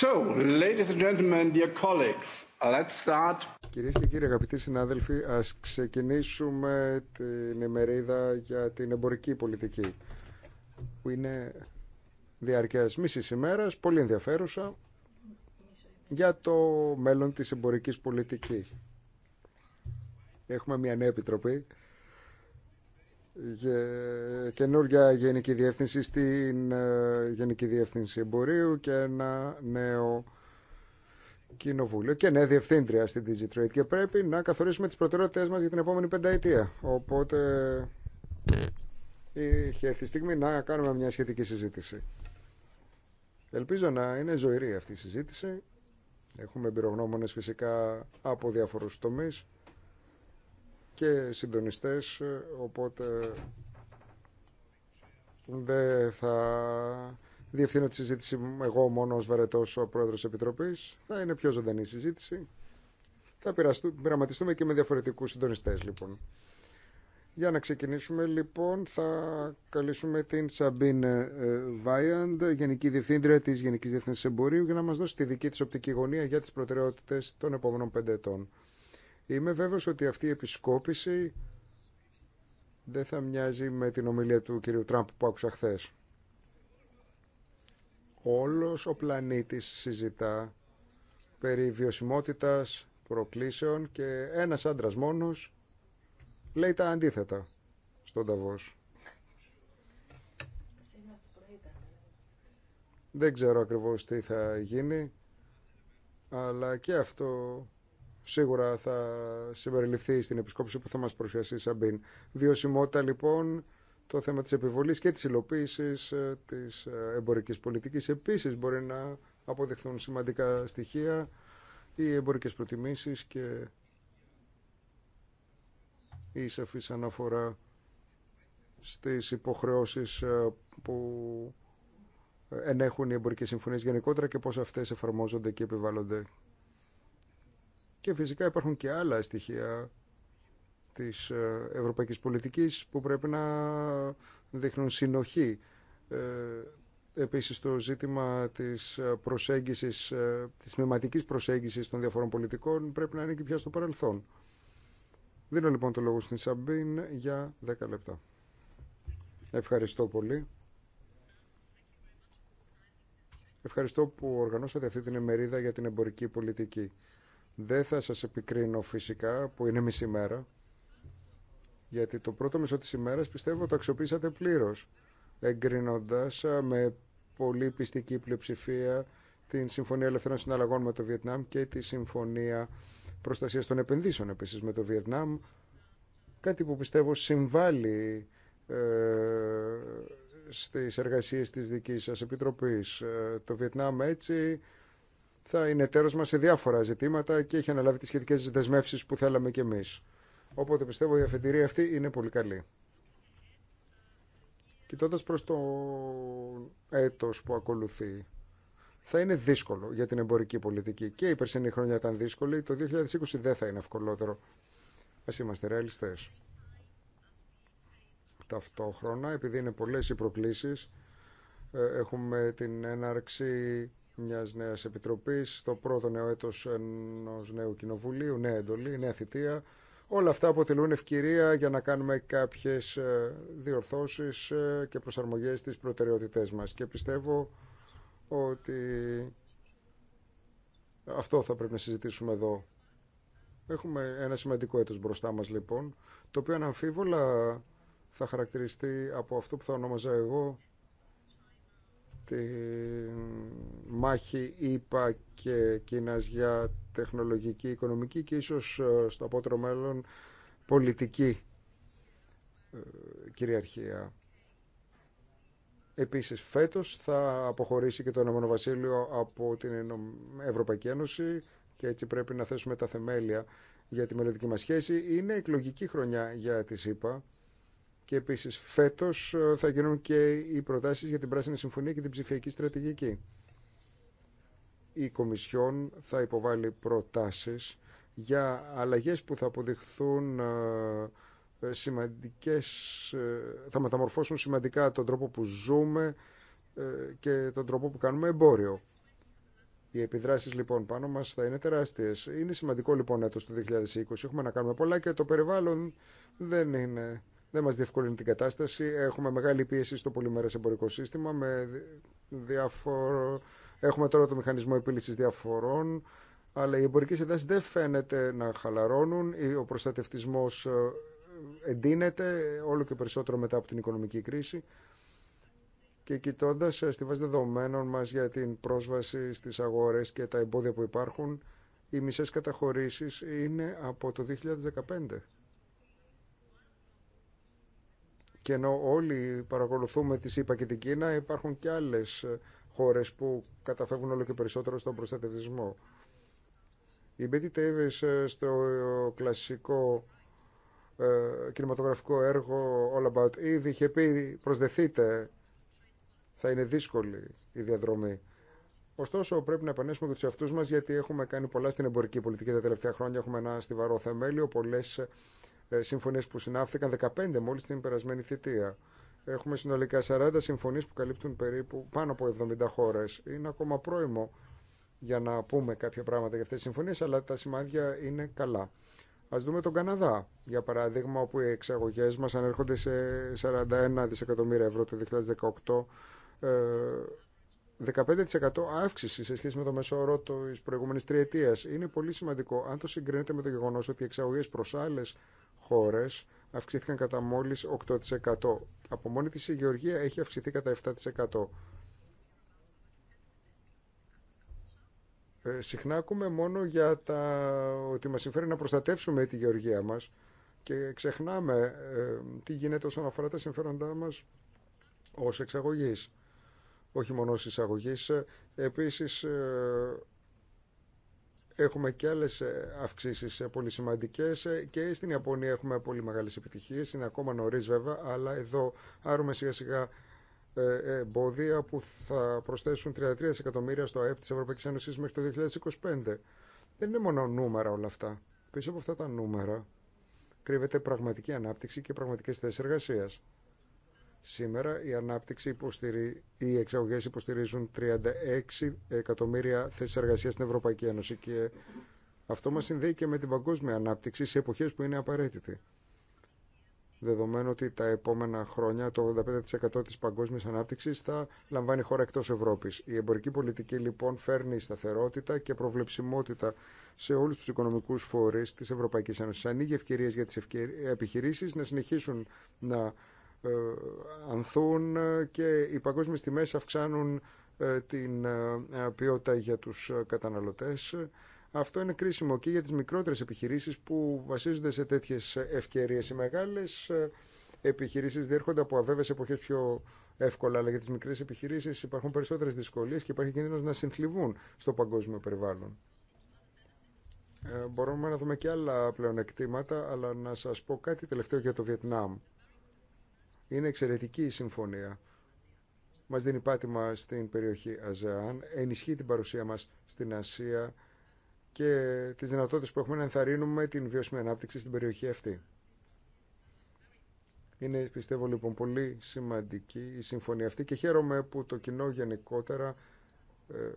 So, gentlemen, dear colleagues, let's start. Κυρίες και κύριοι αγαπητοί συνάδελφοι, ας ξεκινήσουμε την ημερίδα για την εμπορική πολιτική που είναι διαρκείας μισής ημέρας, πολύ ενδιαφέρουσα για το μέλλον της εμπορικής πολιτικής. Έχουμε μια νέα επιτροπή καινούργια γενική διεύθυνση στην ε, Γενική Διεύθυνση Εμπορίου και ένα νέο κοινοβούλιο και νέα διευθύντρια στην Digitrade και πρέπει να καθορίσουμε τις προτεραιότητες μας για την επόμενη πενταετία. Οπότε είχε έρθει η στιγμή να κάνουμε μια σχετική συζήτηση. Ελπίζω να είναι ζωηρή αυτή η συζήτηση. Έχουμε εμπειρογνώμονες φυσικά από διάφορους τομείς και συντονιστές, οπότε δεν θα διευθύνω τη συζήτηση εγώ μόνο ως βαρετός ο πρόεδρος Επιτροπής. Θα είναι πιο ζωντανή η συζήτηση. Θα πειραματιστούμε και με διαφορετικούς συντονιστές λοιπόν. Για να ξεκινήσουμε λοιπόν θα καλήσουμε την Σαμπίν ε, Βάιαντ, Γενική Διευθύντρια της Γενικής Διευθύνσης Εμπορίου, για να μας δώσει τη δική της οπτική γωνία για τις προτεραιότητες των επόμενων πέντε ετών. Είμαι βέβαιος ότι αυτή η επισκόπηση δεν θα μοιάζει με την ομιλία του κυρίου Τραμπ που άκουσα χθε. Όλος ο πλανήτης συζητά περί βιωσιμότητας προκλήσεων και ένας άντρας μόνος λέει τα αντίθετα στον Ταβός. Δεν ξέρω ακριβώς τι θα γίνει, αλλά και αυτό σίγουρα θα συμπεριληφθεί στην επισκόπηση που θα μας προσφέρει η Σαμπίν. Βιωσιμότητα λοιπόν, το θέμα της επιβολής και της υλοποίησης ε, της ε, εμπορικής πολιτικής επίσης μπορεί να αποδεχθούν σημαντικά στοιχεία οι εμπορικές προτιμήσεις και η σαφής αναφορά στις υποχρεώσεις ε, που ενέχουν οι εμπορικές συμφωνίες γενικότερα και πώς αυτές εφαρμόζονται και επιβάλλονται και φυσικά υπάρχουν και άλλα στοιχεία της ε, ευρωπαϊκής πολιτικής που πρέπει να δείχνουν συνοχή. Ε, επίσης το ζήτημα της προσέγγισης, ε, της μηματικής προσέγγισης των διαφορών πολιτικών πρέπει να είναι και πια στο παρελθόν. Δίνω λοιπόν το λόγο στην Σαμπίν για 10 λεπτά. Ευχαριστώ πολύ. Ευχαριστώ που οργανώσατε αυτή την εμερίδα για την εμπορική πολιτική. Δεν θα σας επικρίνω φυσικά που είναι μισή μέρα, γιατί το πρώτο μισό της ημέρας πιστεύω το αξιοποίησατε πλήρως, εγκρίνοντας με πολύ πιστική πλειοψηφία την Συμφωνία Ελευθερών Συναλλαγών με το Βιετνάμ και τη Συμφωνία Προστασίας των Επενδύσεων επίσης με το Βιετνάμ, κάτι που πιστεύω συμβάλλει ε, στις εργασίες της δικής σας Επιτροπής. Ε, το Βιετνάμ έτσι θα είναι τέρος μα σε διάφορα ζητήματα και έχει αναλάβει τις σχετικές δεσμεύσει που θέλαμε κι εμεί. Οπότε πιστεύω η αφετηρία αυτή είναι πολύ καλή. Κοιτώντα προ το έτος που ακολουθεί, θα είναι δύσκολο για την εμπορική πολιτική. Και η περσινή χρονιά ήταν δύσκολη, το 2020 δεν θα είναι ευκολότερο. Α είμαστε ρεαλιστέ. Ταυτόχρονα, επειδή είναι πολλέ οι προκλήσει, ε, έχουμε την έναρξη μια νέα επιτροπής, το πρώτο νέο έτο ενός νέου κοινοβουλίου, νέα εντολή, νέα θητεία. Όλα αυτά αποτελούν ευκαιρία για να κάνουμε κάποιες ε, διορθώσεις ε, και προσαρμογές στι προτεραιότητές μας. Και πιστεύω ότι αυτό θα πρέπει να συζητήσουμε εδώ. Έχουμε ένα σημαντικό έτος μπροστά μας λοιπόν, το οποίο αναμφίβολα θα χαρακτηριστεί από αυτό που θα ονόμαζα εγώ τη μάχη ΙΠΑ και Κίνας για τεχνολογική, οικονομική και ίσως ε, στο απότερο μέλλον πολιτική ε, κυριαρχία. Επίσης φέτος θα αποχωρήσει και το Ηνωμένο από την Ευρωπαϊκή Ένωση και έτσι πρέπει να θέσουμε τα θεμέλια για τη μελλοντική μας σχέση. Είναι εκλογική χρονιά για τη ΣΥΠΑ και επίση, φέτο ε, θα γίνουν και οι προτάσει για την Πράσινη Συμφωνία και την ψηφιακή στρατηγική. Η Κομισιόν θα υποβάλει προτάσει για αλλαγές που θα αποδειχθούν ε, ε, σημαντικές, θα μεταμορφώσουν σημαντικά τον τρόπο που ζούμε και τον τρόπο που κάνουμε εμπόριο. Οι επιδράσεις λοιπόν πάνω μας θα είναι τεράστιε. Είναι σημαντικό λοιπόν έτο το 2020, έχουμε να κάνουμε πολλά και το περιβάλλον δεν είναι δεν μας διευκολύνει την κατάσταση. Έχουμε μεγάλη πίεση στο πολυμερές εμπορικό σύστημα. Με διάφορο... Έχουμε τώρα το μηχανισμό επίλυσης διαφορών, αλλά οι εμπορικές εντάσεις δεν φαίνεται να χαλαρώνουν. Ο προστατευτισμός ε, εντείνεται όλο και περισσότερο μετά από την οικονομική κρίση. Και κοιτώντα ε, στη βάση δεδομένων μας για την πρόσβαση στις αγορές και τα εμπόδια που υπάρχουν, οι μισές καταχωρήσεις είναι από το 2015. Και ενώ όλοι παρακολουθούμε τη ΣΥΠΑ και την Κίνα, υπάρχουν και άλλε χώρε που καταφεύγουν όλο και περισσότερο στον προστατευτισμό. Η Μπέτι Τέβε ε, στο ε, κλασικό ε, κινηματογραφικό έργο All About Eve είχε πει προσδεθείτε θα είναι δύσκολη η διαδρομή. Ωστόσο, πρέπει να επανέσουμε και του εαυτού μα, γιατί έχουμε κάνει πολλά στην εμπορική πολιτική τα τελευταία χρόνια. Έχουμε ένα στιβαρό θεμέλιο, ε, συμφωνίες που συνάφθηκαν, 15 μόλι την περασμένη θητεία. Έχουμε συνολικά 40 συμφωνίε που καλύπτουν περίπου πάνω από 70 χώρε. Είναι ακόμα πρόημο για να πούμε κάποια πράγματα για αυτέ τις συμφωνίε, αλλά τα σημάδια είναι καλά. Α δούμε τον Καναδά, για παράδειγμα, όπου οι εξαγωγέ μα ανέρχονται σε 41 δισεκατομμύρια ευρώ το 2018. 15% αύξηση σε σχέση με το μέσο όρο τη προηγούμενη τριετία. Είναι πολύ σημαντικό αν το συγκρίνεται με το γεγονό ότι οι εξαγωγέ προ άλλε χώρε αυξήθηκαν κατά μόλι 8%. Από μόνη τη η Γεωργία έχει αυξηθεί κατά 7%. Ε, συχνά ακούμε μόνο για τα ότι μας συμφέρει να προστατεύσουμε τη γεωργία μας και ξεχνάμε ε, τι γίνεται όσον αφορά τα συμφέροντά μας ως εξαγωγής όχι μόνο εισαγωγής. Ε, επίσης ε, έχουμε και άλλες ε, αυξήσεις πολύ σημαντικές και στην Ιαπωνία έχουμε πολύ μεγάλες επιτυχίες. Είναι ακόμα νωρίς βέβαια, αλλά εδώ άρουμε σιγά σιγά εμπόδια που θα προσθέσουν 33 εκατομμύρια στο ΑΕΠ της Ευρωπαϊκής Ένωσης μέχρι το 2025. Δεν είναι μόνο νούμερα όλα αυτά. Πίσω από αυτά τα νούμερα κρύβεται πραγματική ανάπτυξη και πραγματικές θέσεις εργασίας. Σήμερα η ανάπτυξη οι εξαγωγέ υποστηρίζουν 36 εκατομμύρια θέσει εργασία στην Ευρωπαϊκή Ένωση και αυτό μα συνδέει και με την παγκόσμια ανάπτυξη σε εποχέ που είναι απαραίτητη. Δεδομένου ότι τα επόμενα χρόνια το 85% τη παγκόσμια ανάπτυξη θα λαμβάνει χώρα εκτό Ευρώπη. Η εμπορική πολιτική λοιπόν φέρνει σταθερότητα και προβλεψιμότητα σε όλου του οικονομικού φορεί τη Ευρωπαϊκή Ένωση. Ανοίγει ευκαιρίε για τι επιχειρήσει να συνεχίσουν να ε, ανθούν ε, και οι παγκόσμιες τιμές αυξάνουν ε, την ποιότητα για τους καταναλωτές. Αυτό είναι κρίσιμο και για τις μικρότερες επιχειρήσεις που βασίζονται σε τέτοιες ευκαιρίες. Οι μεγάλες επιχειρήσεις διέρχονται από αβέβαιες εποχές πιο εύκολα, αλλά για τις μικρές επιχειρήσεις υπάρχουν περισσότερες δυσκολίες και υπάρχει κίνδυνος να συνθλιβούν στο παγκόσμιο περιβάλλον. μπορούμε να δούμε και άλλα πλεονεκτήματα, αλλά να σας πω κάτι τελευταίο για το Βιετνάμ. Είναι εξαιρετική η συμφωνία. Μας δίνει πάτημα στην περιοχή ΑΖΕΑΝ, ενισχύει την παρουσία μας στην Ασία και τις δυνατότητες που έχουμε να ενθαρρύνουμε την βιώσιμη ανάπτυξη στην περιοχή αυτή. Είναι, πιστεύω, λοιπόν, πολύ σημαντική η συμφωνία αυτή και χαίρομαι που το κοινό γενικότερα ε,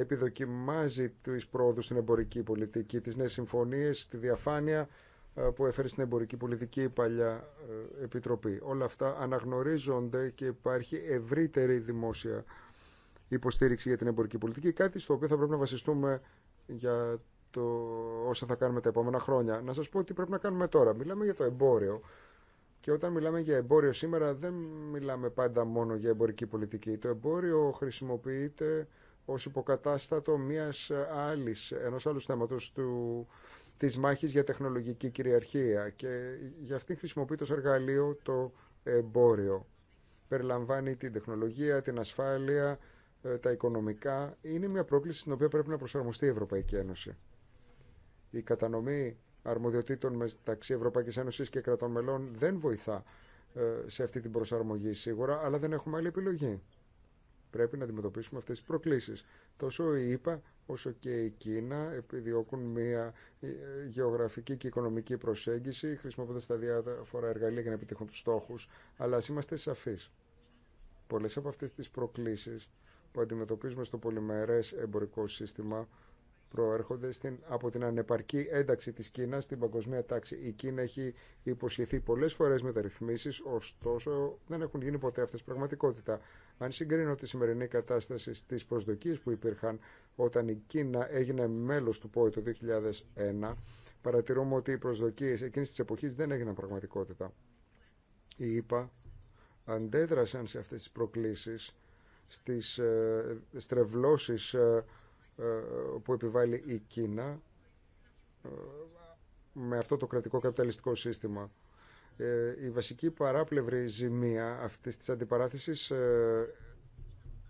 επιδοκιμάζει τις πρόοδους στην εμπορική πολιτική, τις νέες συμφωνίες, τη διαφάνεια ε, που έφερε στην εμπορική πολιτική η παλιά ε, επιτροπή. Όλα αυτά αναγνωρίζονται και υπάρχει ευρύτερη δημόσια υποστήριξη για την εμπορική πολιτική, κάτι στο οποίο θα πρέπει να βασιστούμε για το όσα θα κάνουμε τα επόμενα χρόνια. Να σας πω τι πρέπει να κάνουμε τώρα. Μιλάμε για το εμπόριο. Και όταν μιλάμε για εμπόριο σήμερα δεν μιλάμε πάντα μόνο για εμπορική πολιτική. Το εμπόριο χρησιμοποιείται ως υποκατάστατο μιας άλλης, ενός άλλου θέματος του της μάχης για τεχνολογική κυριαρχία και για αυτήν χρησιμοποιείται το εργαλείο το εμπόριο. Περιλαμβάνει την τεχνολογία, την ασφάλεια, ε, τα οικονομικά. Είναι μια πρόκληση στην οποία πρέπει να προσαρμοστεί η Ευρωπαϊκή Ένωση. Η κατανομή αρμοδιοτήτων μεταξύ Ευρωπαϊκής Ένωσης και κρατών μελών δεν βοηθά ε, σε αυτή την προσαρμογή σίγουρα, αλλά δεν έχουμε άλλη επιλογή πρέπει να αντιμετωπίσουμε αυτές τις προκλήσεις. Τόσο η ΕΠΑ όσο και η Κίνα επιδιώκουν μια ε, γεωγραφική και οικονομική προσέγγιση χρησιμοποιώντας τα διάφορα εργαλεία για να επιτύχουν τους στόχους. Αλλά ας είμαστε σαφείς. Πολλές από αυτές τις προκλήσεις που αντιμετωπίζουμε στο πολυμερές εμπορικό σύστημα προέρχονται στην, από την ανεπαρκή ένταξη της Κίνας στην παγκοσμία τάξη. Η Κίνα έχει υποσχεθεί πολλές φορές μεταρρυθμίσεις, ωστόσο δεν έχουν γίνει ποτέ αυτές πραγματικότητα. Αν συγκρίνω τη σημερινή κατάσταση στις προσδοκίες που υπήρχαν όταν η Κίνα έγινε μέλος του ΠΟΕ το 2001, παρατηρούμε ότι οι προσδοκίες εκείνης της εποχής δεν έγιναν πραγματικότητα. Η ΕΠΑ αντέδρασαν σε αυτές τις προκλήσεις, στις ε, στρεβλώσεις ε, ε, που επιβάλλει η Κίνα ε, με αυτό το κρατικό καπιταλιστικό σύστημα. Ε, η βασική παράπλευρη ζημία αυτής της αντιπαράθεσης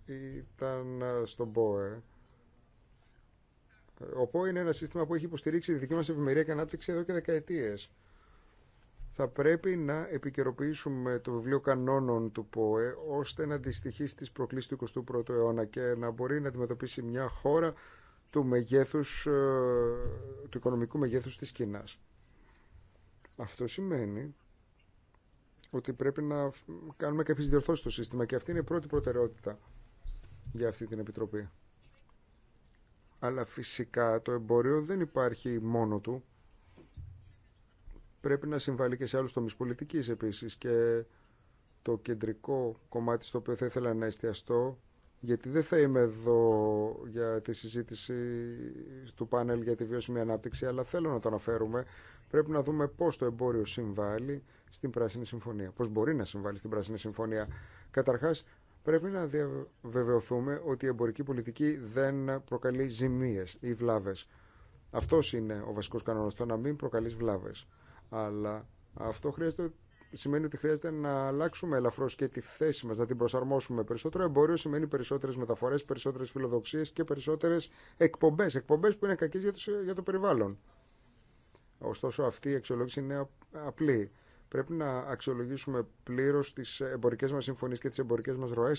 ήταν στον ΠΟΕ. Ο ΠΟΕ είναι ένα σύστημα που έχει υποστηρίξει τη δική μας ευημερία και ανάπτυξη εδώ και δεκαετίες θα πρέπει να επικαιροποιήσουμε το βιβλίο κανόνων του ΠΟΕ ώστε να αντιστοιχεί στις προκλήσεις του 21ου αιώνα και να μπορεί να αντιμετωπίσει μια χώρα του, μεγέθους, ε, του οικονομικού μεγέθους της Κίνας. Αυτό σημαίνει ότι πρέπει να κάνουμε κάποιες διορθώσεις στο σύστημα και αυτή είναι η πρώτη προτεραιότητα για αυτή την Επιτροπή. Αλλά φυσικά το εμπόριο δεν υπάρχει μόνο του πρέπει να συμβάλλει και σε άλλους τομείς πολιτικής επίσης και το κεντρικό κομμάτι στο οποίο θα ήθελα να εστιαστώ γιατί δεν θα είμαι εδώ για τη συζήτηση του πάνελ για τη βιώσιμη ανάπτυξη αλλά θέλω να το αναφέρουμε πρέπει να δούμε πώς το εμπόριο συμβάλλει στην Πράσινη Συμφωνία πώς μπορεί να συμβάλλει στην Πράσινη Συμφωνία καταρχάς πρέπει να διαβεβαιωθούμε ότι η εμπορική πολιτική δεν προκαλεί ζημίες ή βλάβες αυτός είναι ο βασικός κανόνας το να μην προκαλείς βλάβες αλλά αυτό χρειάζεται, σημαίνει ότι χρειάζεται να αλλάξουμε ελαφρώ και τη θέση μα, να την προσαρμόσουμε περισσότερο. Εμπόριο σημαίνει περισσότερε μεταφορέ, περισσότερε φιλοδοξίε και περισσότερε εκπομπέ, εκπομπέ που είναι κακέ για το, περιβάλλον. Ωστόσο αυτή η αξιολόγηση είναι απλή. Πρέπει να αξιολογήσουμε πλήρω τι εμπορικέ μα συμφωνίε και τι εμπορικέ μα ροέ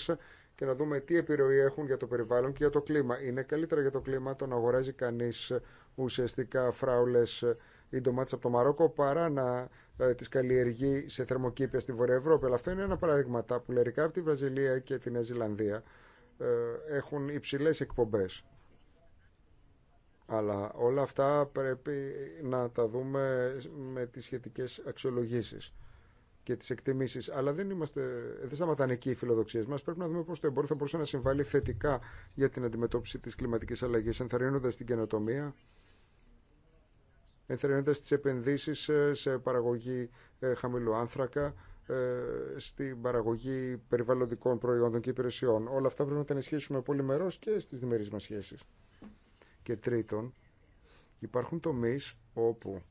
και να δούμε τι επιρροή έχουν για το περιβάλλον και για το κλίμα. Είναι καλύτερα για το κλίμα το να αγοράζει κανεί ουσιαστικά φράουλε οι ντομάτες από το Μαρόκο παρά να ε, τις καλλιεργεί σε θερμοκήπια στη Βόρεια Ευρώπη. Αλλά αυτό είναι ένα παράδειγμα. Τα πουλερικά από τη Βραζιλία και τη Νέα Ζηλανδία ε, έχουν υψηλές εκπομπές. Αλλά όλα αυτά πρέπει να τα δούμε με τις σχετικές αξιολογήσεις και τις εκτιμήσεις. Αλλά δεν, είμαστε, δεν σταματάνε εκεί οι φιλοδοξίες μας. Πρέπει να δούμε πώς το εμπόριο θα μπορούσε να συμβάλλει θετικά για την αντιμετώπιση της κλιματικής αλλαγής, ενθαρρύνοντας την καινοτομία, ενθαρρύνοντας τις επενδύσεις ε, σε παραγωγή ε, χαμηλού άνθρακα, ε, στην παραγωγή περιβαλλοντικών προϊόντων και υπηρεσιών. Όλα αυτά πρέπει να τα ενισχύσουμε πολυμερώς και στις διμερείς μας σχέσεις. Και τρίτον, υπάρχουν τομείς όπου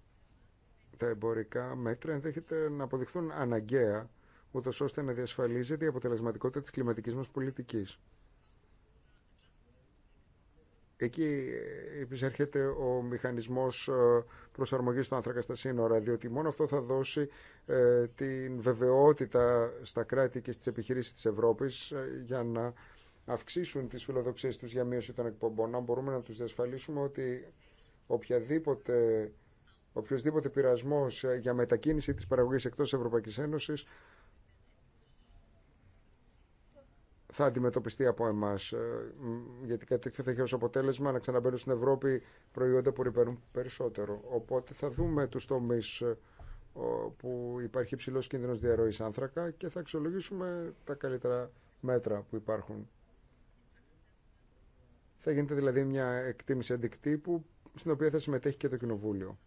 τα εμπορικά μέτρα ενδέχεται να αποδειχθούν αναγκαία, ούτως ώστε να διασφαλίζεται η αποτελεσματικότητα της κλιματικής μας πολιτικής. Εκεί ε, επισέρχεται ο μηχανισμός ε, προσαρμογής του άνθρακα στα σύνορα, διότι μόνο αυτό θα δώσει ε, την βεβαιότητα στα κράτη και στις επιχειρήσεις της Ευρώπης για να αυξήσουν τις φιλοδοξίες τους για μείωση των εκπομπών. Αν μπορούμε να τους διασφαλίσουμε ότι οποιαδήποτε οποιοδήποτε πειρασμό για μετακίνηση τη παραγωγή εκτό Ευρωπαϊκή Ένωση θα αντιμετωπιστεί από εμά. Ε, γιατί κάτι τέτοιο θα έχει ω αποτέλεσμα να ξαναμπαίνουν στην Ευρώπη προϊόντα που ρηπαίνουν περισσότερο. Οπότε θα δούμε του τομεί ε, που υπάρχει υψηλό κίνδυνο διαρροή άνθρακα και θα αξιολογήσουμε τα καλύτερα μέτρα που υπάρχουν. Θα γίνεται δηλαδή μια εκτίμηση αντικτύπου στην οποία θα συμμετέχει και το Κοινοβούλιο.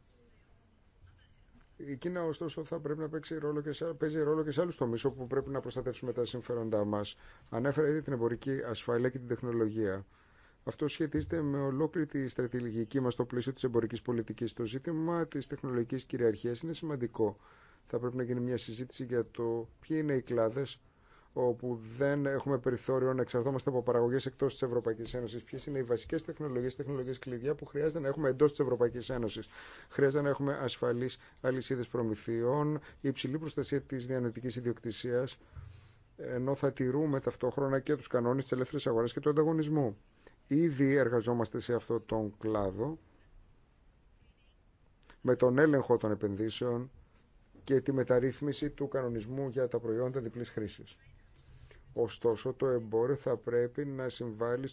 Η Κίνα, ωστόσο, θα πρέπει να παίξει ρόλο και σε, παίζει ρόλο και σε άλλου τομεί όπου πρέπει να προστατεύσουμε τα συμφέροντά μα. Ανέφερα ήδη την εμπορική ασφάλεια και την τεχνολογία. Αυτό σχετίζεται με ολόκληρη τη στρατηγική μα στο πλαίσιο τη εμπορική πολιτική. Το ζήτημα τη τεχνολογική κυριαρχία είναι σημαντικό. Θα πρέπει να γίνει μια συζήτηση για το ποιοι είναι οι κλάδε όπου δεν έχουμε περιθώριο να εξαρτώμαστε από παραγωγέ εκτό τη Ευρωπαϊκή Ένωση. Ποιε είναι οι βασικέ τεχνολογίε, τεχνολογίε κλειδιά που χρειάζεται να έχουμε εντό τη Ευρωπαϊκή Ένωση. Χρειάζεται να έχουμε ασφαλεί αλυσίδε προμηθειών, υψηλή προστασία τη διανοητική ιδιοκτησία, ενώ θα τηρούμε ταυτόχρονα και του κανόνε τη ελεύθερη αγορά και του ανταγωνισμού. Ήδη εργαζόμαστε σε αυτό τον κλάδο με τον έλεγχο των επενδύσεων και τη μεταρρύθμιση του κανονισμού για τα προϊόντα διπλής χρήσης. Ωστόσο, το εμπόριο θα πρέπει να συμβάλλει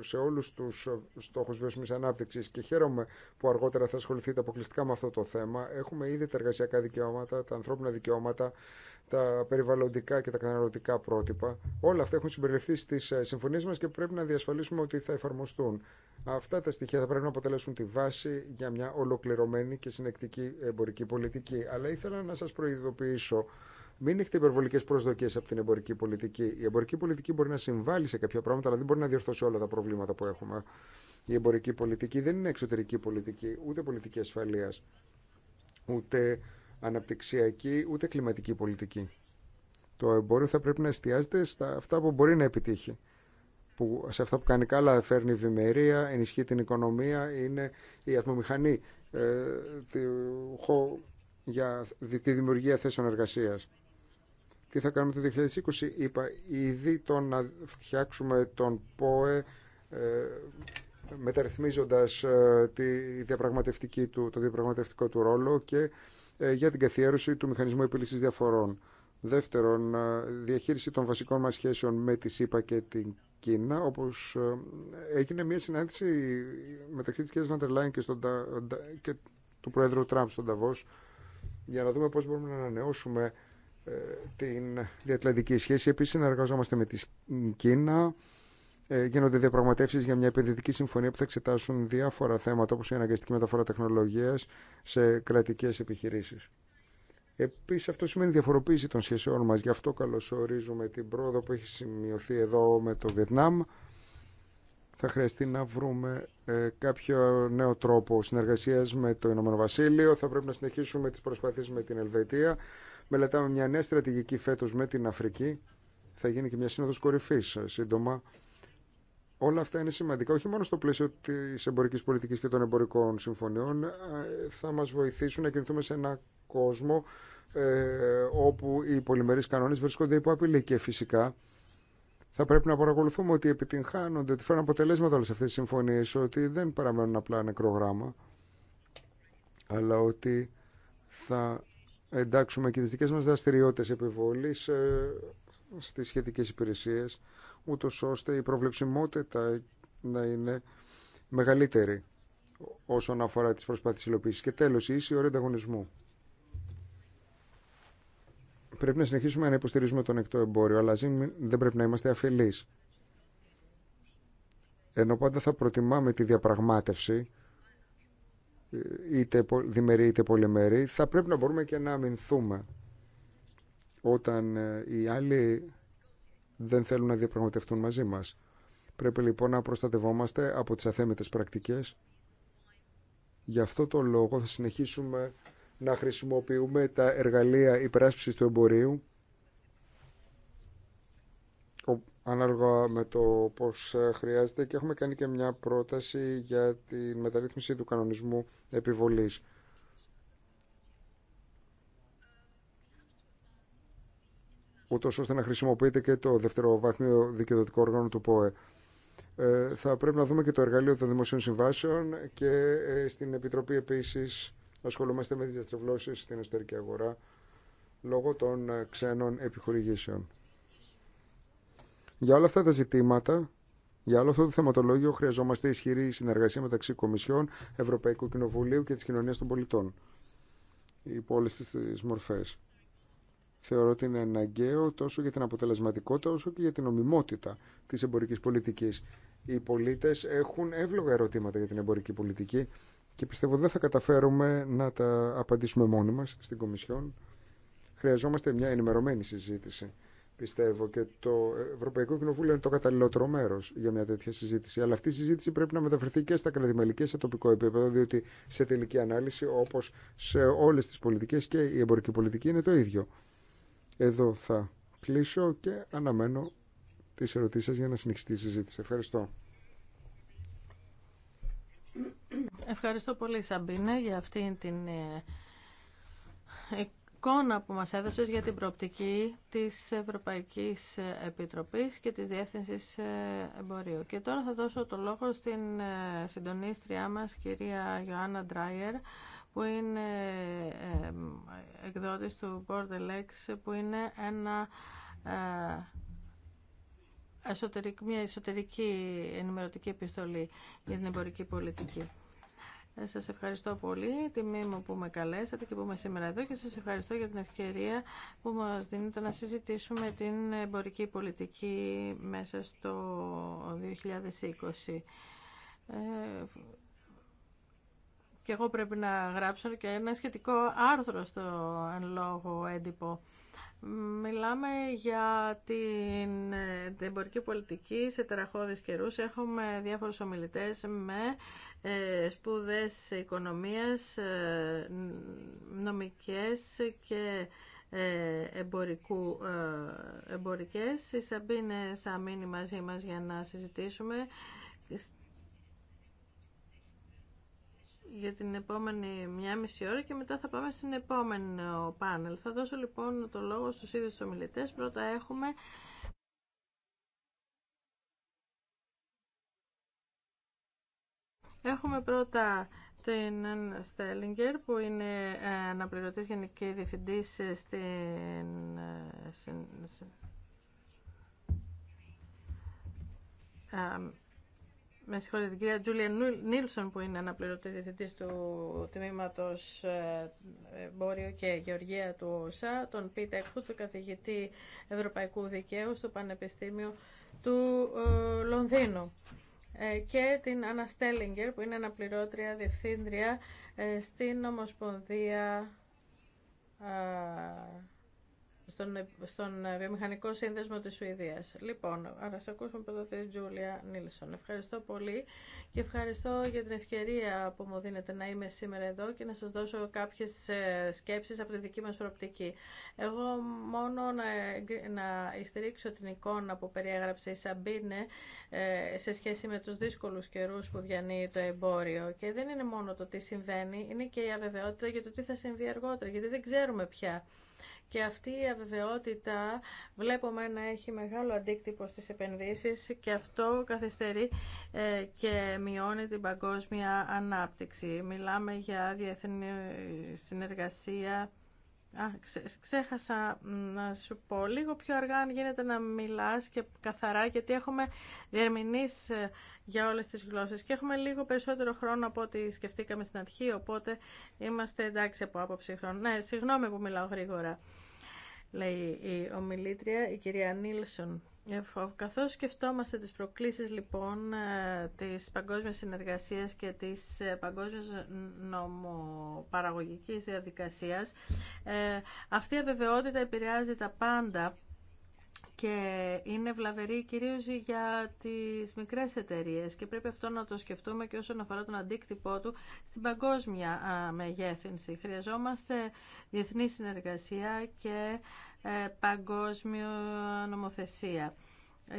σε όλου του στόχου βιώσιμη ανάπτυξη και χαίρομαι που αργότερα θα ασχοληθείτε αποκλειστικά με αυτό το θέμα. Έχουμε ήδη τα εργασιακά δικαιώματα, τα ανθρώπινα δικαιώματα, τα περιβαλλοντικά και τα καταναλωτικά πρότυπα. Όλα αυτά έχουν συμπεριληφθεί στι ε, συμφωνίε μα και πρέπει να διασφαλίσουμε ότι θα εφαρμοστούν. Αυτά τα στοιχεία θα πρέπει να αποτελέσουν τη βάση για μια ολοκληρωμένη και συνεκτική εμπορική πολιτική. Αλλά ήθελα να σα προειδοποιήσω μην έχετε υπερβολικέ προσδοκίε από την εμπορική πολιτική. Η εμπορική πολιτική μπορεί να συμβάλλει σε κάποια πράγματα, αλλά δεν μπορεί να διορθώσει όλα τα προβλήματα που έχουμε. Η εμπορική πολιτική δεν είναι εξωτερική πολιτική, ούτε πολιτική ασφαλεία, ούτε αναπτυξιακή, ούτε κλιματική πολιτική. Το εμπόριο θα πρέπει να εστιάζεται στα αυτά που μπορεί να επιτύχει. Που, σε αυτά που κάνει καλά, φέρνει ευημερία, ενισχύει την οικονομία, είναι η ατμομηχανή ε, τη, για τη δημιουργία θέσεων εργασίας τι θα κάνουμε το 2020. Είπα ήδη το να φτιάξουμε τον ΠΟΕ ε, μεταρρυθμίζοντας ε, τη διαπραγματευτική του, το διαπραγματευτικό του ρόλο και ε, για την καθιέρωση του μηχανισμού επίλυσης διαφορών. Δεύτερον, ε, διαχείριση των βασικών μας σχέσεων με τη ΣΥΠΑ και την Κίνα, όπως έγινε μια συνάντηση μεταξύ της κ. Βαντερλάιν και, και του Πρόεδρου Τραμπ στον Ταβός, για να δούμε πώς μπορούμε να ανανεώσουμε την διατλαντική σχέση. Επίσης συνεργαζόμαστε με την Κίνα. Ε, γίνονται διαπραγματεύσει για μια επενδυτική συμφωνία που θα εξετάσουν διάφορα θέματα όπως η αναγκαστική μεταφορά τεχνολογίας σε κρατικές επιχειρήσεις. Επίση, αυτό σημαίνει διαφοροποίηση των σχέσεών μα. Γι' αυτό καλωσορίζουμε την πρόοδο που έχει σημειωθεί εδώ με το Βιετνάμ. Θα χρειαστεί να βρούμε ε, κάποιο νέο τρόπο συνεργασία με το Ηνωμένο Βασίλειο. Θα πρέπει να συνεχίσουμε τι προσπάθειε με την Ελβετία μελετάμε μια νέα στρατηγική φέτο με την Αφρική. Θα γίνει και μια σύνοδο κορυφή ε, σύντομα. Όλα αυτά είναι σημαντικά, όχι μόνο στο πλαίσιο τη εμπορική πολιτική και των εμπορικών συμφωνιών. Ε, θα μα βοηθήσουν να κινηθούμε σε ένα κόσμο ε, όπου οι πολυμερεί κανόνε βρίσκονται υπό απειλή. Και φυσικά θα πρέπει να παρακολουθούμε ότι επιτυγχάνονται, ότι φέρνουν αποτελέσματα όλε αυτέ τι συμφωνίε, ότι δεν παραμένουν απλά νεκρό γράμμα, αλλά ότι θα εντάξουμε και τις δικές μας δραστηριότητες επιβολής ε, στις σχετικές υπηρεσίες, ούτως ώστε η προβλεψιμότητα να είναι μεγαλύτερη όσον αφορά τις προσπάθειες υλοποίησης. Και τέλος, η ίση ώρα ανταγωνισμού. Πρέπει να συνεχίσουμε να υποστηρίζουμε τον εκτό εμπόριο, αλλά δεν πρέπει να είμαστε αφελείς. Ενώ πάντα θα προτιμάμε τη διαπραγμάτευση είτε διμερή είτε πολυμερή, θα πρέπει να μπορούμε και να αμυνθούμε όταν ε, οι άλλοι δεν θέλουν να διαπραγματευτούν μαζί μας. Πρέπει λοιπόν να προστατευόμαστε από τις αθέμητες πρακτικές. Γι' αυτό το λόγο θα συνεχίσουμε να χρησιμοποιούμε τα εργαλεία υπεράσπισης του εμπορίου ανάλογα με το πώς ε, χρειάζεται και έχουμε κάνει και μια πρόταση για τη μεταρρύθμιση του κανονισμού επιβολής. ούτως ώστε να χρησιμοποιείται και το δευτεροβάθμιο δικαιοδοτικό όργανο του ΠΟΕ. Ε, θα πρέπει να δούμε και το εργαλείο των δημοσίων συμβάσεων και ε, στην Επιτροπή επίσης ασχολούμαστε με τις διαστρεβλώσεις στην εσωτερική αγορά λόγω των ξένων επιχορηγήσεων. Για όλα αυτά τα ζητήματα, για όλο αυτό το θεματολόγιο, χρειαζόμαστε ισχυρή συνεργασία μεταξύ Κομισιών, Ευρωπαϊκού Κοινοβουλίου και τη κοινωνία των πολιτών. Υπό όλε τι μορφέ. Θεωρώ ότι είναι αναγκαίο τόσο για την αποτελεσματικότητα όσο και για την ομιμότητα τη εμπορική πολιτική. Οι πολίτε έχουν εύλογα ερωτήματα για την εμπορική πολιτική και πιστεύω δεν θα καταφέρουμε να τα απαντήσουμε μόνοι μα στην Κομισιόν. Χρειαζόμαστε μια ενημερωμένη συζήτηση πιστεύω και το Ευρωπαϊκό Κοινοβούλιο είναι το καταλληλότερο μέρο για μια τέτοια συζήτηση. Αλλά αυτή η συζήτηση πρέπει να μεταφερθεί και στα κρατημέλη και σε τοπικό επίπεδο, διότι σε τελική ανάλυση, όπω σε όλε τι πολιτικέ και η εμπορική πολιτική, είναι το ίδιο. Εδώ θα κλείσω και αναμένω τι ερωτήσει για να συνεχιστεί η συζήτηση. Ευχαριστώ. Ευχαριστώ πολύ Σαμπίνε για αυτή την ε, εικόνα που μας έδωσες για την προοπτική της Ευρωπαϊκής Επιτροπής και της Διεύθυνσης Εμπορίου. Και τώρα θα δώσω το λόγο στην ε, συντονίστριά μας, κυρία Ιωάννα Ντράιερ, που είναι ε, εκδότης του Bordelex, που είναι ένα ε, εσωτερική, μια εσωτερική ενημερωτική επιστολή για την εμπορική πολιτική. Ε, σας ευχαριστώ πολύ, τιμή μου που με καλέσατε και που είμαι σήμερα εδώ και σας ευχαριστώ για την ευκαιρία που μας δίνετε να συζητήσουμε την εμπορική πολιτική μέσα στο 2020. Ε, και εγώ πρέπει να γράψω και ένα σχετικό άρθρο στο εν λόγω έντυπο. Μιλάμε για την εμπορική πολιτική σε τεραχώδεις καιρούς. Έχουμε διάφορους ομιλητές με ε, σπουδές οικονομίας, ε, νομικές και ε, εμπορικού, εμπορικές. Η Σαμπίνε θα μείνει μαζί μας για να συζητήσουμε για την επόμενη μια μισή ώρα και μετά θα πάμε στην επόμενη πάνελ. Θα δώσω λοιπόν το λόγο στους ίδιους ομιλητές. Πρώτα έχουμε Έχουμε πρώτα την Στέλιγκερ που είναι ε, αναπληρωτής γενική διευθυντής ε, στην ε, με συγχωρείτε, την κυρία Τζούλια Νίλσον που είναι αναπληρωτή διευθυντής του τμήματο ε, Μπόριο και Γεωργία του ΩΣΑ, τον Πίτα του καθηγητή Ευρωπαϊκού Δικαίου στο Πανεπιστήμιο του ε, Λονδίνου ε, και την Άννα Στέλιγκερ που είναι αναπληρώτρια διευθύντρια στην Ομοσπονδία στον, στον ε, βιομηχανικό σύνδεσμο της Σουηδίας. Λοιπόν, ας ακούσουμε πρώτα τη Τζούλια Νίλσον. Ευχαριστώ πολύ και ευχαριστώ για την ευκαιρία που μου δίνετε να είμαι σήμερα εδώ και να σας δώσω κάποιες ε, σκέψεις από τη δική μας προοπτική. Εγώ μόνο να, να την εικόνα που περιέγραψε η Σαμπίνε ε, σε σχέση με τους δύσκολους καιρούς που διανύει το εμπόριο. Και δεν είναι μόνο το τι συμβαίνει, είναι και η αβεβαιότητα για το τι θα συμβεί αργότερα, γιατί δεν ξέρουμε πια και αυτή η αβεβαιότητα βλέπουμε να έχει μεγάλο αντίκτυπο στις επενδύσεις και αυτό καθυστερεί ε, και μειώνει την παγκόσμια ανάπτυξη. Μιλάμε για διεθνή συνεργασία Α, ξέχασα να σου πω λίγο πιο αργά αν γίνεται να μιλάς και καθαρά γιατί έχουμε διερμηνείς ε, για όλες τις γλώσσες και έχουμε λίγο περισσότερο χρόνο από ό,τι σκεφτήκαμε στην αρχή οπότε είμαστε εντάξει από άποψη χρόνου. Ναι, συγγνώμη που μιλάω γρήγορα λέει η ομιλήτρια η κυρία Νίλσον. Καθώς σκεφτόμαστε τις προκλήσεις λοιπόν ε, της παγκόσμιας συνεργασίας και της ε, παγκόσμιας νομοπαραγωγικής διαδικασίας, ε, αυτή η αβεβαιότητα επηρεάζει τα πάντα και είναι βλαβερή κυρίως για τις μικρές εταιρείες και πρέπει αυτό να το σκεφτούμε και όσον αφορά τον αντίκτυπό του στην παγκόσμια μεγέθυνση. Χρειαζόμαστε διεθνή συνεργασία και ε, παγκόσμιο νομοθεσία.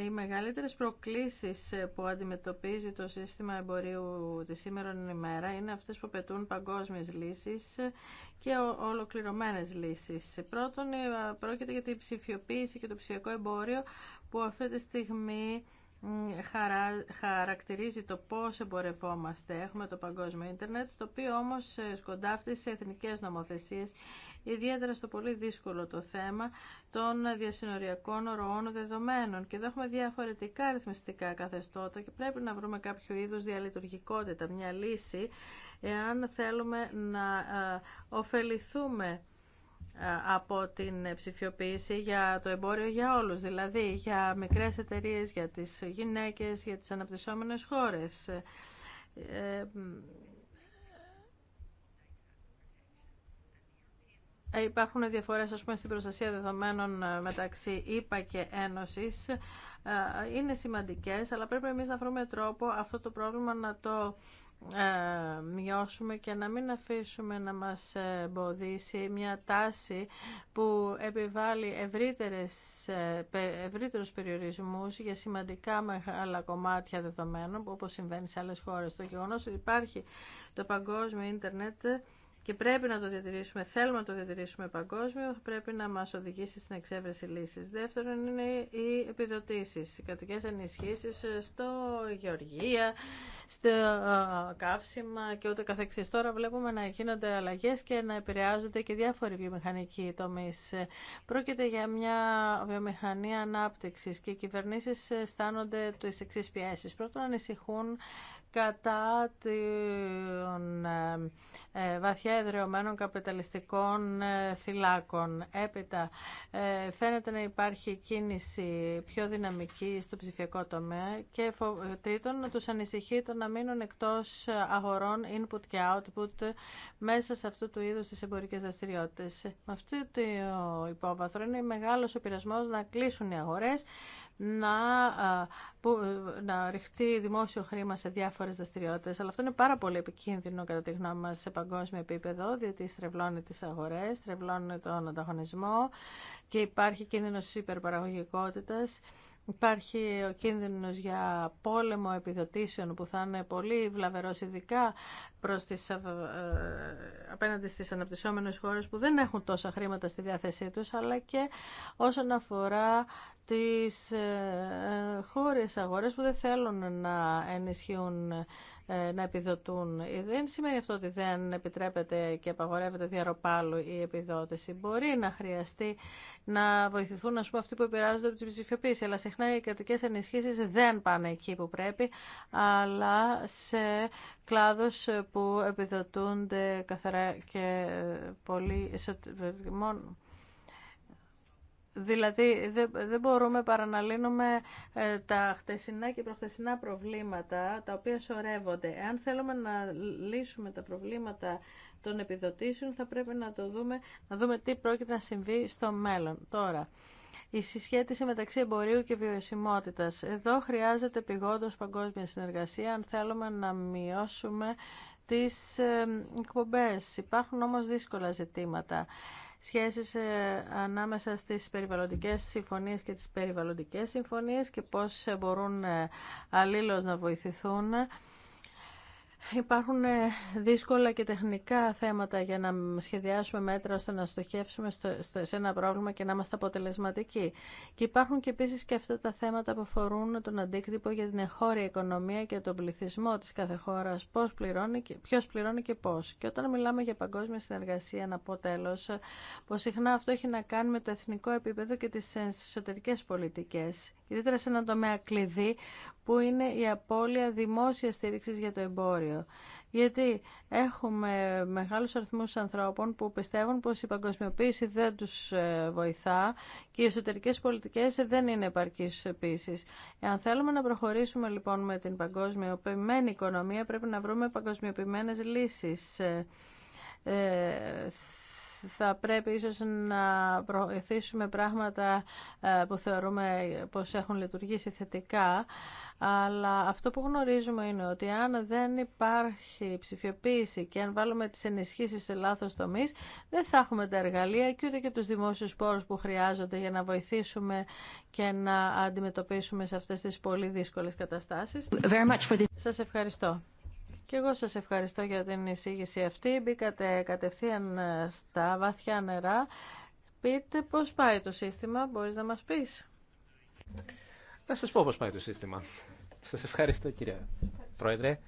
Οι μεγαλύτερες προκλήσεις ε, που αντιμετωπίζει το σύστημα εμπορίου τη σήμερα ημέρα είναι αυτές που απαιτούν παγκόσμιες λύσεις και ολοκληρωμένες λύσεις. Πρώτον, ε, πρόκειται για την ψηφιοποίηση και το ψηφιακό εμπόριο που αυτή τη στιγμή χαρακτηρίζει το πώς εμπορευόμαστε. Έχουμε το παγκόσμιο ίντερνετ, το οποίο όμως σκοντάφτει σε εθνικές νομοθεσίες ιδιαίτερα στο πολύ δύσκολο το θέμα των διασυνοριακών ροών δεδομένων. Και εδώ έχουμε διαφορετικά ρυθμιστικά καθεστώτα και πρέπει να βρούμε κάποιο είδους διαλειτουργικότητα, μια λύση, εάν θέλουμε να ε, ωφεληθούμε ε, από την ψηφιοποίηση για το εμπόριο για όλους, δηλαδή για μικρές εταιρείες, για τις γυναίκες, για τις αναπτυσσόμενες χώρες. Ε, Ε, υπάρχουν διαφορέ πούμε, στην προστασία δεδομένων ε, μεταξύ ήπα και Ένωση. Ε, είναι σημαντικές, αλλά πρέπει εμείς να βρούμε τρόπο αυτό το πρόβλημα να το μειώσουμε και να μην αφήσουμε να μας εμποδίσει μια τάση που επιβάλλει ευρύτερες, ευρύτερους περιορισμούς για σημαντικά μεγάλα κομμάτια δεδομένων, όπως συμβαίνει σε άλλες χώρες. Το γεγονός ότι υπάρχει το παγκόσμιο ίντερνετ και πρέπει να το διατηρήσουμε, θέλουμε να το διατηρήσουμε παγκόσμιο, πρέπει να μας οδηγήσει στην εξέβρεση λύσης. Δεύτερον είναι οι επιδοτήσεις, οι κρατικές ενισχύσεις στο γεωργία, στο καύσιμα και ούτε καθεξής. Τώρα βλέπουμε να γίνονται αλλαγές και να επηρεάζονται και διάφοροι βιομηχανικοί τομείς. Πρόκειται για μια βιομηχανία ανάπτυξης και οι κυβερνήσεις αισθάνονται τις εξής πιέσεις. Πρώτον ανησυχούν κατά των ε, ε, βαθιά εδρεωμένων καπιταλιστικών θυλάκων. Ε, Έπειτα φαίνεται να υπάρχει κίνηση πιο δυναμική στο ψηφιακό τομέα και τρίτον να τους ανησυχεί το να μείνουν εκτός αγορών input και output μέσα σε αυτού του είδους τις εμπορικές δραστηριότητες. Με αυτό το υπόβαθρο είναι μεγάλος ο πειρασμός να κλείσουν οι αγορές να, που, ε, να ρηχτεί δημόσιο χρήμα σε διάφορες δραστηριότητες. Αλλά αυτό είναι πάρα πολύ επικίνδυνο κατά τη γνώμη μας σε παγκόσμιο επίπεδο, διότι στρεβλώνει τις αγορές, στρεβλώνει τον ανταγωνισμό και υπάρχει κίνδυνος υπερπαραγωγικότητας Υπάρχει ο κίνδυνος για πόλεμο επιδοτήσεων που θα είναι πολύ βλαβερός ειδικά προς τις, ε, απέναντι στις αναπτυσσόμενες χώρες που δεν έχουν τόσα χρήματα στη διάθεσή τους αλλά και όσον αφορά τις ε, χώρες αγορές που δεν θέλουν να ενισχύουν ε, να επιδοτούν. Δεν σημαίνει αυτό ότι δεν επιτρέπεται και απαγορεύεται διαρροπάλου η επιδότηση. Μπορεί να χρειαστεί να βοηθηθούν ας πούμε, αυτοί που επηρεάζονται από την ψηφιοποίηση, αλλά συχνά οι κρατικέ ενισχύσει δεν πάνε εκεί που πρέπει, αλλά σε κλάδους που επιδοτούνται καθαρά και πολύ μόνο Δηλαδή δεν, μπορούμε παρά να λύνουμε ε, τα χτεσινά και προχτεσινά προβλήματα τα οποία σωρεύονται. Εάν θέλουμε να λύσουμε τα προβλήματα των επιδοτήσεων θα πρέπει να το δούμε, να δούμε τι πρόκειται να συμβεί στο μέλλον. Τώρα, η συσχέτιση μεταξύ εμπορίου και βιωσιμότητας. Εδώ χρειάζεται πηγόντως παγκόσμια συνεργασία αν θέλουμε να μειώσουμε τις ε, εκπομπές. Υπάρχουν όμως δύσκολα ζητήματα σχέσεις ε, ανάμεσα στις περιβαλλοντικές συμφωνίες και τις περιβαλλοντικές συμφωνίες και πώς μπορούν ε, αλλήλως να βοηθηθούν Υπάρχουν ε, δύσκολα και τεχνικά θέματα για να σχεδιάσουμε μέτρα ώστε να στοχεύσουμε στο, σε ένα πρόβλημα και να είμαστε αποτελεσματικοί. Και υπάρχουν και επίση και αυτά τα θέματα που αφορούν τον αντίκτυπο για την εγχώρια οικονομία και τον πληθυσμό τη κάθε χώρα. Ποιο πληρώνει και πώ. Και όταν μιλάμε για παγκόσμια συνεργασία, να πω τέλο, ε, πω συχνά αυτό έχει να κάνει με το εθνικό επίπεδο και τι εσωτερικέ πολιτικέ ιδιαίτερα σε ένα τομέα κλειδί που είναι η απώλεια δημόσιας στήριξης για το εμπόριο. Γιατί έχουμε μεγάλους αριθμούς ανθρώπων που πιστεύουν πως η παγκοσμιοποίηση δεν τους ε, βοηθά και οι εσωτερικές πολιτικές δεν είναι επαρκείς επίση. Εάν θέλουμε να προχωρήσουμε λοιπόν με την παγκοσμιοποιημένη οικονομία πρέπει να βρούμε παγκοσμιοποιημένες λύσεις. Ε, ε θα πρέπει ίσως να προωθήσουμε πράγματα ε, που θεωρούμε πως έχουν λειτουργήσει θετικά, αλλά αυτό που γνωρίζουμε είναι ότι αν δεν υπάρχει ψηφιοποίηση και αν βάλουμε τις ενισχύσεις σε λάθος τομείς, δεν θα έχουμε τα εργαλεία και ούτε και τους δημόσιους πόρους που χρειάζονται για να βοηθήσουμε και να αντιμετωπίσουμε σε αυτές τις πολύ δύσκολες καταστάσεις. Σας ευχαριστώ. Και εγώ σας ευχαριστώ για την εισήγηση αυτή. Μπήκατε κατευθείαν ε, στα βαθιά νερά. Πείτε πώς πάει το σύστημα, μπορείς να μας πεις. Να σας πω πώς πάει το σύστημα. Σας ευχαριστώ κύριε Πρόεδρε.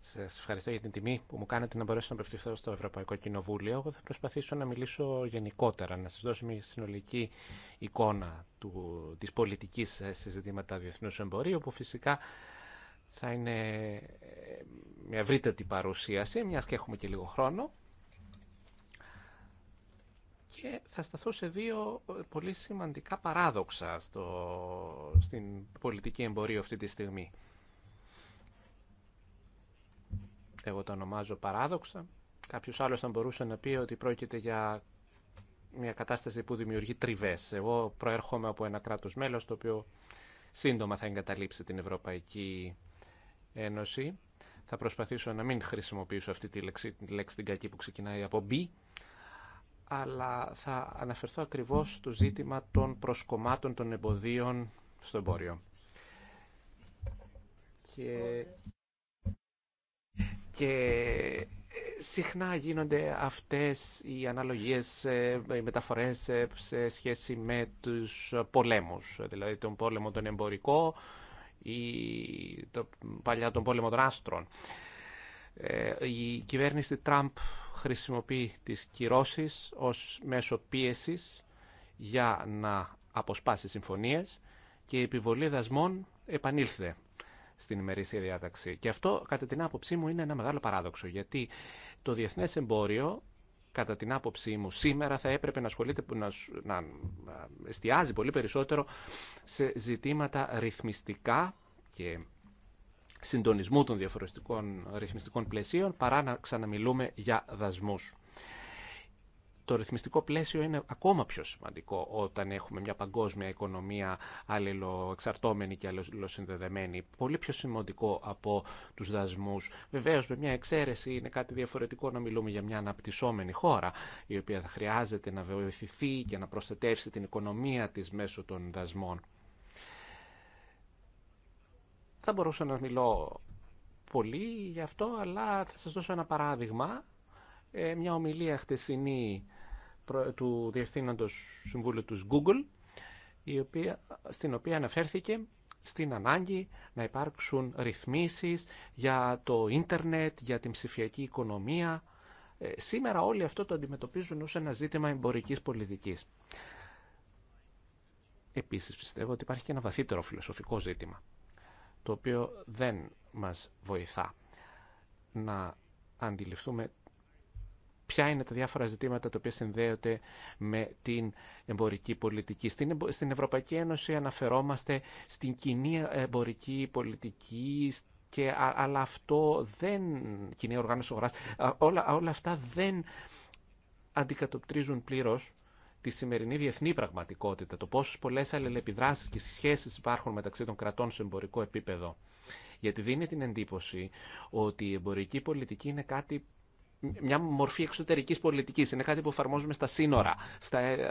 Σα ευχαριστώ για την τιμή που μου κάνετε να μπορέσω να απευθυνθώ στο Ευρωπαϊκό Κοινοβούλιο. Εγώ θα προσπαθήσω να μιλήσω γενικότερα, να σα δώσω μια συνολική εικόνα τη πολιτική ε, σε ζητήματα διεθνού εμπορίου, που φυσικά θα είναι ε, μια ευρύτερη παρουσίαση, μιας και έχουμε και λίγο χρόνο. Και θα σταθώ σε δύο ε, πολύ σημαντικά παράδοξα στο, στην πολιτική εμπορία αυτή τη στιγμή. Εγώ το ονομάζω παράδοξα. Κάποιος άλλος θα μπορούσε να πει ότι πρόκειται για μια κατάσταση που δημιουργεί τριβές. Εγώ προέρχομαι από ένα κράτος μέλος το οποίο σύντομα θα εγκαταλείψει την Ευρωπαϊκή Ένωση. Θα προσπαθήσω να μην χρησιμοποιήσω αυτή τη λέξη, τη λέξη την κακή που ξεκινάει από B, αλλά θα αναφερθώ ακριβώς στο ζήτημα των προσκομμάτων των εμποδίων στο εμπόριο. Και, και συχνά γίνονται αυτές οι αναλογίες, οι μεταφορές σε σχέση με τους πολέμους, δηλαδή τον πόλεμο τον εμπορικό, ή το, παλιά τον πόλεμο των άστρων. Ε, η παλια τον πολεμο των αστρων η κυβερνηση Τραμπ χρησιμοποιεί τις κυρώσεις ως μέσο πίεσης για να αποσπάσει συμφωνίες και η επιβολή δασμών επανήλθε στην ημερήσια διάταξη. Και αυτό, κατά την άποψή μου, είναι ένα μεγάλο παράδοξο, γιατί το διεθνές εμπόριο κατά την άποψή μου σήμερα θα έπρεπε να ασχολείται, να, να εστιάζει πολύ περισσότερο σε ζητήματα ρυθμιστικά και συντονισμού των διαφορετικών ρυθμιστικών πλαισίων παρά να ξαναμιλούμε για δασμούς το ρυθμιστικό πλαίσιο είναι ακόμα πιο σημαντικό όταν έχουμε μια παγκόσμια οικονομία αλληλοεξαρτώμενη και αλληλοσυνδεδεμένη. Πολύ πιο σημαντικό από τους δασμούς. Βεβαίως με μια εξαίρεση είναι κάτι διαφορετικό να μιλούμε για μια αναπτυσσόμενη χώρα η οποία θα χρειάζεται να βοηθηθεί και να προστατεύσει την οικονομία τη μέσω των δασμών. Θα μπορούσα να μιλώ πολύ γι' αυτό, αλλά θα σας δώσω ένα παράδειγμα. Ε, μια ομιλία χτεσινή του Διευθύνοντος Συμβούλου τους Google, η οποία, στην οποία αναφέρθηκε στην ανάγκη να υπάρξουν ρυθμίσεις για το ίντερνετ, για την ψηφιακή οικονομία. Ε, σήμερα όλοι αυτό το αντιμετωπίζουν ως ένα ζήτημα εμπορικής πολιτικής. Επίσης πιστεύω ότι υπάρχει και ένα βαθύτερο φιλοσοφικό ζήτημα, το οποίο δεν μας βοηθά να αντιληφθούμε ποια είναι τα διάφορα ζητήματα τα οποία συνδέονται με την εμπορική πολιτική. Στην Ευρωπαϊκή Ένωση αναφερόμαστε στην κοινή εμπορική πολιτική, και, αλλά αυτό δεν, κοινή οργάνωση όλα, όλα αυτά δεν αντικατοπτρίζουν πλήρω τη σημερινή διεθνή πραγματικότητα, το πόσε πολλέ αλληλεπιδράσει και σχέσει υπάρχουν μεταξύ των κρατών σε εμπορικό επίπεδο. Γιατί δίνει την εντύπωση ότι η εμπορική πολιτική είναι κάτι μια μορφή εξωτερικής πολιτικής. Είναι κάτι που εφαρμόζουμε στα σύνορα, στα ε,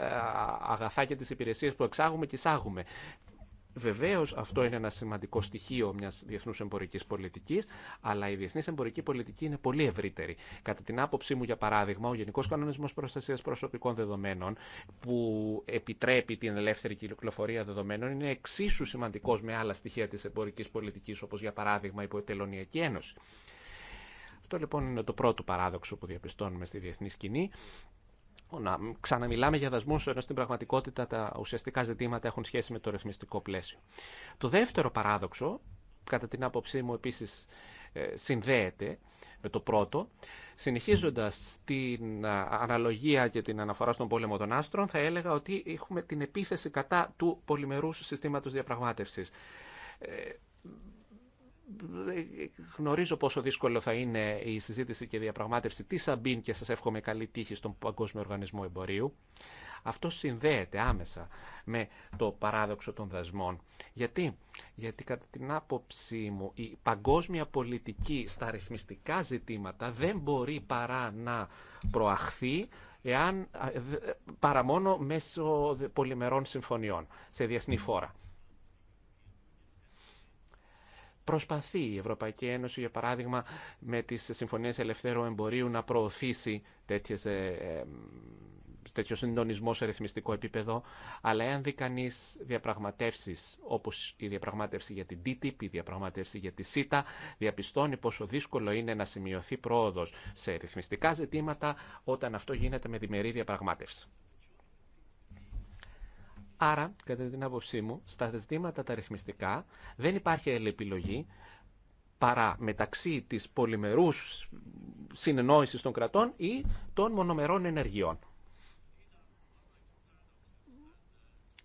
αγαθά και τις υπηρεσίες που εξάγουμε και εισάγουμε. Βεβαίω αυτό είναι ένα σημαντικό στοιχείο μια διεθνού εμπορική πολιτική, αλλά η διεθνή εμπορική πολιτική είναι πολύ ευρύτερη. Κατά την άποψή μου, για παράδειγμα, ο Γενικό Κανονισμό Προστασία Προσωπικών Δεδομένων, που επιτρέπει την ελεύθερη κυκλοφορία δεδομένων, είναι εξίσου σημαντικό με άλλα στοιχεία τη εμπορική πολιτική, όπω για παράδειγμα η Τελωνιακή Ένωση. Αυτό λοιπόν είναι το πρώτο παράδοξο που διαπιστώνουμε στη διεθνή σκηνή. Να ξαναμιλάμε για δασμούς, ενώ στην πραγματικότητα τα ουσιαστικά ζητήματα έχουν σχέση με το ρυθμιστικό πλαίσιο. Το δεύτερο παράδοξο, κατά την άποψή μου επίσης ε, συνδέεται με το πρώτο. συνεχίζοντα την αναλογία και την αναφορά στον πόλεμο των άστρων, θα έλεγα ότι έχουμε την επίθεση κατά του πολυμερούς συστήματος διαπραγμάτευσης. Ε, γνωρίζω πόσο δύσκολο θα είναι η συζήτηση και η διαπραγμάτευση της Σαμπίν και σας εύχομαι καλή τύχη στον Παγκόσμιο Οργανισμό Εμπορίου. Αυτό συνδέεται άμεσα με το παράδοξο των δασμών. Γιατί, Γιατί κατά την άποψή μου η παγκόσμια πολιτική στα ρυθμιστικά ζητήματα δεν μπορεί παρά να προαχθεί εάν, ε, παρά μόνο μέσω πολυμερών συμφωνιών σε διεθνή φόρα. Προσπαθεί η Ευρωπαϊκή Ένωση, για παράδειγμα, με τις συμφωνίες ελευθέρου εμπορίου να προωθήσει τέτοιες, ε, τέτοιο συντονισμό σε ρυθμιστικό επίπεδο, αλλά εάν δει κανεί διαπραγματεύσει όπω η διαπραγμάτευση για την TTIP, η διαπραγμάτευση για τη ΣΥΤΑ, διαπιστώνει πόσο δύσκολο είναι να σημειωθεί πρόοδο σε ρυθμιστικά ζητήματα όταν αυτό γίνεται με διμερή διαπραγμάτευση. Άρα, κατά την άποψή μου, στα ζητήματα τα ρυθμιστικά δεν υπάρχει άλλη παρά μεταξύ της πολυμερούς συνεννόησης των κρατών ή των μονομερών ενεργειών.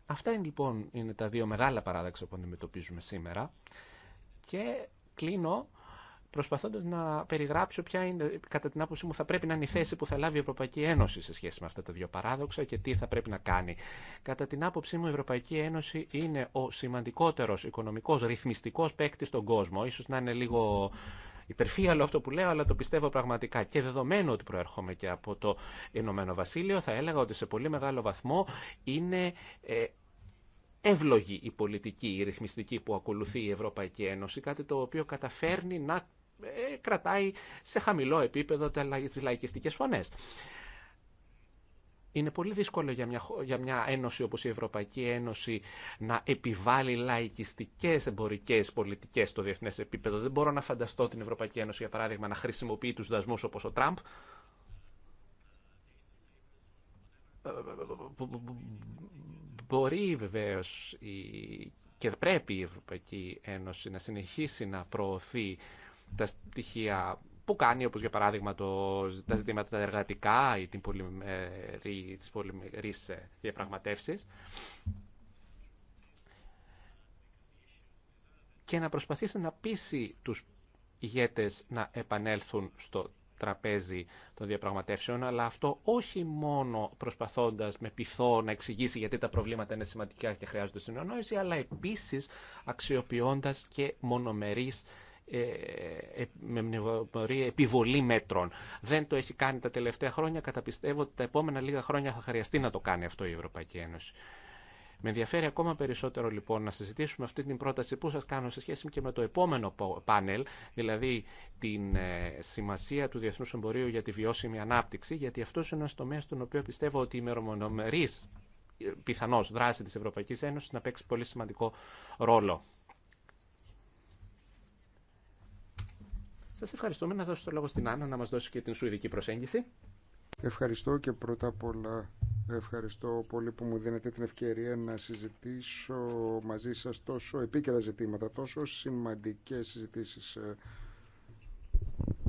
Αυτά είναι λοιπόν είναι τα δύο μεγάλα παράδοξα που αντιμετωπίζουμε σήμερα και κλείνω Προσπαθώντα να περιγράψω ποια είναι, κατά την άποψή μου, θα πρέπει να είναι η θέση που θα λάβει η Ευρωπαϊκή Ένωση σε σχέση με αυτά τα δύο παράδοξα και τι θα πρέπει να κάνει. Κατά την άποψή μου, η Ευρωπαϊκή Ένωση είναι ο σημαντικότερο οικονομικό, ρυθμιστικό παίκτη στον κόσμο. Ίσως να είναι λίγο υπερφύαλο αυτό που λέω, αλλά το πιστεύω πραγματικά. Και δεδομένου ότι προέρχομαι και από το Ηνωμένο Βασίλειο, θα έλεγα ότι σε πολύ μεγάλο βαθμό είναι ε, εύλογη η πολιτική, η ρυθμιστική που ακολουθεί η Ευρωπαϊκή Ένωση, κάτι το οποίο καταφέρνει να ε, κρατάει σε χαμηλό επίπεδο τις λαϊκιστικές φωνές. Είναι πολύ δύσκολο για μια, για μια ένωση όπως η Ευρωπαϊκή Ένωση να επιβάλλει λαϊκιστικές εμπορικές πολιτικές στο διεθνές επίπεδο. Δεν μπορώ να φανταστώ την Ευρωπαϊκή Ένωση, για παράδειγμα, να χρησιμοποιεί τους δασμούς όπως ο Τραμπ, ε, μπορεί βεβαίως και πρέπει η Ευρωπαϊκή Ένωση να συνεχίσει να προωθεί τα στοιχεία που κάνει, όπως για παράδειγμα τα ζητήματα τα εργατικά ή την πολυμερή, τις πολυμερείς ε, διαπραγματεύσεις. Και να προσπαθήσει να πείσει τους ηγέτες να επανέλθουν στο τραπέζι των διαπραγματεύσεων, αλλά αυτό όχι μόνο προσπαθώντας με πειθό να εξηγήσει γιατί τα προβλήματα είναι σημαντικά και χρειάζονται συνεννόηση, αλλά επίσης αξιοποιώντα και μονομερείς ε, ε, με μνημονία επιβολή μέτρων. Δεν το έχει κάνει τα τελευταία χρόνια. Καταπιστεύω ότι τα επόμενα λίγα χρόνια θα χρειαστεί να το κάνει αυτό η Ευρωπαϊκή Ένωση. Με ενδιαφέρει ακόμα περισσότερο λοιπόν να συζητήσουμε αυτή την πρόταση που σας κάνω σε σχέση και με το επόμενο πάνελ, δηλαδή την ε, σημασία του διεθνούς εμπορίου για τη βιώσιμη ανάπτυξη, γιατί αυτό είναι ένας τομέας στον οποίο πιστεύω ότι η μερομονομερής πιθανώς δράση της Ευρωπαϊκής Ένωσης να παίξει πολύ σημαντικό ρόλο. Σας ευχαριστούμε να δώσω το λόγο στην Άννα να μας δώσει και την σουηδική προσέγγιση. Ευχαριστώ και πρώτα απ' όλα ευχαριστώ πολύ που μου δίνετε την ευκαιρία να συζητήσω μαζί σας τόσο επίκαιρα ζητήματα, τόσο σημαντικές συζητήσεις ε,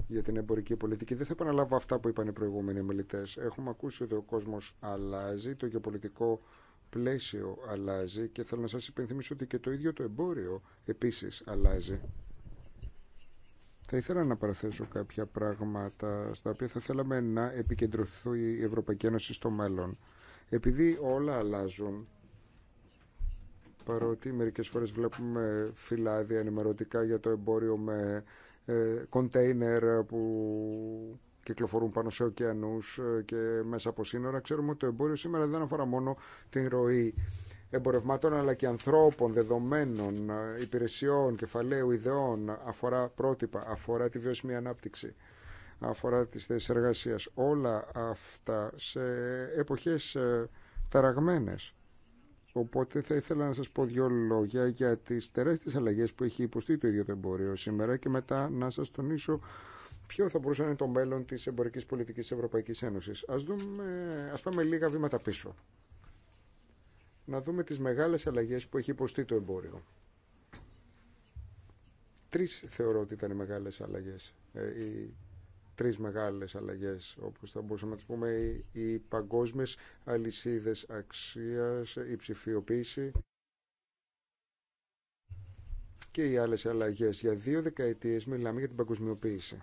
για την εμπορική πολιτική. Δεν θα επαναλάβω αυτά που είπαν οι προηγούμενοι μιλητέ. Έχουμε ακούσει ότι ο κόσμο αλλάζει, το γεωπολιτικό πλαίσιο αλλάζει και θέλω να σα υπενθυμίσω ότι και το ίδιο το εμπόριο επίση αλλάζει. Θα ήθελα να παραθέσω κάποια πράγματα στα οποία θα θέλαμε να επικεντρωθεί η Ευρωπαϊκή Ένωση στο μέλλον. Επειδή όλα αλλάζουν, παρότι μερικές φορές βλέπουμε φυλάδια ενημερωτικά για το εμπόριο με ε, κοντέινερ που κυκλοφορούν πάνω σε ωκεανούς ε, και μέσα από σύνορα, ξέρουμε ότι το εμπόριο σήμερα δεν αφορά μόνο την ροή εμπορευμάτων αλλά και ανθρώπων, δεδομένων, υπηρεσιών, κεφαλαίου, ιδεών, αφορά πρότυπα, αφορά τη βιώσιμη ανάπτυξη, αφορά τις θέσεις εργασίας. Όλα αυτά σε εποχές ε, ταραγμένες. Οπότε θα ήθελα να σας πω δύο λόγια για τις τεράστιες αλλαγές που έχει υποστεί το ίδιο το εμπόριο σήμερα και μετά να σας τονίσω ποιο θα μπορούσε να είναι το μέλλον της εμπορικής πολιτικής της Ευρωπαϊκής Ένωσης. Ας, δούμε, ας πάμε λίγα βήματα πίσω να δούμε τις μεγάλες αλλαγές που έχει υποστεί το εμπόριο. Τρεις θεωρώ ότι ήταν οι μεγάλες αλλαγές. Ε, οι τρεις μεγάλες αλλαγές, όπως θα μπορούσαμε να τις πούμε, οι παγκόσμιες αλυσίδες αξίας, η ψηφιοποίηση και οι άλλες αλλαγές. Για δύο δεκαετίες μιλάμε για την παγκοσμιοποίηση.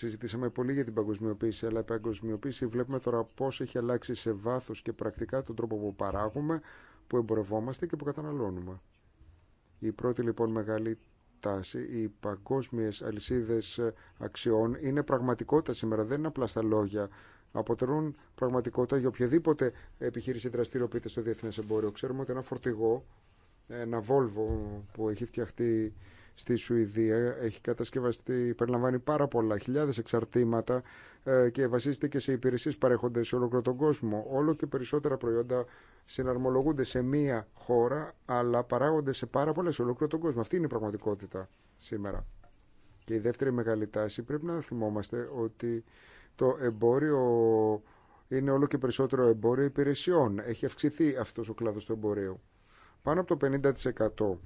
Συζητήσαμε πολύ για την παγκοσμιοποίηση, αλλά η παγκοσμιοποίηση βλέπουμε τώρα πώ έχει αλλάξει σε βάθο και πρακτικά τον τρόπο που παράγουμε, που εμπορευόμαστε και που καταναλώνουμε. Η πρώτη λοιπόν μεγάλη τάση, οι παγκόσμιε αλυσίδε αξιών είναι πραγματικότητα σήμερα, δεν είναι απλά στα λόγια. Αποτελούν πραγματικότητα για οποιαδήποτε επιχείρηση δραστηριοποιείται στο διεθνέ εμπόριο. Ξέρουμε ότι ένα φορτηγό, ένα Volvo που έχει φτιαχτεί στη Σουηδία έχει κατασκευαστεί, περιλαμβάνει πάρα πολλά χιλιάδες εξαρτήματα ε, και βασίζεται και σε υπηρεσίες παρέχονται σε ολόκληρο τον κόσμο. Όλο και περισσότερα προϊόντα συναρμολογούνται σε μία χώρα, αλλά παράγονται σε πάρα πολλά σε ολόκληρο τον κόσμο. Αυτή είναι η πραγματικότητα σήμερα. Και η δεύτερη μεγάλη τάση πρέπει να θυμόμαστε ότι το εμπόριο είναι όλο και περισσότερο εμπόριο υπηρεσιών. Έχει αυξηθεί αυτός ο κλάδος του εμπορίου. Πάνω από το 50%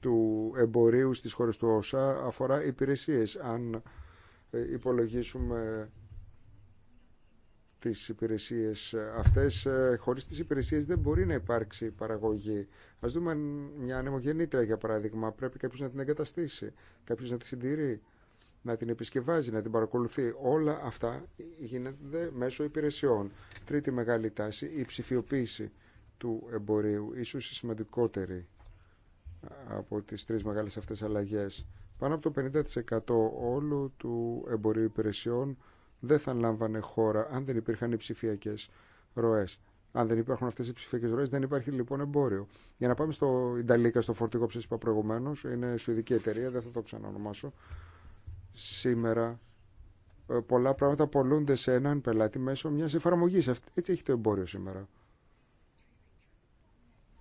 του εμπορίου στις χώρες του ΩΣΑ αφορά υπηρεσίες. Αν ε, υπολογίσουμε τις υπηρεσίες αυτές, ε, χωρίς τις υπηρεσίες δεν μπορεί να υπάρξει παραγωγή. Ας δούμε μια ανεμογεννήτρια για παράδειγμα, πρέπει κάποιος να την εγκαταστήσει, κάποιος να τη συντηρεί, να την επισκευάζει, να την παρακολουθεί. Όλα αυτά γίνονται μέσω υπηρεσιών. Τρίτη μεγάλη τάση, η ψηφιοποίηση του εμπορίου, ίσως η σημαντικότερη από τις τρεις μεγάλες αυτές αλλαγές. Πάνω από το 50% όλου του εμπορίου υπηρεσιών δεν θα λάμβανε χώρα αν δεν υπήρχαν οι ψηφιακές ροές. Αν δεν υπάρχουν αυτέ οι ψηφιακέ ροέ, δεν υπάρχει λοιπόν εμπόριο. Για να πάμε στο Ινταλίκα, στο φορτηγό που σα είπα προηγουμένω, είναι σουηδική εταιρεία, δεν θα το ξανανομάσω. Σήμερα ε, πολλά πράγματα πολλούνται σε έναν πελάτη μέσω μια εφαρμογή. Έτσι έχει το εμπόριο σήμερα.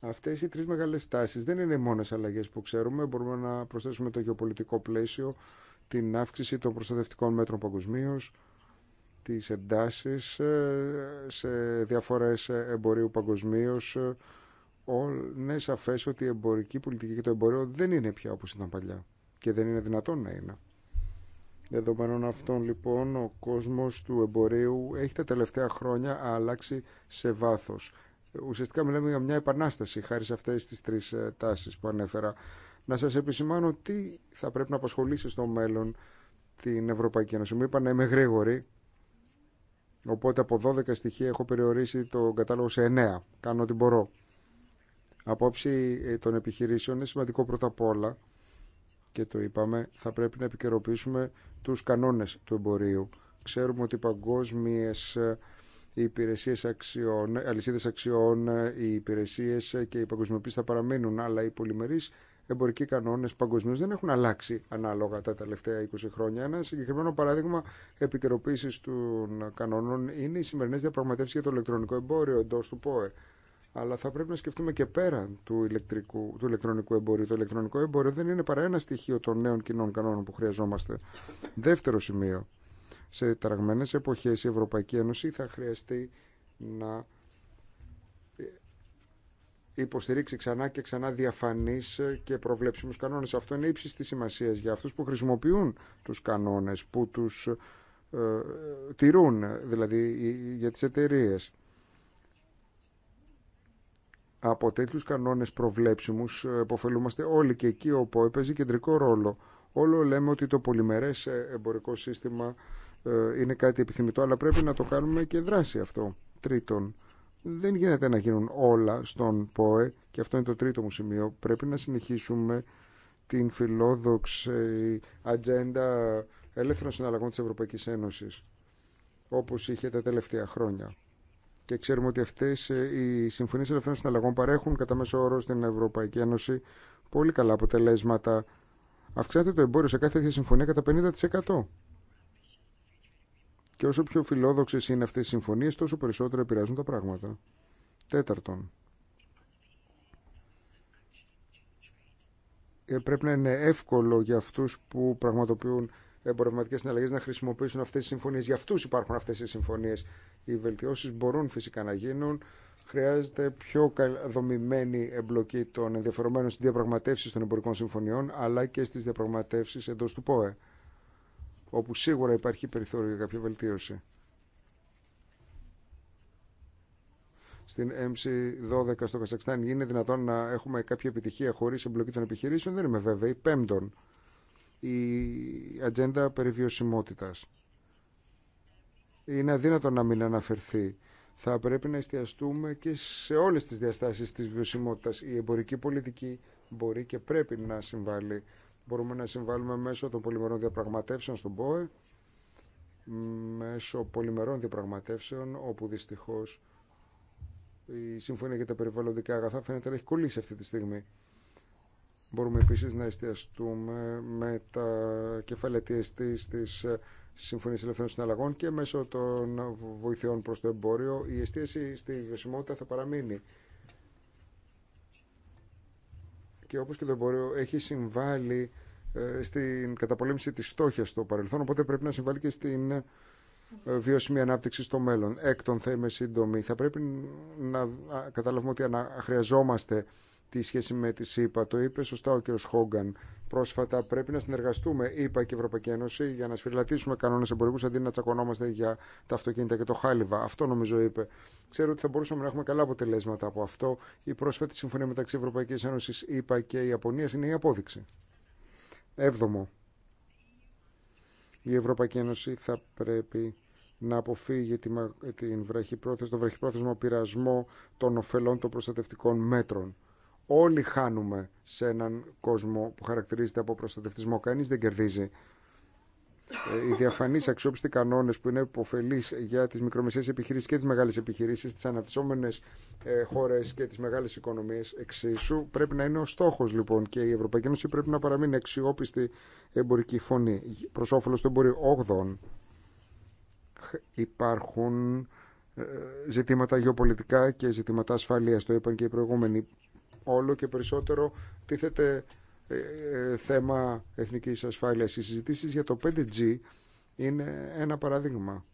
Αυτέ οι τρει μεγάλε τάσει δεν είναι οι μόνε αλλαγέ που ξέρουμε. Μπορούμε να προσθέσουμε το γεωπολιτικό πλαίσιο, την αύξηση των προστατευτικών μέτρων παγκοσμίω, τι εντάσει ε, σε διαφορέ εμπορίου παγκοσμίω. Είναι σαφέ ότι η εμπορική πολιτική και το εμπορίο δεν είναι πια όπω ήταν παλιά και δεν είναι δυνατόν να είναι. Δεδομένων αυτών λοιπόν ο κόσμος του εμπορίου έχει τα τελευταία χρόνια αλλάξει σε βάθος. Ουσιαστικά μιλάμε για μια επανάσταση χάρη σε αυτές τις τρεις ε, τάσεις που ανέφερα. Να σας επισημάνω τι θα πρέπει να απασχολήσει στο μέλλον την Ευρωπαϊκή Ένωση. Μου είπα να είμαι γρήγορη, οπότε από 12 στοιχεία έχω περιορίσει το κατάλογο σε 9. Κάνω ό,τι μπορώ. Απόψη ε, των επιχειρήσεων είναι σημαντικό πρώτα απ' όλα και το είπαμε, θα πρέπει να επικαιροποιήσουμε τους κανόνες του εμπορίου. Ξέρουμε ότι οι παγκόσμιες ε, οι υπηρεσίε αξιών, αλυσίδες αξιών, οι υπηρεσίε και οι παγκοσμιοποίηση θα παραμείνουν, αλλά οι πολυμερεί εμπορικοί κανόνε παγκοσμίω δεν έχουν αλλάξει ανάλογα τα τελευταία 20 χρόνια. Ένα συγκεκριμένο παράδειγμα επικαιροποίηση των κανόνων είναι οι σημερινέ διαπραγματεύσει για το ηλεκτρονικό εμπόριο εντό του ΠΟΕ. Αλλά θα πρέπει να σκεφτούμε και πέρα του, ηλεκτρικού, του ηλεκτρονικού εμπορίου. Το ηλεκτρονικό εμπόριο δεν είναι παρά ένα στοιχείο των νέων κοινών κανόνων που χρειαζόμαστε. Δεύτερο σημείο σε τραγμένες εποχές η Ευρωπαϊκή Ένωση θα χρειαστεί να ε, υποστηρίξει ξανά και ξανά διαφανείς και προβλέψιμους κανόνες. Αυτό είναι ύψης της σημασίας για αυτούς που χρησιμοποιούν τους κανόνες, που τους ε, τηρούν, δηλαδή για τις εταιρείε. Από τέτοιους κανόνες προβλέψιμους υποφελούμαστε ε, όλοι και εκεί όπου έπαιζε κεντρικό ρόλο. Όλο λέμε ότι το πολυμερές ε, εμπορικό σύστημα ε, είναι κάτι επιθυμητό, αλλά πρέπει να το κάνουμε και δράση αυτό. Τρίτον, δεν γίνεται να γίνουν όλα στον ΠΟΕ και αυτό είναι το τρίτο μου σημείο. Πρέπει να συνεχίσουμε την φιλόδοξη ατζέντα ελεύθερων συναλλαγών της Ευρωπαϊκής Ένωσης όπως είχε τα τελευταία χρόνια. Και ξέρουμε ότι αυτές ε, οι συμφωνίες ελευθερών συναλλαγών παρέχουν κατά μέσο όρο στην Ευρωπαϊκή Ένωση πολύ καλά αποτελέσματα. Αυξάνεται το εμπόριο σε κάθε τέτοια συμφωνία κατά 50%. Και όσο πιο φιλόδοξε είναι αυτέ οι συμφωνίε, τόσο περισσότερο επηρεάζουν τα πράγματα. Τέταρτον, ε, πρέπει να είναι εύκολο για αυτού που πραγματοποιούν εμπορευματικέ συναλλαγέ να χρησιμοποιήσουν αυτέ τι συμφωνίε. Για αυτού υπάρχουν αυτέ οι συμφωνίε. Οι βελτιώσει μπορούν φυσικά να γίνουν. Χρειάζεται πιο δομημένη εμπλοκή των ενδιαφερομένων στι διαπραγματεύσει των εμπορικών συμφωνιών αλλά και στι διαπραγματεύσει εντό του ΠΟΕ όπου σίγουρα υπάρχει περιθώριο για κάποια βελτίωση. Στην MC12 στο Καζακστάν είναι δυνατόν να έχουμε κάποια επιτυχία χωρίς εμπλοκή των επιχειρήσεων, δεν είμαι βέβαιη. Πέμπτον, η ατζέντα βιωσιμότητας. Είναι αδύνατο να μην αναφερθεί θα πρέπει να εστιαστούμε και σε όλες τις διαστάσεις της βιωσιμότητας. Η εμπορική πολιτική μπορεί και πρέπει να συμβάλλει Μπορούμε να συμβάλλουμε μέσω των πολυμερών διαπραγματεύσεων στον ΠΟΕ, μέσω πολυμερών διαπραγματεύσεων, όπου δυστυχώς η Συμφωνία για τα Περιβαλλοντικά Αγαθά φαίνεται να έχει κολλήσει αυτή τη στιγμή. Μπορούμε επίσης να εστιαστούμε με τα κεφάλαια TST της Συμφωνίας Ελευθερών Συναλλαγών και μέσω των βοηθειών προς το εμπόριο η εστίαση στη βιωσιμότητα θα παραμείνει και όπως και το εμπόριο έχει συμβάλει ε, στην καταπολέμηση της φτώχειας στο παρελθόν, οπότε πρέπει να συμβάλει και στην ε, βιώσιμη ανάπτυξη στο μέλλον. Έκτον θα είμαι σύντομη. Θα πρέπει να καταλάβουμε ότι χρειαζόμαστε τη σχέση με τη ΣΥΠΑ. Το είπε σωστά ο κ. Χόγκαν. Πρόσφατα πρέπει να συνεργαστούμε, είπα και η Ευρωπαϊκή Ένωση, για να σφυριλατήσουμε κανόνε εμπορικού αντί να τσακωνόμαστε για τα αυτοκίνητα και το χάλιβα. Αυτό νομίζω είπε. Ξέρω ότι θα μπορούσαμε να έχουμε καλά αποτελέσματα από αυτό. Η πρόσφατη συμφωνία μεταξύ Ευρωπαϊκή Ένωση, είπα και η Ιαπωνία είναι η απόδειξη. Έβδομο. Η Ευρωπαϊκή Ένωση θα πρέπει να αποφύγει την τον βραχυπρόθεσμο πειρασμό των ωφελών των προστατευτικών μέτρων Όλοι χάνουμε σε έναν κόσμο που χαρακτηρίζεται από προστατευτισμό. Κανεί δεν κερδίζει. Ε, οι διαφανεί αξιόπιστοι κανόνε που είναι υποφελεί για τι μικρομεσαίες επιχειρήσει και τι μεγάλε επιχειρήσει, τι αναπτυσσόμενες ε, χώρε και τις μεγάλες οικονομίες εξίσου, πρέπει να είναι ο στόχο λοιπόν και η Ευρωπαϊκή Ένωση πρέπει να παραμείνει αξιόπιστη εμπορική φωνή προς όφελος του εμπορίου 8 υπάρχουν ε, ζητήματα γεωπολιτικά και ζητήματα ασφαλεία, Το είπαν και οι προηγούμενοι όλο και περισσότερο τίθεται ε, ε, θέμα εθνικής ασφάλειας. Οι συζητήσεις για το 5G είναι ένα παράδειγμα.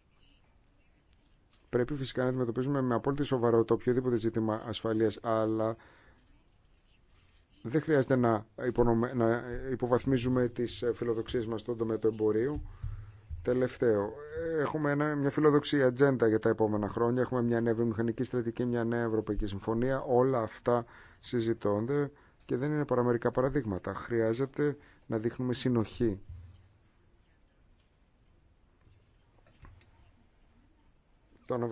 Πρέπει φυσικά να αντιμετωπίζουμε με απόλυτη σοβαρότητα οποιοδήποτε ζήτημα ασφαλείας, αλλά δεν χρειάζεται να, να υποβαθμίζουμε τις φιλοδοξίες μας στον τομέα του εμπορίου. Τελευταίο, έχουμε μια φιλοδοξία ατζέντα για τα επόμενα χρόνια. Έχουμε μια νέα βιομηχανική στρατηγική, μια νέα ευρωπαϊκή συμφωνία. Όλα αυτά συζητώνται και δεν είναι παραμερικά παραδείγματα. Χρειάζεται να δείχνουμε συνοχή. Το να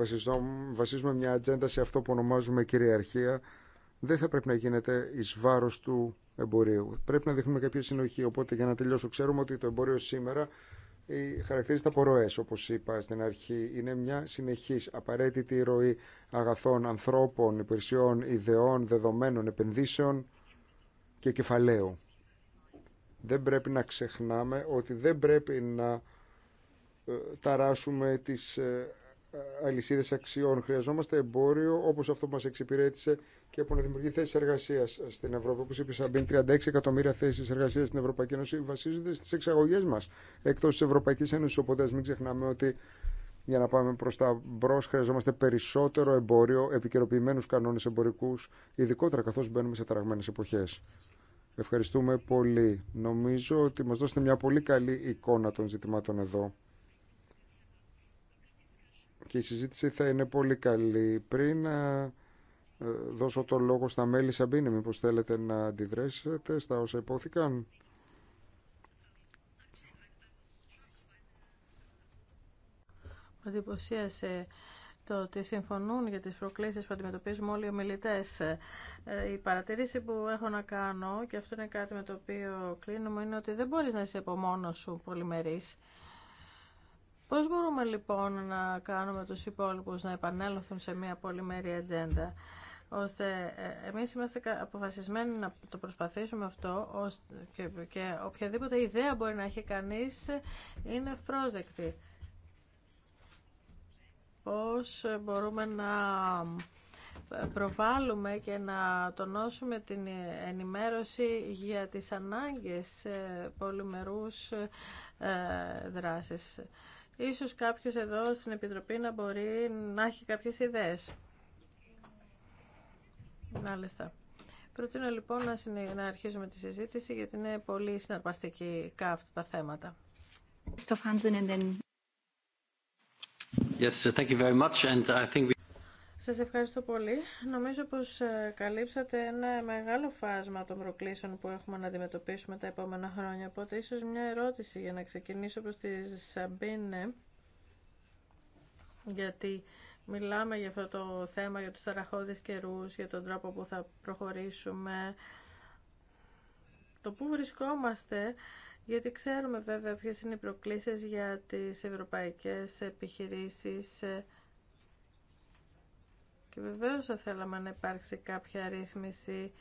βασίζουμε μια ατζέντα σε αυτό που ονομάζουμε κυριαρχία δεν θα πρέπει να γίνεται εις βάρος του εμπορίου. Πρέπει να δείχνουμε κάποια συνοχή. Οπότε για να τελειώσω, ξέρουμε ότι το εμπόριο σήμερα χαρακτηρίζεται από ροέ, όπω είπα στην αρχή. Είναι μια συνεχή, απαραίτητη ροή αγαθών, ανθρώπων, υπηρεσιών, ιδεών, δεδομένων, επενδύσεων και κεφαλαίου. Δεν πρέπει να ξεχνάμε ότι δεν πρέπει να ε, ταράσουμε τις ε, Αλυσίδε αξιών. Χρειαζόμαστε εμπόριο όπω αυτό που μα εξυπηρέτησε και που να δημιουργεί θέσει εργασία στην Ευρώπη. Όπω είπε Σαμπίν, 36 εκατομμύρια θέσεις εργασία στην Ευρωπαϊκή Ένωση βασίζονται στι εξαγωγέ μα. Εκτό τη Ευρωπαϊκή Ένωση, Οπότε μην ξεχνάμε ότι για να πάμε προ τα μπρό. χρειαζόμαστε περισσότερο εμπόριο, επικαιροποιημένου κανόνε εμπορικού, ειδικότερα καθώ μπαίνουμε σε τραγμένε εποχέ. Ευχαριστούμε πολύ. Νομίζω ότι μας δώσετε μια πολύ καλή εικόνα των ζητημάτων εδώ και η συζήτηση θα είναι πολύ καλή. Πριν ε, ε, δώσω το λόγο στα μέλη Σαμπίνη, μήπως θέλετε να αντιδρέσετε στα όσα υπόθηκαν. Με εντυπωσίασε το ότι συμφωνούν για τις προκλήσεις που αντιμετωπίζουμε όλοι οι ομιλητές. Ε, η παρατηρήση που έχω να κάνω, και αυτό είναι κάτι με το οποίο κλείνουμε, είναι ότι δεν μπορείς να είσαι από μόνος σου πολυμερής. Πώς μπορούμε λοιπόν να κάνουμε τους υπόλοιπους να επανέλθουν σε μια πολυμερή ατζέντα ώστε ε, εμείς είμαστε αποφασισμένοι να το προσπαθήσουμε αυτό και οποιαδήποτε ιδέα μπορεί να έχει κανείς είναι ευπρόσδεκτη. Πώς μπορούμε να προβάλλουμε και να τονώσουμε την ενημέρωση για τις ανάγκες ε, πολυμερούς ε, δράσεις. Ίσως κάποιος εδώ στην Επιτροπή να μπορεί να έχει κάποιες ιδέες. Προτείνω λοιπόν να, συνε... να αρχίσουμε τη συζήτηση γιατί είναι πολύ συναρπαστικά αυτά τα θέματα. Σας ευχαριστώ πολύ. Νομίζω πως ε, καλύψατε ένα μεγάλο φάσμα των προκλήσεων που έχουμε να αντιμετωπίσουμε τα επόμενα χρόνια. Οπότε ίσως μια ερώτηση για να ξεκινήσω προς τη Σαμπίνε, γιατί μιλάμε για αυτό το θέμα, για τους ταραχώδεις καιρούς, για τον τρόπο που θα προχωρήσουμε, το που βρισκόμαστε, γιατί ξέρουμε βέβαια ποιες είναι οι προκλήσεις για τις ευρωπαϊκές επιχειρήσεις, ε, και βεβαίως θα θέλαμε να υπάρξει κάποια ρύθμιση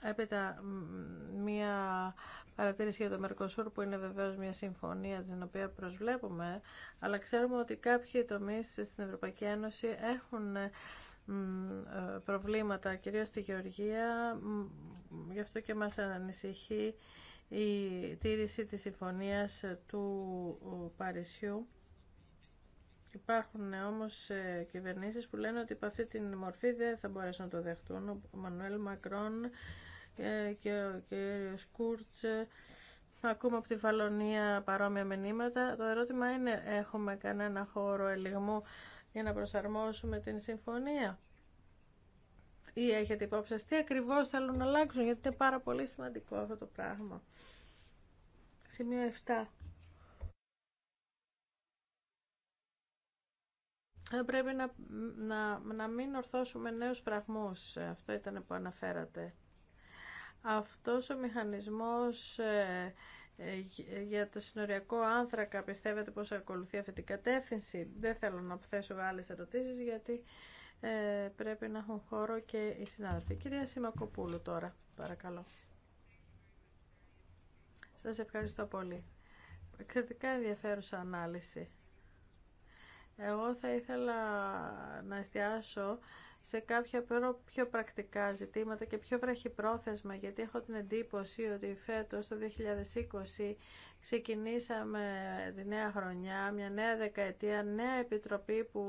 Έπειτα μία παρατήρηση για το Μερκοσούρ που είναι βεβαίως μία συμφωνία την οποία προσβλέπουμε, αλλά ξέρουμε ότι κάποιοι τομείς στην Ευρωπαϊκή Ένωση έχουν ε, προβλήματα, κυρίως στη Γεωργία, γι' αυτό και μας ανησυχεί η τήρηση της συμφωνίας του ε, Παρισιού Υπάρχουν όμως ε, κυβερνήσεις που λένε ότι από αυτή τη μορφή δεν θα μπορέσουν να το δεχτούν. Ο Μανουέλ Μακρόν ε, και ο κύριος Κούρτς ε, ακούμε από τη Φαλονία παρόμοια μηνύματα. Το ερώτημα είναι έχουμε κανένα χώρο ελιγμού για να προσαρμόσουμε την συμφωνία ή έχετε υπόψη σας τι ακριβώς θέλουν να αλλάξουν γιατί είναι πάρα πολύ σημαντικό αυτό το πράγμα. Σημείο 7. Ε, πρέπει να, να, να μην ορθώσουμε νέους φραγμούς. Ε, αυτό ήταν που αναφέρατε. Αυτός ο μηχανισμός ε, για το συνοριακό άνθρακα πιστεύετε πως ακολουθεί αυτή την κατεύθυνση. Δεν θέλω να θέσω άλλες ερωτήσεις γιατί πρέπει να έχουν χώρο και οι συνάδελφοι. Κυρία Σιμακοπούλου τώρα, παρακαλώ. Σας ευχαριστώ πολύ. Εξαιρετικά ενδιαφέρουσα ανάλυση. Εγώ θα ήθελα να εστιάσω σε κάποια πιο πρακτικά ζητήματα και πιο βραχυπρόθεσμα, γιατί έχω την εντύπωση ότι φέτος, το 2020, ξεκινήσαμε τη νέα χρονιά, μια νέα δεκαετία, νέα επιτροπή που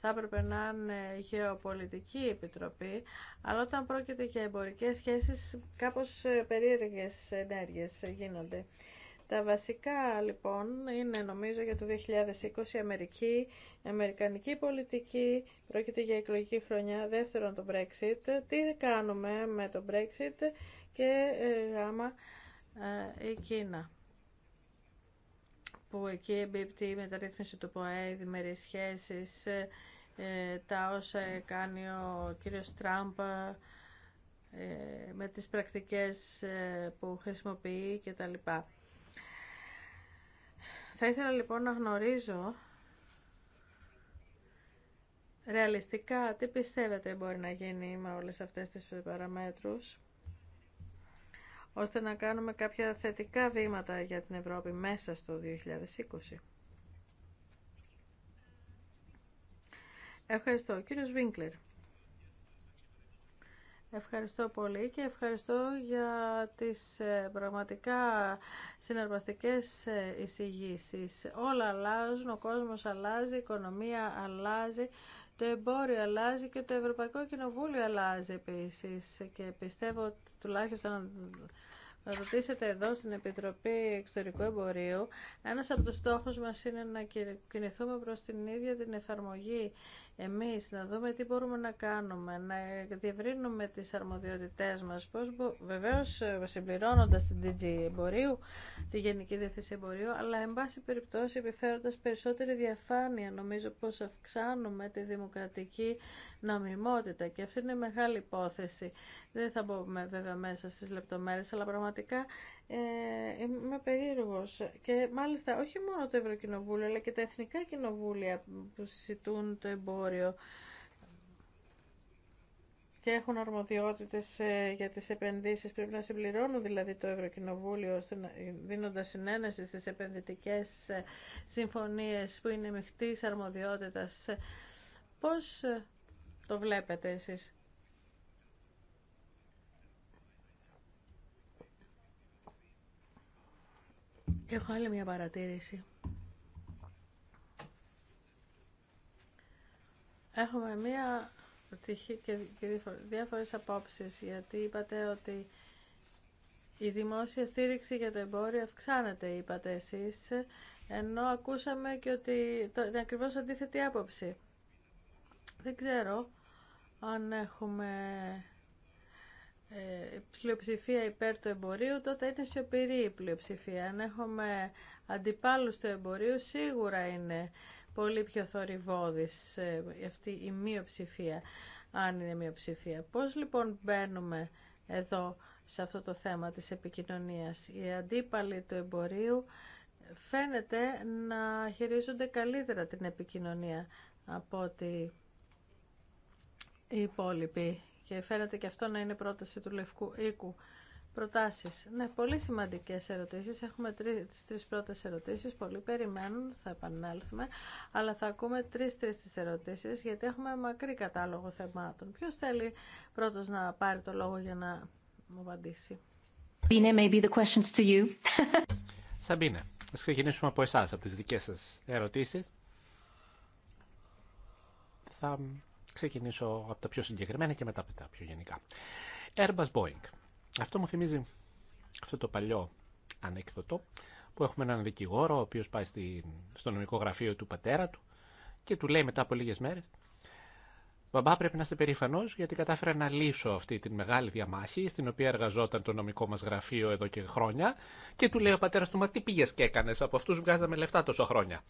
θα έπρεπε να είναι γεωπολιτική επιτροπή, αλλά όταν πρόκειται για εμπορικές σχέσεις, κάπως ε, περίεργες ενέργειες γίνονται. Τα βασικά λοιπόν είναι νομίζω για το 2020 η Αμερική, η Αμερικανική πολιτική, πρόκειται για εκλογική χρονιά, δεύτερον το Brexit, τι κάνουμε με το Brexit και ε, γάμα ε, η Κίνα που εκεί εμπίπτει η μεταρρύθμιση του ΠΟΕ, οι διμερείς σχέσεις, ε, τα όσα κάνει ο κύριος Τραμπ με τις πρακτικές που χρησιμοποιεί κτλ. Θα ήθελα λοιπόν να γνωρίζω ρεαλιστικά τι πιστεύετε μπορεί να γίνει με όλες αυτές τις παραμέτρους ώστε να κάνουμε κάποια θετικά βήματα για την Ευρώπη μέσα στο 2020. Ευχαριστώ. Κύριος Βίνκλερ. Ευχαριστώ πολύ και ευχαριστώ για τις ε, πραγματικά συναρπαστικές ε, εισηγήσει. Όλα αλλάζουν, ο κόσμος αλλάζει, η οικονομία αλλάζει, το εμπόριο αλλάζει και το Ευρωπαϊκό Κοινοβούλιο αλλάζει επίσης. Και πιστεύω τουλάχιστον να ρωτήσετε εδώ στην Επιτροπή Εξωτερικού Εμπορίου, ένας από τους στόχους μας είναι να κινηθούμε προς την ίδια την εφαρμογή εμείς να δούμε τι μπορούμε να κάνουμε, να διευρύνουμε τις αρμοδιότητές μας, πώς μπο... βεβαίως ε, συμπληρώνοντας την DG εμπορίου, τη Γενική Διευθυνσία Εμπορίου, αλλά εν πάση περιπτώσει επιφέροντας περισσότερη διαφάνεια, νομίζω πως αυξάνουμε τη δημοκρατική νομιμότητα και αυτή είναι μεγάλη υπόθεση. Δεν θα μπούμε βέβαια μέσα στις λεπτομέρειες, αλλά πραγματικά ε, είμαι περίεργος και μάλιστα όχι μόνο το Ευρωκοινοβούλιο αλλά και τα Εθνικά Κοινοβούλια που συζητούν το εμπόριο και έχουν αρμοδιότητες ε, για τις επενδύσεις. Πρέπει να συμπληρώνουν δηλαδή το Ευρωκοινοβούλιο δίνοντας συνένεση στις επενδυτικές ε, συμφωνίες που είναι μειχτής αρμοδιότητας. Πώς ε, το βλέπετε εσείς. Έχω άλλη μια παρατήρηση. Έχουμε μία τύχη και διάφορες απόψεις, γιατί είπατε ότι η δημόσια στήριξη για το εμπόριο αυξάνεται, είπατε εσείς, ενώ ακούσαμε και ότι είναι ακριβώς αντίθετη άποψη. Δεν ξέρω αν έχουμε η ε, πλειοψηφία υπέρ του εμπορίου, τότε είναι σιωπηρή η πλειοψηφία. Αν έχουμε αντιπάλους του εμπορίου, σίγουρα είναι πολύ πιο θορυβόδης ε, αυτή η μειοψηφία, αν είναι μειοψηφία. Πώς λοιπόν μπαίνουμε εδώ σε αυτό το θέμα της επικοινωνίας. Οι αντίπαλοι του εμπορίου φαίνεται να χειρίζονται καλύτερα την επικοινωνία από ότι οι υπόλοιποι και φαίνεται και αυτό να είναι πρόταση του Λευκού Οίκου. Προτάσεις. Ναι, πολύ σημαντικές ερωτήσεις. Έχουμε τρεις, τις τρεις πρώτες ερωτήσεις. Πολλοί περιμένουν, θα επανέλθουμε. Αλλά θα ακούμε τρεις-τρεις τις ερωτήσεις, γιατί έχουμε μακρύ κατάλογο θεμάτων. Ποιος θέλει πρώτος να πάρει το λόγο για να μου απαντήσει. Σαμπίνε, maybe the questions to you. Σαμπίνε, ας ξεκινήσουμε από εσάς, από τις δικές σας ερωτήσεις. Θα Ξεκινήσω από τα πιο συγκεκριμένα και μετά από τα πιο γενικά. Airbus Boeing. Αυτό μου θυμίζει αυτό το παλιό ανέκδοτο που έχουμε έναν δικηγόρο ο οποίος πάει στη, στο νομικό γραφείο του πατέρα του και του λέει μετά από λίγες μέρες Μπαμπά, πρέπει να είστε περήφανο γιατί κατάφερα να λύσω αυτή τη μεγάλη διαμάχη στην οποία εργαζόταν το νομικό μα γραφείο εδώ και χρόνια. Και του λέει ο πατέρα του: Μα τι πήγε και έκανε, από αυτού βγάζαμε λεφτά τόσο χρόνια.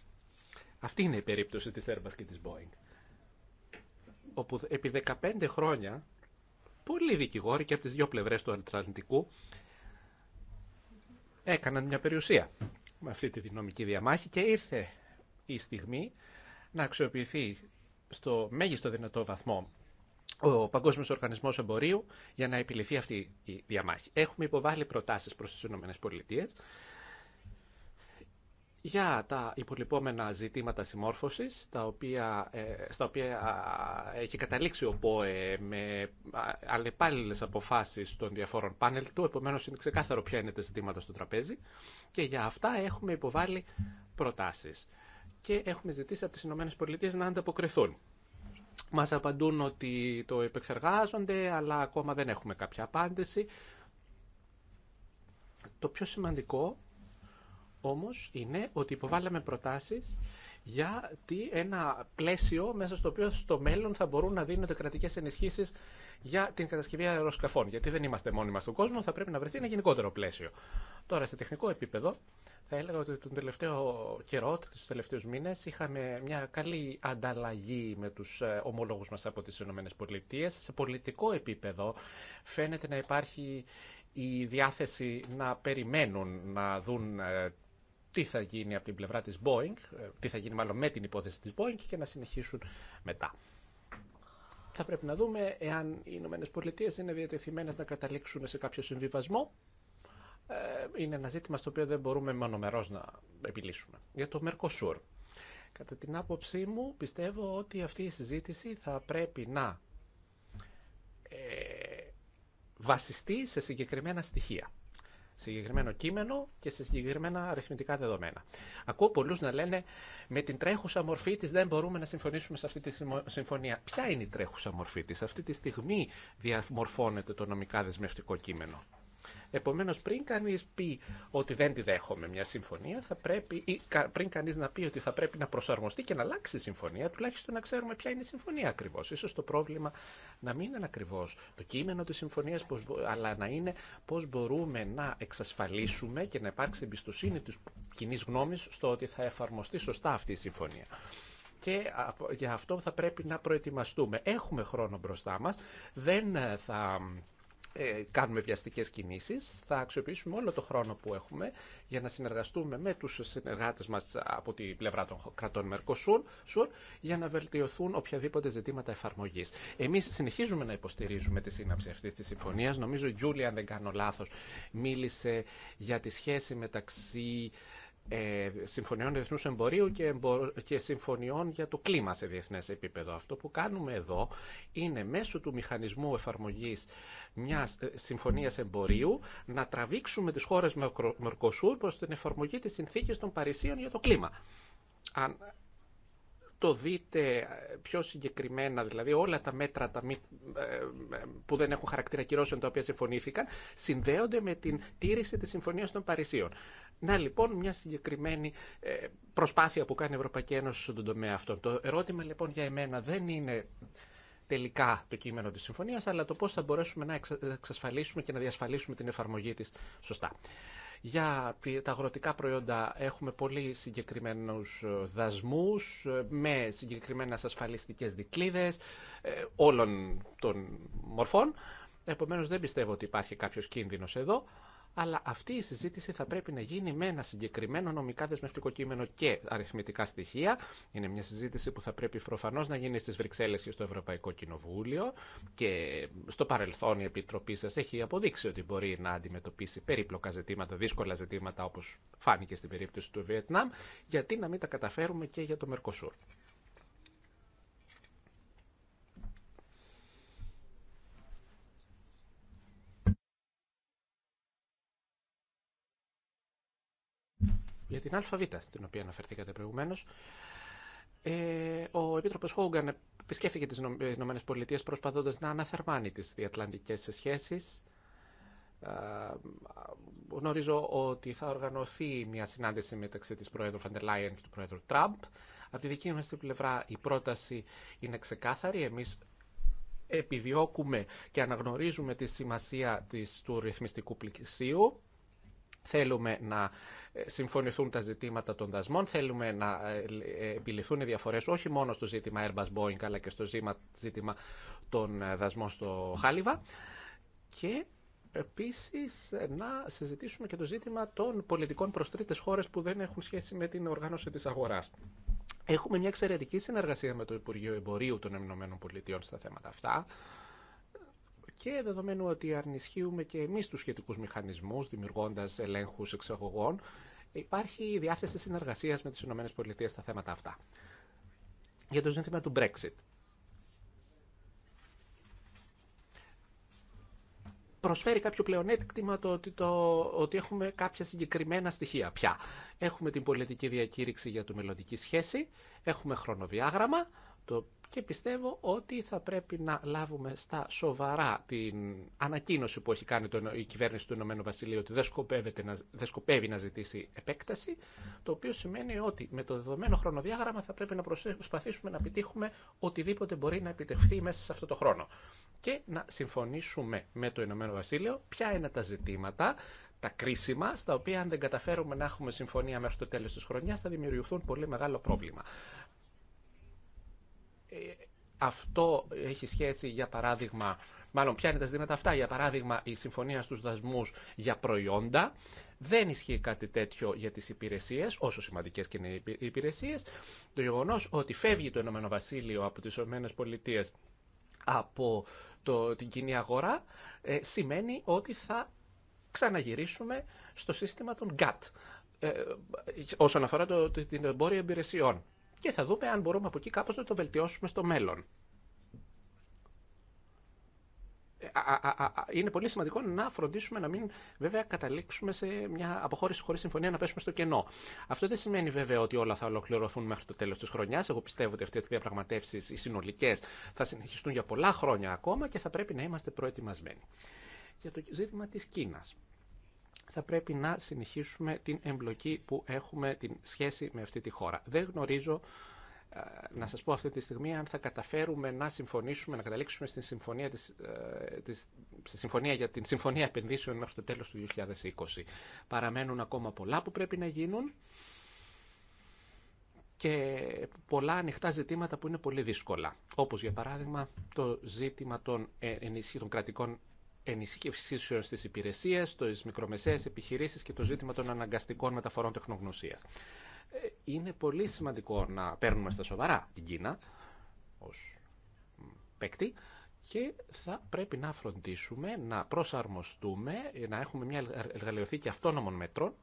Αυτή είναι η περίπτωση τη Airbus και τη Boeing όπου επί 15 χρόνια πολλοί δικηγόροι και από τις δύο πλευρές του Ατλαντικού έκαναν μια περιουσία με αυτή τη δυναμική διαμάχη και ήρθε η στιγμή να αξιοποιηθεί στο μέγιστο δυνατό βαθμό ο Παγκόσμιος Οργανισμός Εμπορίου για να επιληθεί αυτή η διαμάχη. Έχουμε υποβάλει προτάσεις προς τις ΗΠΑ για τα υπολοιπόμενα ζητήματα συμμόρφωσης, τα οποία, ε, στα οποία έχει καταλήξει ο ΠΟΕ με αλλεπάλληλες αποφάσεις των διαφόρων πάνελ του, επομένως είναι ξεκάθαρο ποια είναι τα ζητήματα στο τραπέζι και για αυτά έχουμε υποβάλει προτάσεις και έχουμε ζητήσει από τις ΗΠΑ να ανταποκριθούν. Μας απαντούν ότι το επεξεργάζονται, αλλά ακόμα δεν έχουμε κάποια απάντηση. Το πιο σημαντικό όμως είναι ότι υποβάλαμε προτάσεις για τι ένα πλαίσιο μέσα στο οποίο στο μέλλον θα μπορούν να δίνονται κρατικέ ενισχύσει για την κατασκευή αεροσκαφών. Γιατί δεν είμαστε μόνοι μα στον κόσμο, θα πρέπει να βρεθεί ένα γενικότερο πλαίσιο. Τώρα, σε τεχνικό επίπεδο, θα έλεγα ότι τον τελευταίο καιρό, του τελευταίου μήνε, είχαμε μια καλή ανταλλαγή με του ε, ομολόγου μα από τι ΗΠΑ. Σε πολιτικό επίπεδο, φαίνεται να υπάρχει η διάθεση να περιμένουν να δουν ε, τι θα γίνει από την πλευρά της Boeing, ε, τι θα γίνει μάλλον με την υπόθεση της Boeing και να συνεχίσουν μετά. Θα πρέπει να δούμε εάν οι Ηνωμένε Πολιτείες είναι διατεθειμένες να καταλήξουν σε κάποιο συμβιβασμό. Ε, είναι ένα ζήτημα στο οποίο δεν μπορούμε μονομερώς να επιλύσουμε. Για το Mercosur. Κατά την άποψή μου πιστεύω ότι αυτή η συζήτηση θα πρέπει να ε, βασιστεί σε συγκεκριμένα στοιχεία συγκεκριμένο κείμενο και σε συγκεκριμένα αριθμητικά δεδομένα. Ακούω πολλού να λένε με την τρέχουσα μορφή τη δεν μπορούμε να συμφωνήσουμε σε αυτή τη συμφωνία. Ποια είναι η τρέχουσα μορφή τη. Αυτή τη στιγμή διαμορφώνεται το νομικά δεσμευτικό κείμενο. Επομένως, πριν κανείς πει ότι δεν τη δέχομαι μια συμφωνία, θα πρέπει, ή πριν κανείς να πει ότι θα πρέπει να προσαρμοστεί και να αλλάξει η συμφωνία, τουλάχιστον να ξέρουμε ποια είναι η συμφωνία ακριβώς. Ίσως το πρόβλημα να μην είναι ακριβώς το κείμενο της συμφωνίας, αλλά να είναι πώς μπορούμε να εξασφαλίσουμε και να υπάρξει εμπιστοσύνη της κοινή γνώμης στο ότι θα εφαρμοστεί σωστά αυτή η συμφωνία και για αυτό θα πρέπει να προετοιμαστούμε. Έχουμε χρόνο μπροστά μας, δεν ε, θα ε, κάνουμε βιαστικές κινήσεις. Θα αξιοποιήσουμε όλο το χρόνο που έχουμε για να συνεργαστούμε με τους συνεργάτες μας από την πλευρά των κρατών Μερκοσούρ για να βελτιωθούν οποιαδήποτε ζητήματα εφαρμογής. Εμείς συνεχίζουμε να υποστηρίζουμε τη σύναψη αυτής της συμφωνίας. Νομίζω η Τζούλια, αν δεν κάνω λάθος, μίλησε για τη σχέση μεταξύ ε, συμφωνιών διεθνού εμπορίου και, και συμφωνιών για το κλίμα σε διεθνέ επίπεδο. Αυτό που κάνουμε εδώ είναι μέσω του μηχανισμού εφαρμογής μιας ε, συμφωνίας εμπορίου να τραβήξουμε τις χώρες Μερκοσούρ προς την εφαρμογή της συνθήκης των Παρισίων για το κλίμα το δείτε ε, πιο συγκεκριμένα, δηλαδή όλα τα μέτρα τα ε, ε, που δεν έχουν χαρακτήρα κυρώσεων τα οποία συμφωνήθηκαν, συνδέονται με την τήρηση της Συμφωνίας των Παρισίων. Να λοιπόν μια συγκεκριμένη προσπάθεια που κάνει η Ευρωπαϊκή Ένωση στον τομέα αυτό. Το ερώτημα λοιπόν για εμένα δεν είναι τελικά το κείμενο της συμφωνίας, αλλά το πώς θα μπορέσουμε να εξασφαλίσουμε και να διασφαλίσουμε την εφαρμογή της σωστά. Για τα αγροτικά προϊόντα έχουμε πολύ συγκεκριμένους ε, δασμούς ε, με συγκεκριμένες ασφαλιστικές δικλίδες ε, όλων των μορφών. Επομένως δεν πιστεύω ότι υπάρχει κάποιος κίνδυνος εδώ αλλά αυτή η συζήτηση θα πρέπει να γίνει με ένα συγκεκριμένο νομικά δεσμευτικό κείμενο και αριθμητικά στοιχεία. Είναι μια συζήτηση που θα πρέπει προφανώ να γίνει στι Βρυξέλλε και στο Ευρωπαϊκό Κοινοβούλιο. Και στο παρελθόν η Επιτροπή σα έχει αποδείξει ότι μπορεί να αντιμετωπίσει περίπλοκα ζητήματα, δύσκολα ζητήματα όπω φάνηκε στην περίπτωση του Βιετνάμ. Γιατί να μην τα καταφέρουμε και για το Μερκοσούρ. για την ΑΒ, την οποία αναφερθήκατε προηγουμένω. Ε, ο Επίτροπο Χόγκαν επισκέφθηκε τι ΗΠΑ προσπαθώντα να αναθερμάνει τι διατλαντικέ σχέσει. Ε, γνωρίζω ότι θα οργανωθεί μια συνάντηση μεταξύ της Πρόεδρου Φαντελάιεν και του Πρόεδρου Τραμπ. Από τη δική μας πλευρά η πρόταση είναι ξεκάθαρη. Εμείς επιδιώκουμε και αναγνωρίζουμε τη σημασία της, του ρυθμιστικού πλησίου Θέλουμε να ε, συμφωνηθούν τα ζητήματα των δασμών, θέλουμε να ε, ε, επιληθούν οι διαφορές όχι μόνο στο ζήτημα Airbus Boeing αλλά και στο ζήτημα των δασμών στο Χάλιβα και επίσης να συζητήσουμε και το ζήτημα των πολιτικών προς τρίτες χώρες που δεν έχουν σχέση με την οργάνωση της αγοράς. Έχουμε μια εξαιρετική συνεργασία με το Υπουργείο Εμπορίου των Ηνωμένων στα θέματα αυτά και δεδομένου ότι αρνησχύουμε και εμείς τους σχετικούς μηχανισμούς δημιουργώντας ελέγχους εξαγωγών υπάρχει η διάθεση συνεργασίας με τις ΗΠΑ στα θέματα αυτά. Για το ζήτημα του Brexit. προσφέρει κάποιο πλεονέκτημα το ότι, έχουμε κάποια συγκεκριμένα στοιχεία πια. Έχουμε την πολιτική διακήρυξη για τη μελλοντική σχέση, έχουμε χρονοδιάγραμμα, το και πιστεύω ότι θα πρέπει να λάβουμε στα σοβαρά την ανακοίνωση που έχει κάνει η κυβέρνηση του Ηνωμένου Βασιλείου ότι δεν, να, δεν σκοπεύει να ζητήσει επέκταση, το οποίο σημαίνει ότι με το δεδομένο χρονοδιάγραμμα θα πρέπει να προσπαθήσουμε να επιτύχουμε οτιδήποτε μπορεί να επιτευχθεί μέσα σε αυτό το χρόνο και να συμφωνήσουμε με το Ηνωμένο Βασίλειο ποια είναι τα ζητήματα τα κρίσιμα, στα οποία αν δεν καταφέρουμε να έχουμε συμφωνία μέχρι το τέλος της χρονιάς θα δημιουργηθούν πολύ μεγάλο πρόβλημα. Ε, αυτό έχει σχέση, για παράδειγμα, μάλλον ποια είναι τα ζητήματα αυτά, για παράδειγμα η συμφωνία στους δασμούς για προϊόντα, δεν ισχύει κάτι τέτοιο για τις υπηρεσίες, όσο σημαντικές και είναι οι υπηρεσίες. Το γεγονό ότι φεύγει το Ηνωμένο Βασίλειο από τις Ηνωμένες Πολιτείες από το, την κοινή αγορά, ε, σημαίνει ότι θα ξαναγυρίσουμε στο σύστημα των GATT, ε, ε, όσον αφορά το, την εμπόρια υπηρεσιών και θα δούμε αν μπορούμε από εκεί κάπως να το βελτιώσουμε στο μέλλον. Ε, είναι πολύ σημαντικό να φροντίσουμε να μην βέβαια καταλήξουμε σε μια αποχώρηση χωρίς συμφωνία να πέσουμε στο κενό. Αυτό δεν σημαίνει βέβαια ότι όλα θα ολοκληρωθούν μέχρι το τέλος της χρονιάς. Εγώ πιστεύω ότι αυτέ οι διαπραγματεύσει, οι συνολικέ, θα συνεχιστούν για πολλά χρόνια ακόμα και θα πρέπει να είμαστε προετοιμασμένοι. Για το ζήτημα της Κίνας θα πρέπει να συνεχίσουμε την εμπλοκή που έχουμε την σχέση με αυτή τη χώρα. Δεν γνωρίζω ε, να σας πω αυτή τη στιγμή αν θα καταφέρουμε να συμφωνήσουμε, να καταλήξουμε στη συμφωνία, της, ε, της, στη συμφωνία για την Συμφωνία Επενδύσεων μέχρι το τέλος του 2020. Παραμένουν ακόμα πολλά που πρέπει να γίνουν και πολλά ανοιχτά ζητήματα που είναι πολύ δύσκολα. Όπως για παράδειγμα το ζήτημα των, ε, ενισχύ, των κρατικών ενισχύσεω τη υπηρεσίες, τι μικρομεσαίε επιχειρήσει και το ζήτημα των αναγκαστικών μεταφορών τεχνογνωσία. Ε, είναι πολύ σημαντικό να παίρνουμε στα σοβαρά την Κίνα ω παίκτη και θα πρέπει να φροντίσουμε, να προσαρμοστούμε, να έχουμε μια εργαλειοθήκη αυτόνομων μέτρων.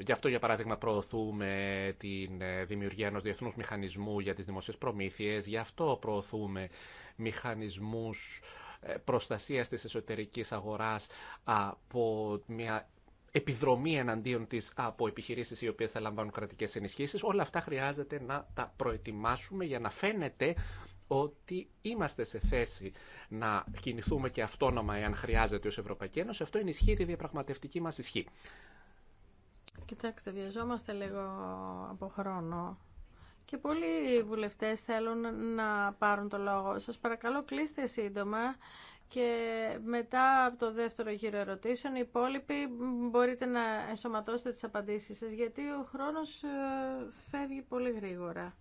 Γι' αυτό, για παράδειγμα, προωθούμε τη ε, δημιουργία ενός διεθνούς μηχανισμού για τις δημοσίες προμήθειες, γι' αυτό προωθούμε μηχανισμούς ε, προστασίας της εσωτερικής αγοράς από μια επιδρομή εναντίον της από επιχειρήσεις οι οποίες θα λαμβάνουν κρατικές ενισχύσεις. Όλα αυτά χρειάζεται να τα προετοιμάσουμε για να φαίνεται ότι είμαστε σε θέση να κινηθούμε και αυτόνομα εάν χρειάζεται ως Ευρωπαϊκή Ένωση. Αυτό ενισχύει τη διαπραγματευτική μας ισχύ. Κοιτάξτε, βιαζόμαστε λίγο από χρόνο και πολλοί βουλευτές θέλουν να πάρουν το λόγο. Σας παρακαλώ κλείστε σύντομα και μετά από το δεύτερο γύρο ερωτήσεων οι υπόλοιποι μπορείτε να ενσωματώσετε τις απαντήσεις σας γιατί ο χρόνος ε, φεύγει πολύ γρήγορα.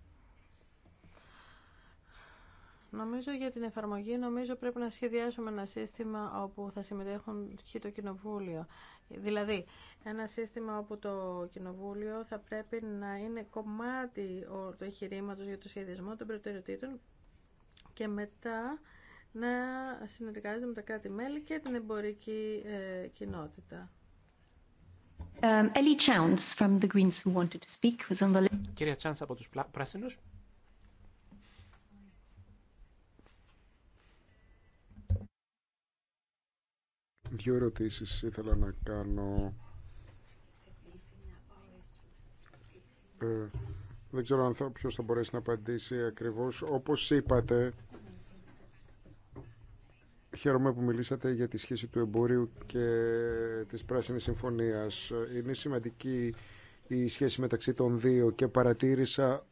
Νομίζω για την εφαρμογή νομίζω πρέπει να σχεδιάσουμε ένα σύστημα όπου θα συμμετέχουν και το κοινοβούλιο. Δηλαδή, ένα σύστημα όπου το Κοινοβούλιο θα πρέπει να είναι κομμάτι του εγχειρήματο για το σχεδιασμό των προτεραιοτήτων και μετά να συνεργάζεται με τα κράτη-μέλη και την εμπορική ε, κοινότητα. Um, Ellie Chance from the Greens who wanted to speak was on the Κυρία Chance από τους πράσινους. Δύο ερωτήσεις ήθελα να κάνω. Ε, δεν ξέρω αν θα, ποιος θα μπορέσει να απαντήσει ακριβώς. Όπως είπατε, χαίρομαι που μιλήσατε για τη σχέση του εμπορίου και της Πράσινης Συμφωνίας. Είναι σημαντική η σχέση μεταξύ των δύο και παρατήρησα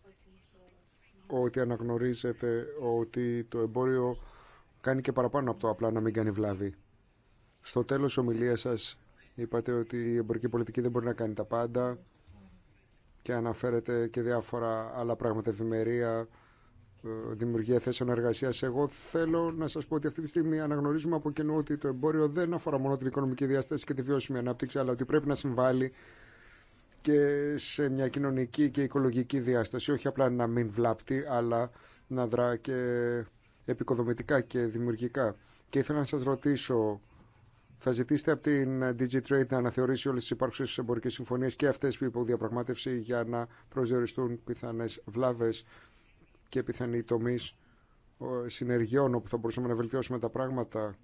ότι αναγνωρίζετε ότι το εμπόριο κάνει και παραπάνω από το απλά να μην κάνει βλάβη. Στο τέλος ομιλία σας είπατε ότι η εμπορική πολιτική δεν μπορεί να κάνει τα πάντα και αναφέρεται και διάφορα άλλα πράγματα, ευημερία, ε, δημιουργία θέσεων εργασία. Εγώ θέλω να σα πω ότι αυτή τη στιγμή αναγνωρίζουμε από κοινού ότι το εμπόριο δεν αφορά μόνο την οικονομική διάσταση και τη βιώσιμη ανάπτυξη, αλλά ότι πρέπει να συμβάλλει και σε μια κοινωνική και οικολογική διάσταση. Όχι απλά να μην βλάπτει, αλλά να δρά και επικοδομητικά και δημιουργικά. Και ήθελα να σας ρωτήσω θα ζητήσετε από την DigiTrade να αναθεωρήσει όλες τις υπάρξεις εμπορικές συμφωνίες και αυτές που υποδιαπραγμάτευσε για να προσδιοριστούν πιθανέ βλάβες και πιθανή τομείς συνεργειών όπου θα μπορούσαμε να βελτιώσουμε τα πράγματα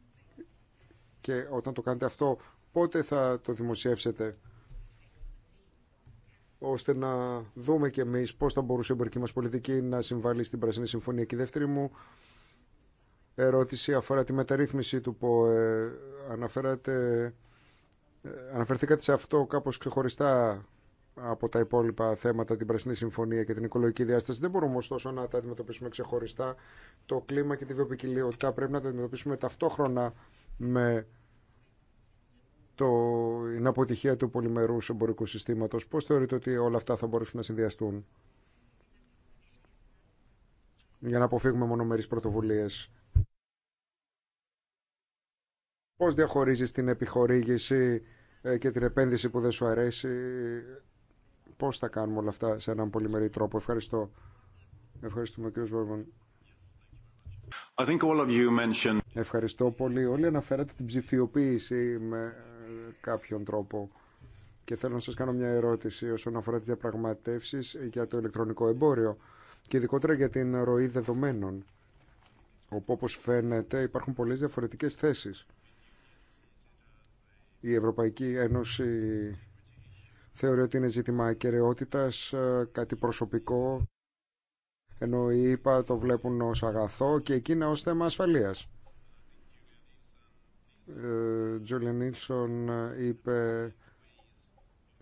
και όταν το κάνετε αυτό πότε θα το δημοσιεύσετε ώστε να δούμε κι εμείς πώς θα μπορούσε η εμπορική μας πολιτική να συμβάλλει στην Πρασινή Συμφωνία. Και δεύτερη μου ερώτηση αφορά τη μεταρρύθμιση του ΠΟΕ. Αναφέρατε, ε, αναφερθήκατε σε αυτό κάπως ξεχωριστά από τα υπόλοιπα θέματα, την Πρασινή Συμφωνία και την οικολογική διάσταση. Δεν μπορούμε ωστόσο να τα αντιμετωπίσουμε ξεχωριστά. Το κλίμα και τη βιοποικιλιότητα πρέπει να τα αντιμετωπίσουμε ταυτόχρονα με το, την αποτυχία του πολυμερούς εμπορικού συστήματος. Πώς θεωρείτε ότι όλα αυτά θα μπορούσαν να συνδυαστούν για να αποφύγουμε μονομερείς πρωτοβουλίες. Πώς διαχωρίζεις την επιχορήγηση ε, και την επένδυση που δεν σου αρέσει. Πώς θα κάνουμε όλα αυτά σε έναν πολυμερή τρόπο. Ευχαριστώ. Ευχαριστούμε κύριο Βόρμαν. I think all of you mentioned... Ευχαριστώ πολύ. Όλοι αναφέρατε την ψηφιοποίηση με ε, κάποιον τρόπο. Και θέλω να σας κάνω μια ερώτηση όσον αφορά τις διαπραγματεύσεις για το ηλεκτρονικό εμπόριο και ειδικότερα για την ροή δεδομένων. Όπου όπως φαίνεται υπάρχουν πολλές διαφορετικές θέσεις η Ευρωπαϊκή Ένωση θεωρεί ότι είναι ζήτημα ακαιρεότητας, ε, κάτι προσωπικό, ενώ οι ΕΥΠΑ το βλέπουν ως αγαθό και εκείνα ως θέμα ασφαλείας. Τζούλια ε, Νίλσον είπε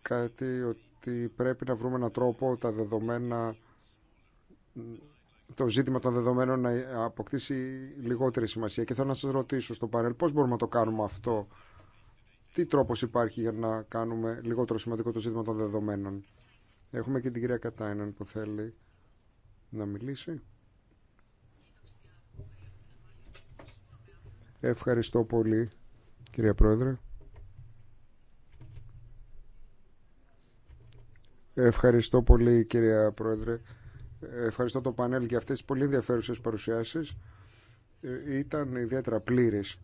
κάτι ότι πρέπει να βρούμε έναν τρόπο τα δεδομένα το ζήτημα των δεδομένων να αποκτήσει λιγότερη σημασία και θέλω να σας ρωτήσω στο παρελ πώς μπορούμε να το κάνουμε αυτό τι τρόπος υπάρχει για να κάνουμε λιγότερο σημαντικό το ζήτημα των δεδομένων. Έχουμε και την κυρία Κατάιναν που θέλει να μιλήσει. Ευχαριστώ πολύ, κυρία Πρόεδρε. Ευχαριστώ πολύ, κυρία Πρόεδρε. Ευχαριστώ το πανέλ για αυτές τις πολύ ενδιαφέρουσες παρουσιάσεις. Ε, ήταν ιδιαίτερα πλήρες.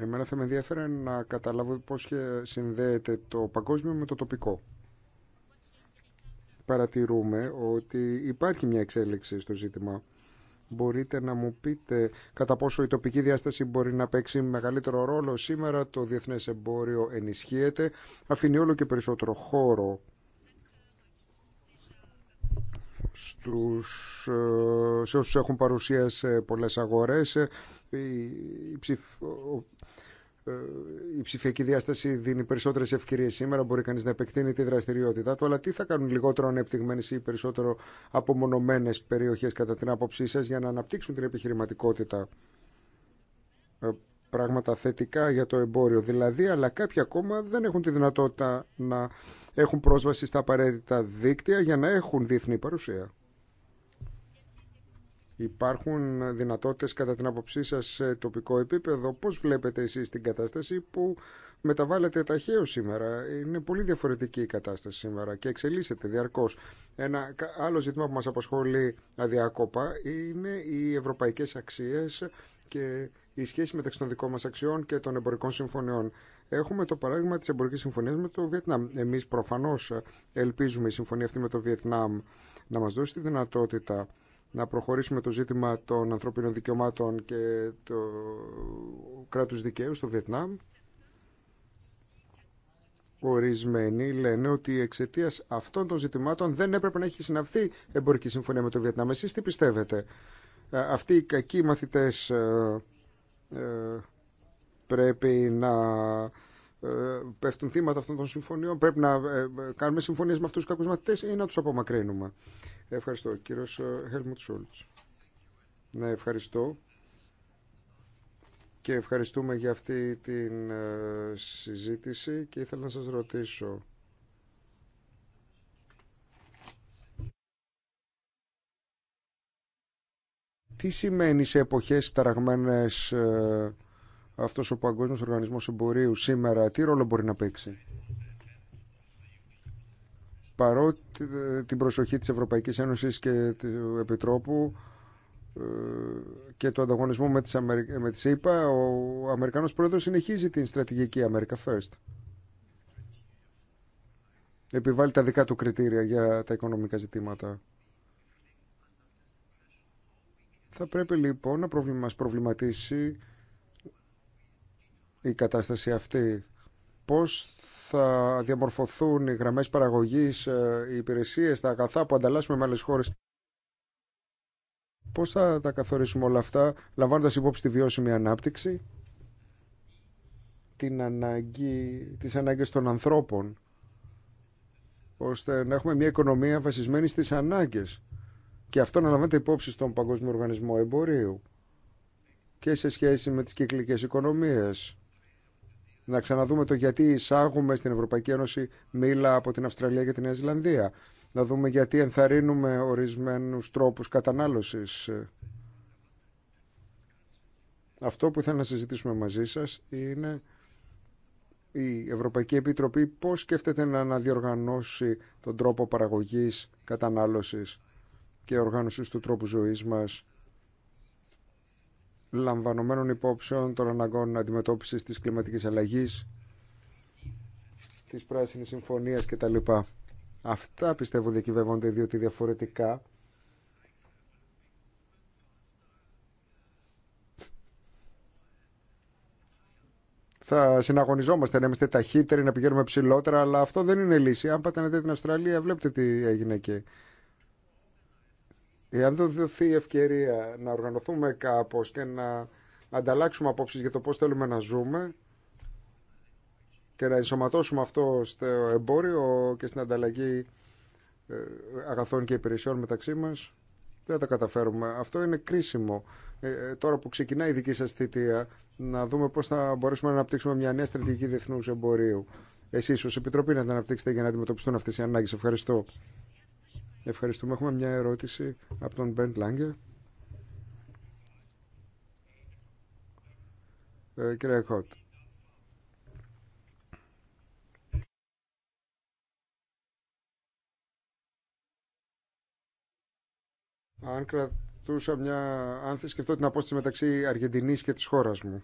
Εμένα θα με ενδιαφέρει να καταλάβω πώς συνδέεται το παγκόσμιο με το τοπικό. Παρατηρούμε ότι υπάρχει μια εξέλιξη στο ζήτημα. Μπορείτε να μου πείτε κατά πόσο η τοπική διάσταση μπορεί να παίξει μεγαλύτερο ρόλο. Σήμερα το διεθνές εμπόριο ενισχύεται, αφήνει όλο και περισσότερο χώρο στους, ε, σε όσους έχουν παρουσία σε πολλές αγορές. Ε, η, η, ε, η ψηφιακή διάσταση δίνει περισσότερες ευκαιρίες σήμερα, μπορεί κανείς να επεκτείνει τη δραστηριότητά του, αλλά τι θα κάνουν λιγότερο ανεπτυγμένες ή περισσότερο απομονωμένες περιοχές κατά την άποψή σας για να αναπτύξουν την επιχειρηματικότητα πράγματα θετικά για το εμπόριο δηλαδή, αλλά κάποιοι ακόμα δεν έχουν τη δυνατότητα να έχουν πρόσβαση στα απαραίτητα δίκτυα για να έχουν διεθνή παρουσία. Υπάρχουν δυνατότητες κατά την άποψή σας σε τοπικό επίπεδο. Πώς βλέπετε εσείς την κατάσταση που μεταβάλλεται ταχαίω σήμερα. Είναι πολύ διαφορετική η κατάσταση σήμερα και εξελίσσεται διαρκώς. Ένα άλλο ζήτημα που μας απασχολεί αδιάκοπα είναι οι ευρωπαϊκές αξίες και η σχέση μεταξύ των δικών μα αξιών και των εμπορικών συμφωνιών. Έχουμε το παράδειγμα τη εμπορική συμφωνία με το Βιετνάμ. Εμεί προφανώ ε, ελπίζουμε η συμφωνία αυτή με το Βιετνάμ να μα δώσει τη δυνατότητα να προχωρήσουμε το ζήτημα των ανθρωπίνων δικαιωμάτων και του κράτους δικαίου στο Βιετνάμ. Ορισμένοι λένε ότι εξαιτία αυτών των ζητημάτων δεν έπρεπε να έχει συναυθεί εμπορική συμφωνία με το Βιετνάμ. Εσείς τι πιστεύετε. Ε, αυτοί οι κακοί μαθητές ε, ε, πρέπει να ε, πέφτουν θύματα αυτών των συμφωνιών. Πρέπει να ε, κάνουμε συμφωνίε με αυτούς τους κακού μαθητέ ή να του απομακρύνουμε. Ευχαριστώ. Κύριος Χέλμουτ Σούλτ. Ναι, ευχαριστώ. Και ευχαριστούμε για αυτή την συζήτηση και ήθελα να σας ρωτήσω Τι σημαίνει σε εποχές ταραγμένες ε, αυτός ο Παγκόσμιος Οργανισμός Εμπορίου σήμερα, τι ρόλο μπορεί να παίξει. Παρότι ε, την προσοχή της Ευρωπαϊκής Ένωσης και του Επιτρόπου ε, και του ανταγωνισμού με τις, Αμερι... Ε, με τις ο Αμερικανός Πρόεδρος συνεχίζει την στρατηγική America First. Επιβάλλει τα δικά του κριτήρια για τα οικονομικά ζητήματα. Θα πρέπει λοιπόν να μας προβληματίσει η κατάσταση αυτή. Πώς θα διαμορφωθούν οι γραμμές παραγωγής, ε, οι υπηρεσίες, τα αγαθά που ανταλλάσσουμε με άλλες χώρες. Πώς θα τα καθορίσουμε όλα αυτά, λαμβάνοντας υπόψη τη βιώσιμη ανάπτυξη, την ανάγκη, τις ανάγκες των ανθρώπων, ώστε να έχουμε μια οικονομία βασισμένη στις ανάγκες και αυτό να λαμβάνεται υπόψη στον Παγκόσμιο Οργανισμό Εμπορίου και σε σχέση με τις κυκλικές οικονομίες. Να ξαναδούμε το γιατί εισάγουμε στην Ευρωπαϊκή Ένωση μήλα από την Αυστραλία και την Νέα Ζηλανδία. Να δούμε γιατί ενθαρρύνουμε ορισμένους τρόπους κατανάλωσης. Αυτό που ήθελα να συζητήσουμε μαζί σας είναι η Ευρωπαϊκή Επιτροπή πώς σκέφτεται να αναδιοργανώσει τον τρόπο παραγωγής, κατανάλωσης και οργάνωσης του τρόπου ζωής μας λαμβανομένων υπόψεων των αναγκών αντιμετώπισης της κλιματικής αλλαγής, της πράσινης συμφωνίας κτλ. Αυτά πιστεύω διακυβεύονται διότι διαφορετικά θα συναγωνιζόμαστε να είμαστε ταχύτεροι, να πηγαίνουμε ψηλότερα, αλλά αυτό δεν είναι λύση. Αν πάτε να δείτε την Αυστραλία, βλέπετε τι έγινε εκεί. Εάν δεν δοθεί η ευκαιρία να οργανωθούμε κάπως και να ανταλλάξουμε απόψεις για το πώς θέλουμε να ζούμε και να ενσωματώσουμε αυτό στο εμπόριο και στην ανταλλαγή ε, αγαθών και υπηρεσιών μεταξύ μας, δεν θα τα καταφέρουμε. Αυτό είναι κρίσιμο. Ε, ε, τώρα που ξεκινάει η δική σας θητεία, να δούμε πώς θα μπορέσουμε να αναπτύξουμε μια νέα στρατηγική διεθνούς εμπορίου. Εσείς ως Επιτροπή να την αναπτύξετε για να αντιμετωπιστούν αυτές οι ανάγκες. Ευχαριστώ. Ευχαριστούμε. Έχουμε μια ερώτηση από τον Μπεντ Λάγκε. Ε, κύριε Κότ. Αν κρατούσα μια... Αν σκεφτώ την απόσταση μεταξύ Αργεντινής και της χώρας μου.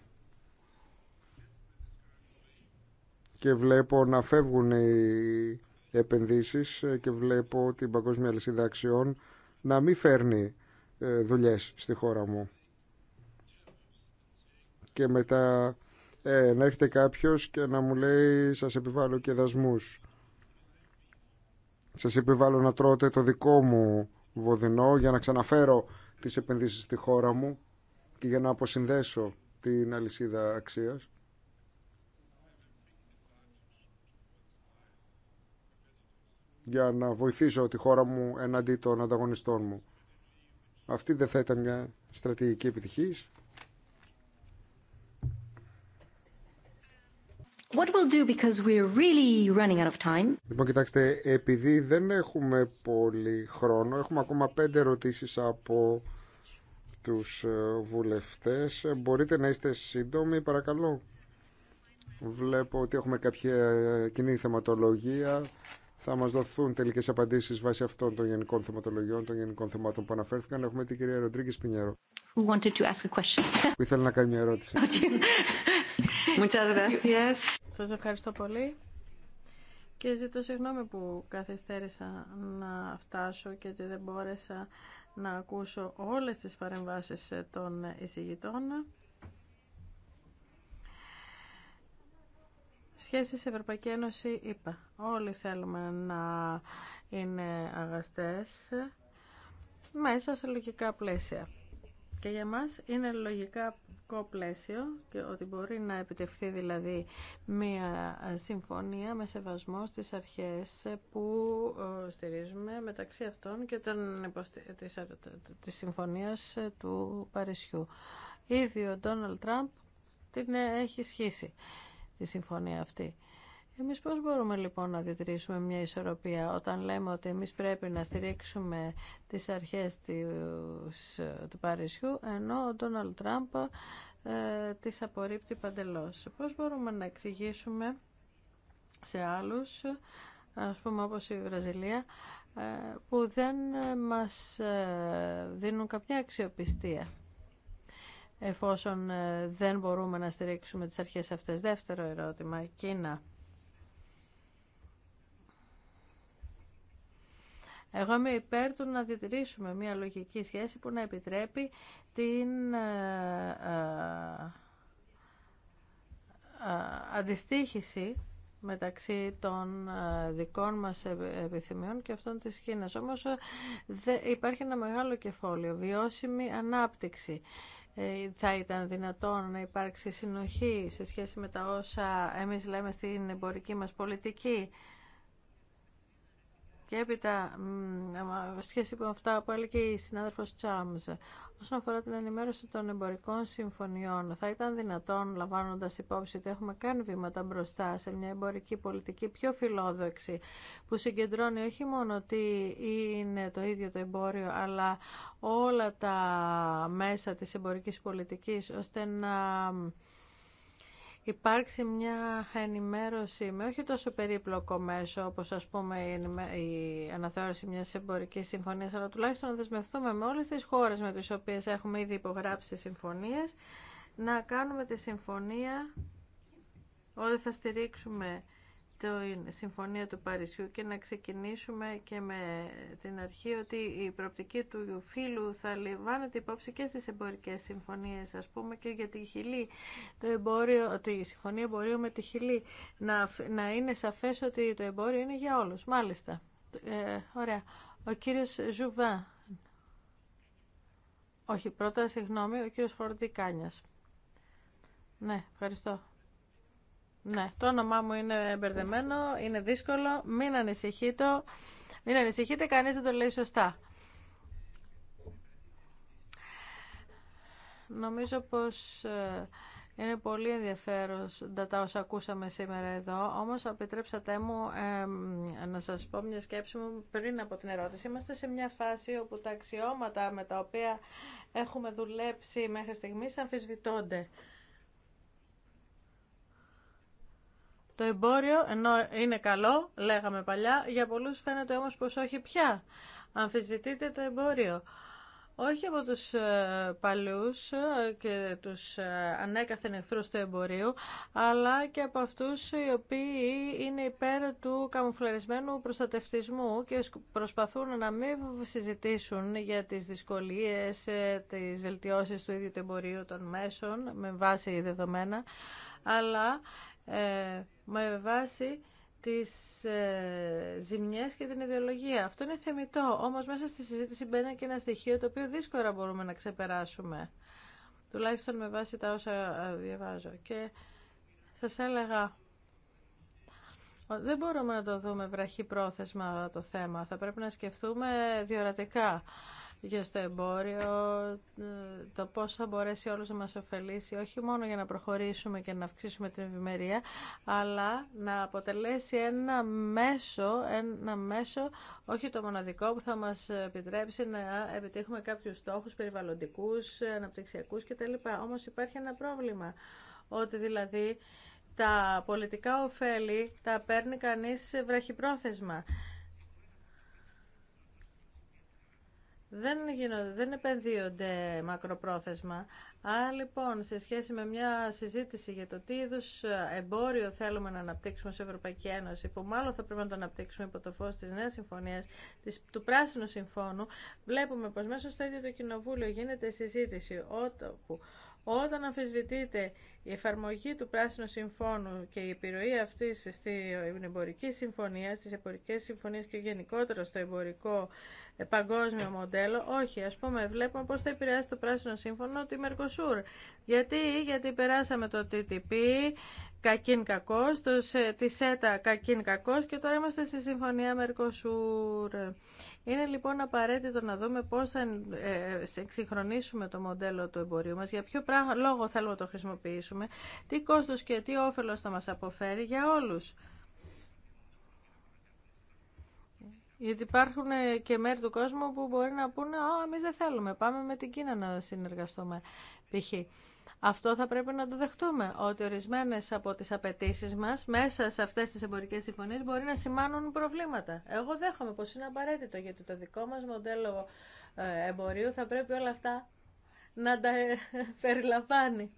Και βλέπω να φεύγουν οι επενδύσεις ε, και βλέπω την παγκόσμια αλυσίδα αξιών να μην φέρνει ε, δουλειές στη χώρα μου. Και μετά ε, να έρχεται κάποιος και να μου λέει σας επιβάλλω και δασμούς. Σας επιβάλλω να τρώτε το δικό μου βοδινό για να ξαναφέρω τις επενδύσεις στη χώρα μου και για να αποσυνδέσω την αλυσίδα αξίας. για να βοηθήσω τη χώρα μου εναντί των ανταγωνιστών μου. Αυτή δεν θα ήταν μια στρατηγική επιτυχής. What do because we're really Λοιπόν, κοιτάξτε, επειδή δεν έχουμε πολύ χρόνο, έχουμε ακόμα πέντε ερωτήσεις από τους ε, βουλευτές. Ε, μπορείτε να είστε σύντομοι, παρακαλώ. Βλέπω ότι έχουμε κάποια ε, κοινή θεματολογία θα μας δοθούν τελικές απαντήσεις βάσει αυτών των γενικών θεματολογιών, των γενικών θεμάτων που αναφέρθηκαν. Έχουμε την κυρία Ροντρίγκη Πινιέρο. Who που ήθελε να κάνει μια ερώτηση. Muchas ευχαριστώ πολύ. Και ζητώ συγγνώμη που καθυστέρησα να φτάσω και ότι δεν μπόρεσα να ακούσω όλες τις παρεμβάσεις των εισηγητών. Σχέσεις Ευρωπαϊκή Ένωση, είπα. Όλοι θέλουμε να είναι αγαστές μέσα σε λογικά πλαίσια. Και για μας είναι λογικά πλαίσιο και ότι μπορεί να επιτευχθεί δηλαδή μία συμφωνία με σεβασμό στις αρχές που ε, στηρίζουμε μεταξύ αυτών και των, της, ε, της συμφωνίας του Παρισιού. Ήδη ο Ντόναλτ Τραμπ την έχει σχίσει τη συμφωνία αυτή. Εμείς πώς μπορούμε λοιπόν να διατηρήσουμε μια ισορροπία όταν λέμε ότι εμείς πρέπει να στηρίξουμε τις αρχές της, του Παρισιού ενώ ο Ντόναλτ Τραμπ ε, τις απορρίπτει παντελώς. Πώς μπορούμε να εξηγήσουμε σε άλλους, ας πούμε όπως η Βραζιλία, ε, που δεν μας ε, δίνουν κάποια αξιοπιστία εφόσον ε, δεν μπορούμε να στηρίξουμε τις αρχές αυτές. Δεύτερο ερώτημα, Κίνα. Εγώ είμαι υπέρ του να διατηρήσουμε μια λογική σχέση που να επιτρέπει την ε, ε, αντιστήχηση μεταξύ των δικών μας επιθυμιών και αυτών της Κίνας. Όμως υπάρχει ένα μεγάλο κεφόλιο, βιώσιμη ανάπτυξη. Ε, θα ήταν δυνατόν να υπάρξει συνοχή σε σχέση με τα όσα εμείς λέμε στην εμπορική μας πολιτική. Και έπειτα, σχέση με αυτά που έλεγε η συνάδελφος Τσάμ, όσον αφορά την ενημέρωση των εμπορικών συμφωνιών, θα ήταν δυνατόν, λαμβάνοντα υπόψη ότι έχουμε κάνει βήματα μπροστά σε μια εμπορική πολιτική πιο φιλόδοξη, που συγκεντρώνει όχι μόνο τι είναι το ίδιο το εμπόριο, αλλά όλα τα μέσα της εμπορικής πολιτικής, ώστε να υπάρξει μια ενημέρωση με όχι τόσο περίπλοκο μέσο όπως ας πούμε η αναθεώρηση μιας εμπορικής συμφωνίας αλλά τουλάχιστον να δεσμευτούμε με όλες τις χώρες με τις οποίες έχουμε ήδη υπογράψει συμφωνίες να κάνουμε τη συμφωνία ότι θα στηρίξουμε η Συμφωνία του Παρισιού και να ξεκινήσουμε και με την αρχή ότι η προοπτική του φίλου θα λαμβάνεται υπόψη και στις εμπορικές συμφωνίες, ας πούμε, και για τη Χιλή, το εμπόριο, η Συμφωνία Εμπορίου με τη Χιλή, να, να είναι σαφές ότι το εμπόριο είναι για όλους. Μάλιστα. Ε, ωραία. Ο κύριος Ζουβά. Όχι, πρώτα, συγγνώμη, ο κύριος Χορδικάνιας. Ναι, ευχαριστώ. Ναι, το όνομά μου είναι μπερδεμένο, είναι δύσκολο, μην ανησυχείτε, μην ανησυχείτε, κανείς δεν το λέει σωστά. Νομίζω πως ε, είναι πολύ ενδιαφέροντα τα όσα ακούσαμε σήμερα εδώ, όμως επιτρέψατε μου να σας πω μια σκέψη μου πριν από την ερώτηση. Είμαστε σε μια φάση όπου τα αξιώματα με τα οποία έχουμε δουλέψει μέχρι στιγμής αμφισβητώνται. Το εμπόριο, ενώ είναι καλό, λέγαμε παλιά, για πολλούς φαίνεται όμως πως όχι πια. Αμφισβητείτε το εμπόριο. Όχι από τους ε, παλιούς ε, και τους ε, ανέκαθεν εχθρούς του εμπορίου, αλλά και από αυτούς οι οποίοι είναι υπέρ του καμουφλαρισμένου προστατευτισμού και προσπαθούν να μην συζητήσουν για τις δυσκολίες, τις βελτιώσεις του ίδιου του εμπορίου των μέσων με βάση δεδομένα, αλλά με βάση τις ε, ζημιές και την ιδεολογία. Αυτό είναι θεμητό, όμως μέσα στη συζήτηση μπαίνει και ένα στοιχείο το οποίο δύσκολα μπορούμε να ξεπεράσουμε, τουλάχιστον με βάση τα όσα ε, διαβάζω. Και σας έλεγα, δεν μπορούμε να το δούμε βραχυπρόθεσμα το θέμα, θα πρέπει να σκεφτούμε διορατικά για στο εμπόριο, το πώς θα μπορέσει όλος να μας ωφελήσει, όχι μόνο για να προχωρήσουμε και να αυξήσουμε την ευημερία, αλλά να αποτελέσει ένα μέσο, ένα μέσο, όχι το μοναδικό, που θα μας επιτρέψει να επιτύχουμε κάποιους στόχους περιβαλλοντικούς, αναπτυξιακούς κτλ. Όμως υπάρχει ένα πρόβλημα, ότι δηλαδή τα πολιτικά ωφέλη τα παίρνει κανείς βραχυπρόθεσμα. δεν, γίνονται, δεν επενδύονται μακροπρόθεσμα. Άρα λοιπόν, σε σχέση με μια συζήτηση για το τι είδου εμπόριο θέλουμε να αναπτύξουμε σε Ευρωπαϊκή Ένωση, που μάλλον θα πρέπει να το αναπτύξουμε υπό το φω τη Νέα Συμφωνία, του Πράσινου Συμφώνου, βλέπουμε πω μέσα στο ίδιο το Κοινοβούλιο γίνεται συζήτηση όπου όταν αμφισβητείται η εφαρμογή του Πράσινου Συμφώνου και η επιρροή αυτή στην εμπορική συμφωνία, στι εμπορικέ συμφωνίε και γενικότερα στο εμπορικό ε, παγκόσμιο μοντέλο. Όχι, ας πούμε, βλέπουμε πώς θα επηρεάσει το πράσινο σύμφωνο τη Μερκοσούρ. Γιατί, γιατί περάσαμε το TTP, κακήν κακό, τη ΣΕΤΑ κακήν κακός και τώρα είμαστε στη Συμφωνία Μερκοσούρ. Είναι λοιπόν απαραίτητο να δούμε πώς θα ε, εξυγχρονίσουμε το μοντέλο του εμπορίου μας, για ποιο λόγο θέλουμε να το χρησιμοποιήσουμε, τι κόστο και τι όφελο θα μα αποφέρει για όλου. Γιατί υπάρχουν ε, και μέρη του κόσμου που μπορεί να πούνε «Α, εμείς δεν θέλουμε, πάμε με την Κίνα να συνεργαστούμε» π.χ. Αυτό θα πρέπει να το δεχτούμε, ότι ορισμένε από τι απαιτήσει μα μέσα σε αυτέ τι εμπορικέ συμφωνίε μπορεί να σημάνουν προβλήματα. Εγώ δέχομαι πω είναι απαραίτητο, γιατί το δικό μα μοντέλο ε, εμπορίου θα πρέπει όλα αυτά να τα ε, περιλαμβάνει.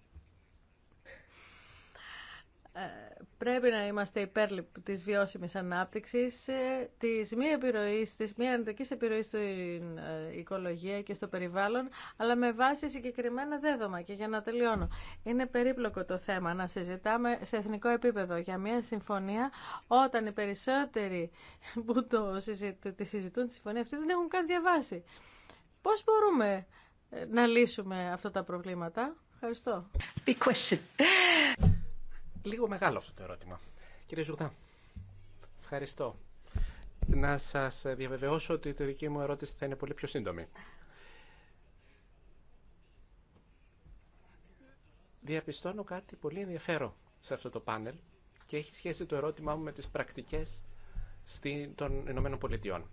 Ε, πρέπει να είμαστε υπέρ της βιώσιμης ανάπτυξης, ε, της μη επιρροής, της μη αρνητικής επιρροής στην ε, οικολογία και στο περιβάλλον, αλλά με βάση συγκεκριμένα δέδομα. Και για να τελειώνω, είναι περίπλοκο το θέμα να συζητάμε σε εθνικό επίπεδο για μια συμφωνία, όταν οι περισσότεροι που το συζητούν, τη συζητούν τη συμφωνία αυτή δεν έχουν καν διαβάσει. Πώς μπορούμε να λύσουμε αυτά τα προβλήματα. Ευχαριστώ. Big λίγο μεγάλο αυτό το ερώτημα. Κύριε Ζουρδά, ευχαριστώ. Να σας διαβεβαιώσω ότι η δική μου ερώτηση θα είναι πολύ πιο σύντομη. Διαπιστώνω κάτι πολύ ενδιαφέρον σε αυτό το πάνελ και έχει σχέση το ερώτημά μου με τις πρακτικές των Ηνωμένων Πολιτειών.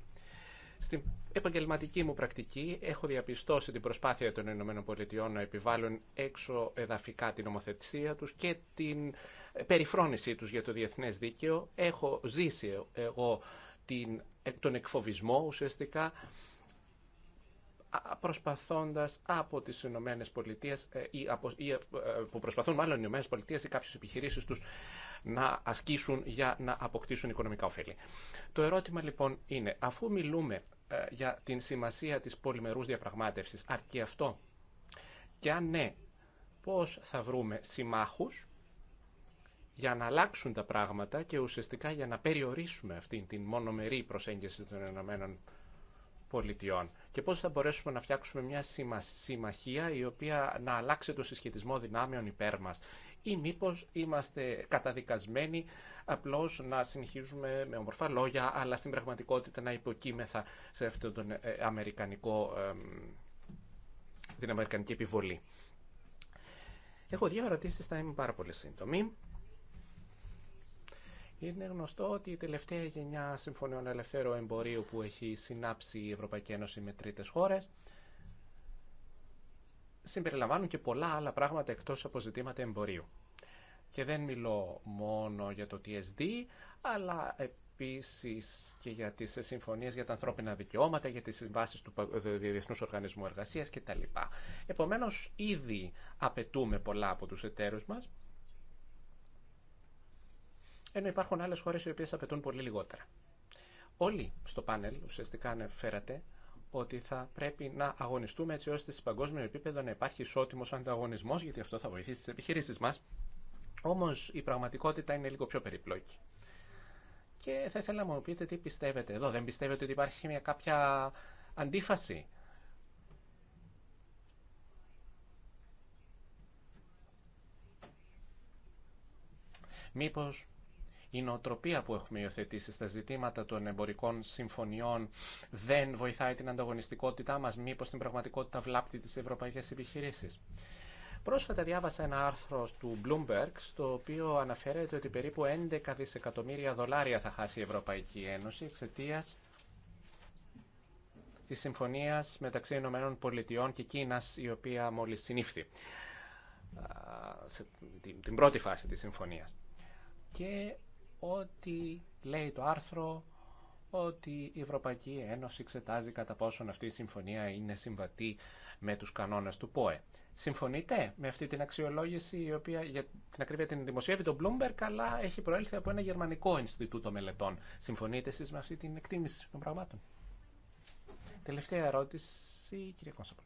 Στην επαγγελματική μου πρακτική έχω διαπιστώσει την προσπάθεια των ΗΠΑ να επιβάλλουν έξω εδαφικά την ομοθετησία τους και την περιφρόνησή τους για το διεθνές δίκαιο. Έχω ζήσει εγώ την, τον εκφοβισμό ουσιαστικά προσπαθώντας από τις Ηνωμένε Πολιτείες ε, ή, από, ε, που προσπαθούν μάλλον οι Ηνωμένες Πολιτείες ή κάποιες επιχειρήσεις τους να ασκήσουν για να αποκτήσουν οικονομικά ωφέλη. Το ερώτημα λοιπόν είναι, αφού μιλούμε ε, για την σημασία της πολυμερούς διαπραγμάτευσης, αρκεί αυτό και αν ναι, πώς θα βρούμε συμμάχους για να αλλάξουν τα πράγματα και ουσιαστικά για να περιορίσουμε αυτήν την μονομερή προσέγγιση των Ηνωμένων Πολιτειών και πώς θα μπορέσουμε να φτιάξουμε μια συμμαχία η οποία να αλλάξει το συσχετισμό δυνάμεων υπέρ μας ή μήπως είμαστε καταδικασμένοι απλώς να συνεχίζουμε με ομορφά λόγια αλλά στην πραγματικότητα να υποκείμεθα σε αυτό τον ε, αμερικανικό, την αμερικανική επιβολή. Έχω δύο ερωτήσει, θα είμαι πάρα πολύ σύντομη. Είναι γνωστό ότι η τελευταία γενιά συμφωνιών ελευθέρω εμπορίου που έχει συνάψει η Ευρωπαϊκή Ένωση με τρίτε χώρε. συμπεριλαμβάνουν και πολλά άλλα πράγματα εκτό από ζητήματα εμπορίου. Και δεν μιλώ μόνο για το TSD, αλλά επίση και για τι συμφωνίε για τα ανθρώπινα δικαιώματα, για τι συμβάσει του ε, Διεθνούς Οργανισμού Εργασία κτλ. Επομένω, ήδη απαιτούμε πολλά από του εταίρου μα ενώ υπάρχουν άλλες χώρες οι οποίες απαιτούν πολύ λιγότερα. Όλοι στο πάνελ ουσιαστικά αναφέρατε ότι θα πρέπει να αγωνιστούμε έτσι ώστε σε παγκόσμιο επίπεδο να υπάρχει ισότιμο ανταγωνισμός, γιατί αυτό θα βοηθήσει τις επιχειρήσεις μας. Όμως η πραγματικότητα είναι λίγο πιο περιπλόκη. Και θα ήθελα να μου πείτε τι πιστεύετε εδώ. Δεν πιστεύετε ότι υπάρχει μια κάποια αντίφαση. Μήπως η νοοτροπία που έχουμε υιοθετήσει στα ζητήματα των εμπορικών συμφωνιών δεν βοηθάει την ανταγωνιστικότητά μας, μήπως την πραγματικότητα βλάπτει τις ευρωπαϊκές επιχειρήσεις. Πρόσφατα διάβασα ένα άρθρο του Bloomberg, στο οποίο αναφέρεται ότι περίπου 11 δισεκατομμύρια δολάρια θα χάσει η Ευρωπαϊκή Ένωση εξαιτία της συμφωνίας μεταξύ Ηνωμένων Πολιτειών και Κίνας, η οποία μόλις συνήφθη την πρώτη φάση της συμφωνίας. Και ότι λέει το άρθρο ότι η Ευρωπαϊκή Ένωση εξετάζει κατά πόσον αυτή η συμφωνία είναι συμβατή με τους κανόνες του ΠΟΕ. Συμφωνείτε με αυτή την αξιολόγηση η οποία για την ακρίβεια την δημοσιεύει το Bloomberg αλλά έχει προέλθει από ένα γερμανικό Ινστιτούτο Μελετών. Συμφωνείτε εσείς με αυτή την εκτίμηση των πραγμάτων. Τελευταία ερώτηση, κύριε Κόνσοπλ.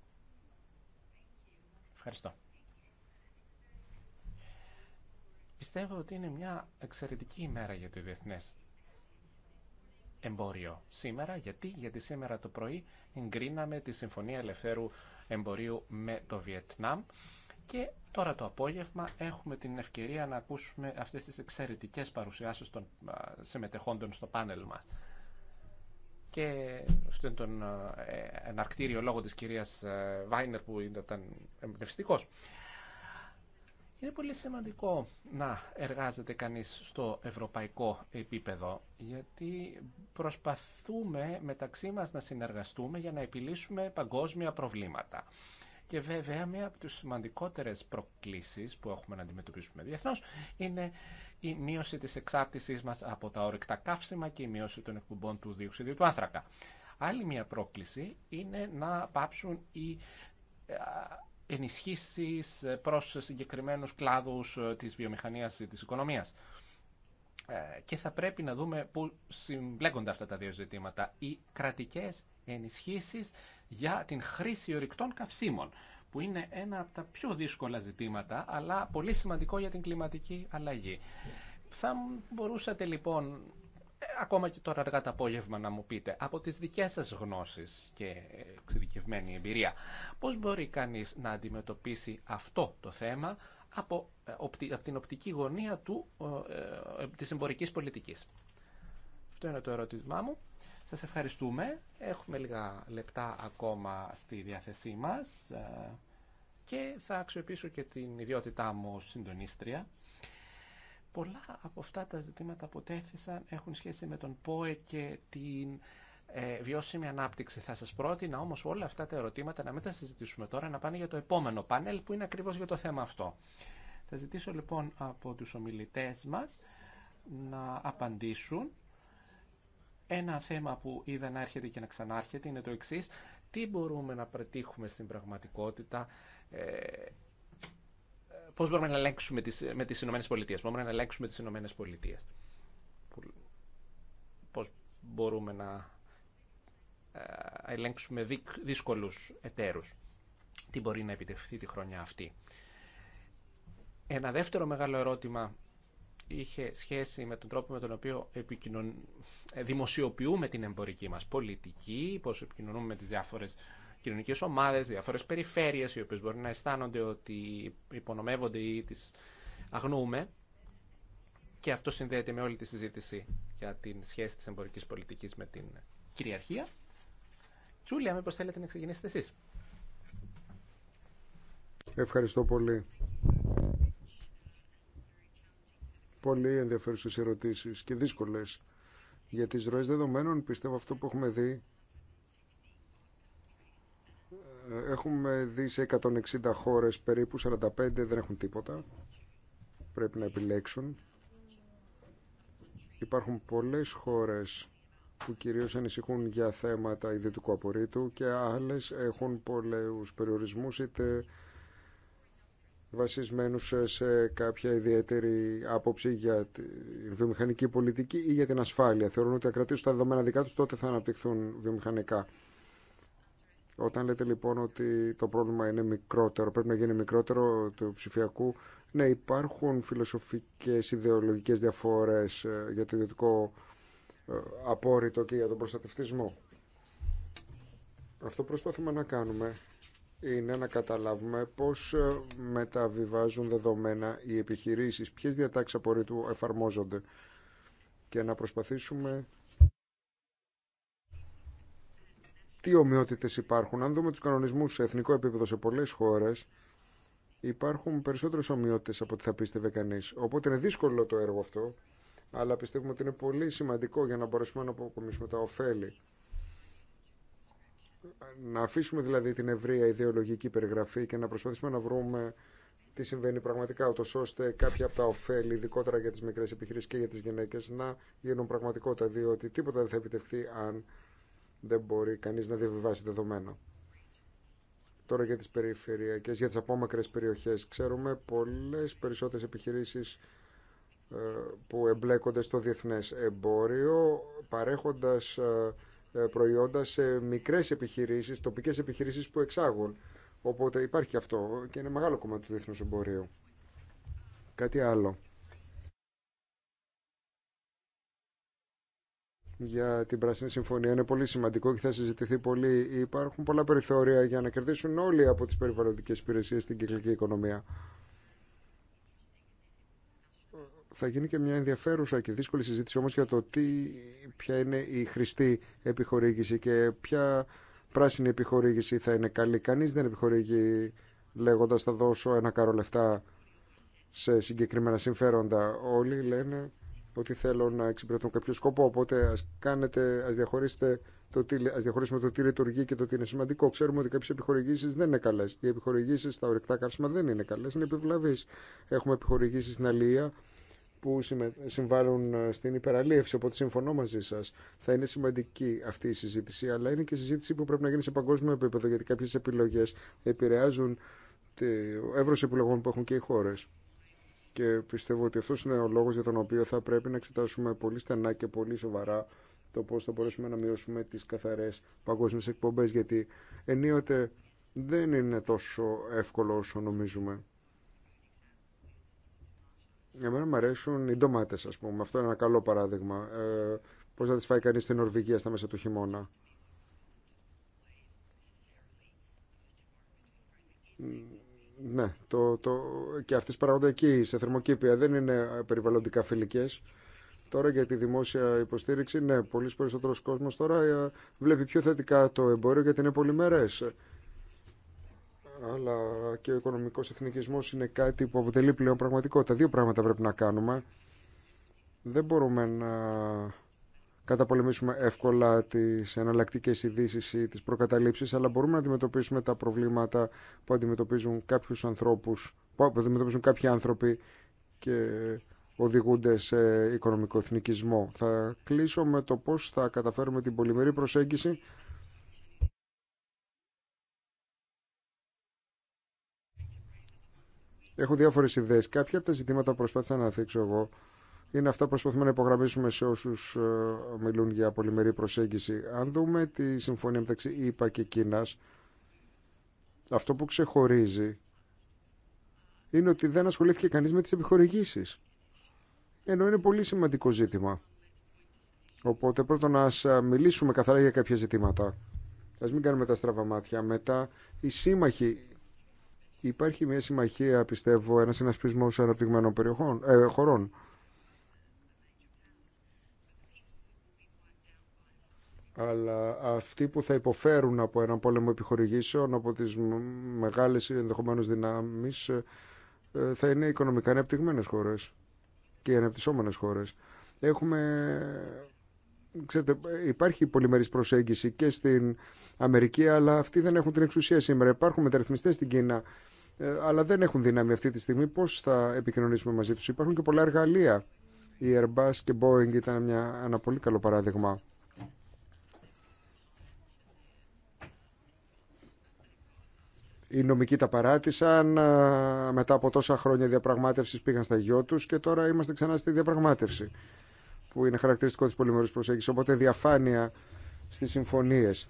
Ευχαριστώ. Πιστεύω ότι είναι μια εξαιρετική ημέρα για το διεθνέ εμπόριο σήμερα. Γιατί, γιατί σήμερα το πρωί εγκρίναμε τη Συμφωνία Ελευθέρου Εμπορίου με το Βιετνάμ και τώρα το απόγευμα έχουμε την ευκαιρία να ακούσουμε αυτές τις εξαιρετικές παρουσιάσεις των συμμετεχόντων στο πάνελ μας. Και αυτό είναι τον ε, εναρκτήριο λόγο της κυρίας ε, Βάινερ που ήταν εμπνευστικός. Είναι πολύ σημαντικό να εργάζεται κανείς στο ευρωπαϊκό επίπεδο, γιατί προσπαθούμε μεταξύ μας να συνεργαστούμε για να επιλύσουμε παγκόσμια προβλήματα. Και βέβαια, μία από τις σημαντικότερες προκλήσεις που έχουμε να αντιμετωπίσουμε διεθνώς είναι η μείωση της εξάρτησής μας από τα όρεκτα καύσιμα και η μείωση των εκπομπών του διοξιδίου του άνθρακα. Άλλη μία πρόκληση είναι να πάψουν οι ε, Ενισχύσει ε, προς συγκεκριμένου κλάδους ε, της βιομηχανίας ή της οικονομίας. Ε, και θα πρέπει να δούμε πού συμπλέκονται αυτά τα δύο ζητήματα. Οι κρατικές ενισχύσεις για την χρήση ορυκτών καυσίμων, που είναι ένα από τα πιο δύσκολα ζητήματα, αλλά πολύ σημαντικό για την κλιματική αλλαγή. Θα μπορούσατε λοιπόν ε, ακόμα και τώρα αργά το απόγευμα να μου πείτε, από τις δικές σας γνώσεις και εξειδικευμένη εμπειρία, πώς μπορεί κανείς να αντιμετωπίσει αυτό το θέμα από, ε, από την οπτική γωνία του, ε, της εμπορικής πολιτικής. Αυτό είναι το ερώτημά μου. Σας ευχαριστούμε. Έχουμε λίγα λεπτά ακόμα στη διάθεσή μας και θα αξιοποιήσω και την ιδιότητά μου συντονίστρια Πολλά από αυτά τα ζητήματα που τέθησαν έχουν σχέση με τον ΠΟΕ και την ε, βιώσιμη ανάπτυξη. Θα σας πρότεινα όμως όλα αυτά τα ερωτήματα να μην τα συζητήσουμε τώρα, να πάνε για το επόμενο πάνελ που είναι ακριβώς για το θέμα αυτό. Θα ζητήσω λοιπόν από τους ομιλητές μας να απαντήσουν. Ένα θέμα που είδα να έρχεται και να ξανάρχεται είναι το εξής. Τι μπορούμε να πετύχουμε στην πραγματικότητα ε, πώς μπορούμε να ελέγξουμε τις, με τις Ηνωμένες μπορούμε να ελέγξουμε τις Ηνωμένε Πολιτείε. Πώς μπορούμε να ε, ελέγξουμε δύσκολους εταίρους. Τι μπορεί να επιτευχθεί τη χρονιά αυτή. Ένα δεύτερο μεγάλο ερώτημα είχε σχέση με τον τρόπο με τον οποίο επικοινων... δημοσιοποιούμε την εμπορική μας πολιτική, πώς επικοινωνούμε με τις διάφορες Κοινωνικέ ομάδε, διαφορε περιφέρειες οι οποίες μπορεί να αισθάνονται ότι υπονομεύονται ή τις αγνοούμε. Και αυτό συνδέεται με όλη τη συζήτηση για την σχέση της εμπορικής πολιτικής με την κυριαρχία. Τσούλια, μήπως θέλετε να ξεκινήσετε εσεί. Ευχαριστώ πολύ. Πολύ ενδιαφέρουσες ερωτήσεις και δύσκολες. Για τις ροές δεδομένων πιστεύω αυτό που έχουμε δει Έχουμε δει σε 160 χώρες περίπου 45 δεν έχουν τίποτα. Πρέπει να επιλέξουν. Υπάρχουν πολλές χώρες που κυρίως ανησυχούν για θέματα ιδιωτικού απορρίτου και άλλες έχουν πολλούς περιορισμούς είτε βασισμένους σε κάποια ιδιαίτερη άποψη για τη βιομηχανική πολιτική ή για την ασφάλεια. Θεωρούν ότι αν κρατήσουν τα δεδομένα δικά τους τότε θα αναπτυχθούν βιομηχανικά. Όταν λέτε λοιπόν ότι το πρόβλημα είναι μικρότερο, πρέπει να γίνει μικρότερο του ψηφιακού, ναι, υπάρχουν φιλοσοφικές, ιδεολογικές διαφορές ε, για το ιδιωτικό ε, απόρριτο και για τον προστατευτισμό. Αυτό που προσπαθούμε να κάνουμε είναι να καταλάβουμε πώς ε, μεταβιβάζουν δεδομένα οι επιχειρήσεις, ποιες διατάξεις απορρίτου εφαρμόζονται και να προσπαθήσουμε τι ομοιότητε υπάρχουν. Αν δούμε του κανονισμού σε εθνικό επίπεδο σε πολλέ χώρε υπάρχουν περισσότερε ομοιότητε από ό,τι θα πίστευε κανεί. Οπότε είναι δύσκολο το έργο αυτό, αλλά πιστεύουμε ότι είναι πολύ σημαντικό για να μπορέσουμε να αποκομίσουμε τα ωφέλη. Να αφήσουμε δηλαδή την ευρεία ιδεολογική περιγραφή και να προσπαθήσουμε να βρούμε τι συμβαίνει πραγματικά, ούτω ώστε κάποια από τα ωφέλη, ειδικότερα για τι μικρέ επιχειρήσει και για τι γυναίκε, να γίνουν πραγματικότητα. Διότι τίποτα δεν θα επιτευχθεί αν δεν μπορεί κανείς να διαβιβάσει δεδομένα. Τώρα για τις περιφερειακές, για τις απόμακρες περιοχές. Ξέρουμε πολλές περισσότερες επιχειρήσεις ε, που εμπλέκονται στο διεθνές εμπόριο, παρέχοντας ε, ε, προϊόντα σε μικρές επιχειρήσεις, τοπικές επιχειρήσεις που εξάγουν. Οπότε υπάρχει και αυτό και είναι μεγάλο κομμάτι του διεθνούς εμπορίου. Κάτι άλλο. για την Πράσινη Συμφωνία είναι πολύ σημαντικό και θα συζητηθεί πολύ. Υπάρχουν πολλά περιθώρια για να κερδίσουν όλοι από τις περιβαλλοντικές υπηρεσίες στην κυκλική οικονομία. Θα γίνει και μια ενδιαφέρουσα και δύσκολη συζήτηση όμως για το τι, ποια είναι η χρηστή επιχορήγηση και ποια πράσινη επιχορήγηση θα είναι καλή. Κανείς δεν επιχορήγει λέγοντας θα δώσω ένα καρό λεφτά σε συγκεκριμένα συμφέροντα. Όλοι λένε ότι θέλω να εξυπηρετώ κάποιο σκοπό. Οπότε α κάνετε, διαχωρίσετε το τι, ας διαχωρίσουμε το τι λειτουργεί και το τι είναι σημαντικό. Ξέρουμε ότι κάποιε επιχορηγήσει δεν είναι καλέ. Οι επιχορηγήσει στα ορεικτά καύσιμα δεν είναι καλέ, είναι επιβλαβεί. Έχουμε επιχορηγήσει στην Αλία που συμβάλλουν ε, στην υπεραλίευση. Οπότε συμφωνώ μαζί σα. Θα είναι σημαντική αυτή η συζήτηση, αλλά είναι και συζήτηση που πρέπει να γίνει σε παγκόσμιο επίπεδο, γιατί κάποιε επιλογέ επηρεάζουν το εύρο επιλογών που έχουν και οι χώρε. Και πιστεύω ότι αυτό είναι ο λόγο για τον οποίο θα πρέπει να εξετάσουμε πολύ στενά και πολύ σοβαρά το πώ θα μπορέσουμε να μειώσουμε τι καθαρέ παγκόσμιε εκπομπέ. Γιατί ενίοτε δεν είναι τόσο εύκολο όσο νομίζουμε. μένα μου αρέσουν οι ντομάτε, α πούμε. Αυτό είναι ένα καλό παράδειγμα. Ε, πώ θα τι φάει κανεί στην Νορβηγία στα μέσα του χειμώνα. Ναι, το, το, και αυτές παράγονται εκεί, σε θερμοκήπια, δεν είναι περιβαλλοντικά φιλικές. Τώρα για τη δημόσια υποστήριξη, ναι, πολύ περισσότερο κόσμος τώρα ε, βλέπει πιο θετικά το εμπόριο γιατί είναι πολυμερές. Αλλά και ο οικονομικός εθνικισμός είναι κάτι που αποτελεί πλέον πραγματικότητα. Δύο πράγματα πρέπει να κάνουμε. Δεν μπορούμε να καταπολεμήσουμε εύκολα τις εναλλακτικέ ειδήσει ή τι προκαταλήψει, αλλά μπορούμε να αντιμετωπίσουμε τα προβλήματα που αντιμετωπίζουν κάποιους ανθρώπους, που αντιμετωπίζουν κάποιοι άνθρωποι και οδηγούνται σε οικονομικό εθνικισμό. Θα κλείσω με το πώς θα καταφέρουμε την πολυμερή προσέγγιση Έχω διάφορες ιδέες. Κάποια από τα ζητήματα προσπάθησα να θίξω εγώ είναι αυτά που προσπαθούμε να υπογραμμίσουμε σε όσου ε, μιλούν για πολυμερή προσέγγιση. Αν δούμε τη συμφωνία μεταξύ ΙΠΑ και Κίνα, αυτό που ξεχωρίζει είναι ότι δεν ασχολήθηκε κανεί με τι επιχορηγήσει, Ενώ είναι πολύ σημαντικό ζήτημα. Οπότε πρώτον ας ε, μιλήσουμε καθαρά για κάποια ζητήματα. Α μην κάνουμε τα στραβά μάτια. Μετά οι σύμμαχοι. Υπάρχει μια συμμαχία, πιστεύω, ένα συνασπισμό αναπτυγμένων περιοχών, ε, χωρών. αλλά αυτοί που θα υποφέρουν από έναν πόλεμο επιχορηγήσεων, από τις μεγάλες ενδεχομένως δυνάμεις, ε, ε, θα είναι οι οικονομικά ανεπτυγμένες χώρες και οι ανεπτυσσόμενες χώρες. Έχουμε, ξέρετε, υπάρχει πολυμερής προσέγγιση και στην Αμερική, αλλά αυτοί δεν έχουν την εξουσία σήμερα. Υπάρχουν μεταρρυθμιστές στην Κίνα, ε, αλλά δεν έχουν δύναμη αυτή τη στιγμή. Πώς θα επικοινωνήσουμε μαζί τους. Υπάρχουν και πολλά εργαλεία. Η Airbus και Boeing ήταν μια, ένα πολύ καλό παράδειγμα Οι νομικοί τα παράτησαν, μετά από τόσα χρόνια διαπραγμάτευσης πήγαν στα γιο τους και τώρα είμαστε ξανά στη διαπραγμάτευση που είναι χαρακτηριστικό της πολυμερούς προσέγγισης. Οπότε διαφάνεια στις συμφωνίες.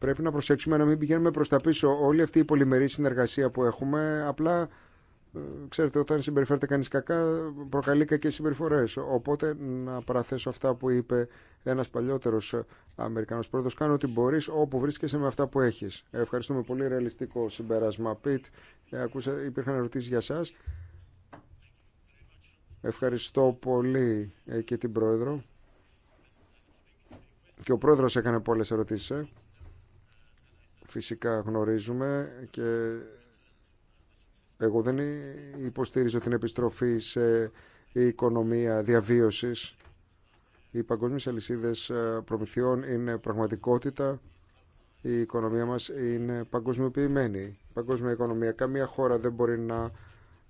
Πρέπει να προσέξουμε να μην πηγαίνουμε προς τα πίσω. Όλη αυτή η πολυμερή συνεργασία που έχουμε απλά Ξέρετε, όταν συμπεριφέρεται κανείς κακά, προκαλεί κακές συμπεριφορές. Οπότε, να παραθέσω αυτά που είπε ένας παλιότερος Αμερικανός πρόεδρος. Κάνω ό,τι μπορείς, όπου βρίσκεσαι με αυτά που έχεις. Ευχαριστούμε πολύ, ρεαλιστικό συμπέρασμα. Πιτ, ε, ακούσα, υπήρχαν ερωτήσεις για σας. Ευχαριστώ πολύ ε, και την πρόεδρο. Και ο πρόεδρος έκανε πολλές ερωτήσεις. Ε. Φυσικά γνωρίζουμε και εγώ δεν υποστήριζω την επιστροφή σε οικονομία διαβίωσης. Οι παγκόσμιες αλυσίδες ε, προμηθειών είναι πραγματικότητα. Η οικονομία μας είναι παγκοσμιοποιημένη. Η παγκόσμια οικονομία. Καμία χώρα δεν μπορεί να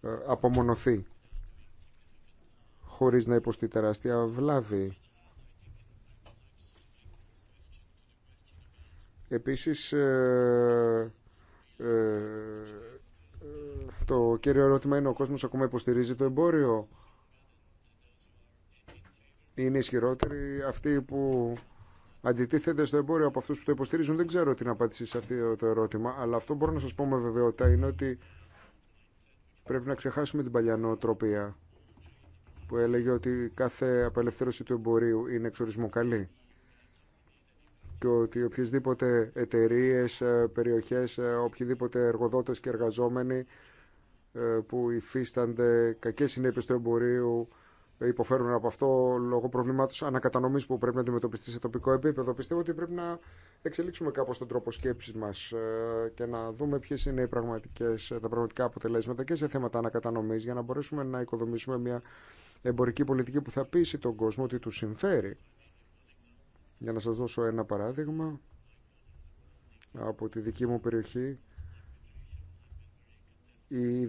ε, απομονωθεί χωρίς να υποστεί τεράστια βλάβη. Επίσης, ε, το κύριο ερώτημα είναι ο κόσμος ακόμα υποστηρίζει το εμπόριο. Είναι ισχυρότεροι αυτοί που αντιτίθεται στο εμπόριο από αυτού που το υποστηρίζουν. Δεν ξέρω την απάντηση σε αυτό το ερώτημα, αλλά αυτό μπορώ να σας πω με βεβαιότητα είναι ότι πρέπει να ξεχάσουμε την παλιά νοοτροπία που έλεγε ότι κάθε απελευθέρωση του εμπορίου είναι εξορισμού καλή και ότι οποιασδήποτε εταιρείε, ε, περιοχές, ε, οποιοδήποτε εργοδότες και εργαζόμενοι ε, που υφίστανται κακές συνέπειες του εμπορίου ε, υποφέρουν από αυτό λόγω προβλημάτων ανακατανομής που πρέπει να αντιμετωπιστεί σε τοπικό επίπεδο. Πιστεύω ότι πρέπει να εξελίξουμε κάπως τον τρόπο σκέψης μας ε, και να δούμε ποιες είναι οι πραγματικές, τα πραγματικά αποτελέσματα και σε θέματα ανακατανομής για να μπορέσουμε να οικοδομήσουμε μια εμπορική πολιτική που θα πείσει τον κόσμο ότι του συμφέρει. Για να σας δώσω ένα παράδειγμα από τη δική μου περιοχή η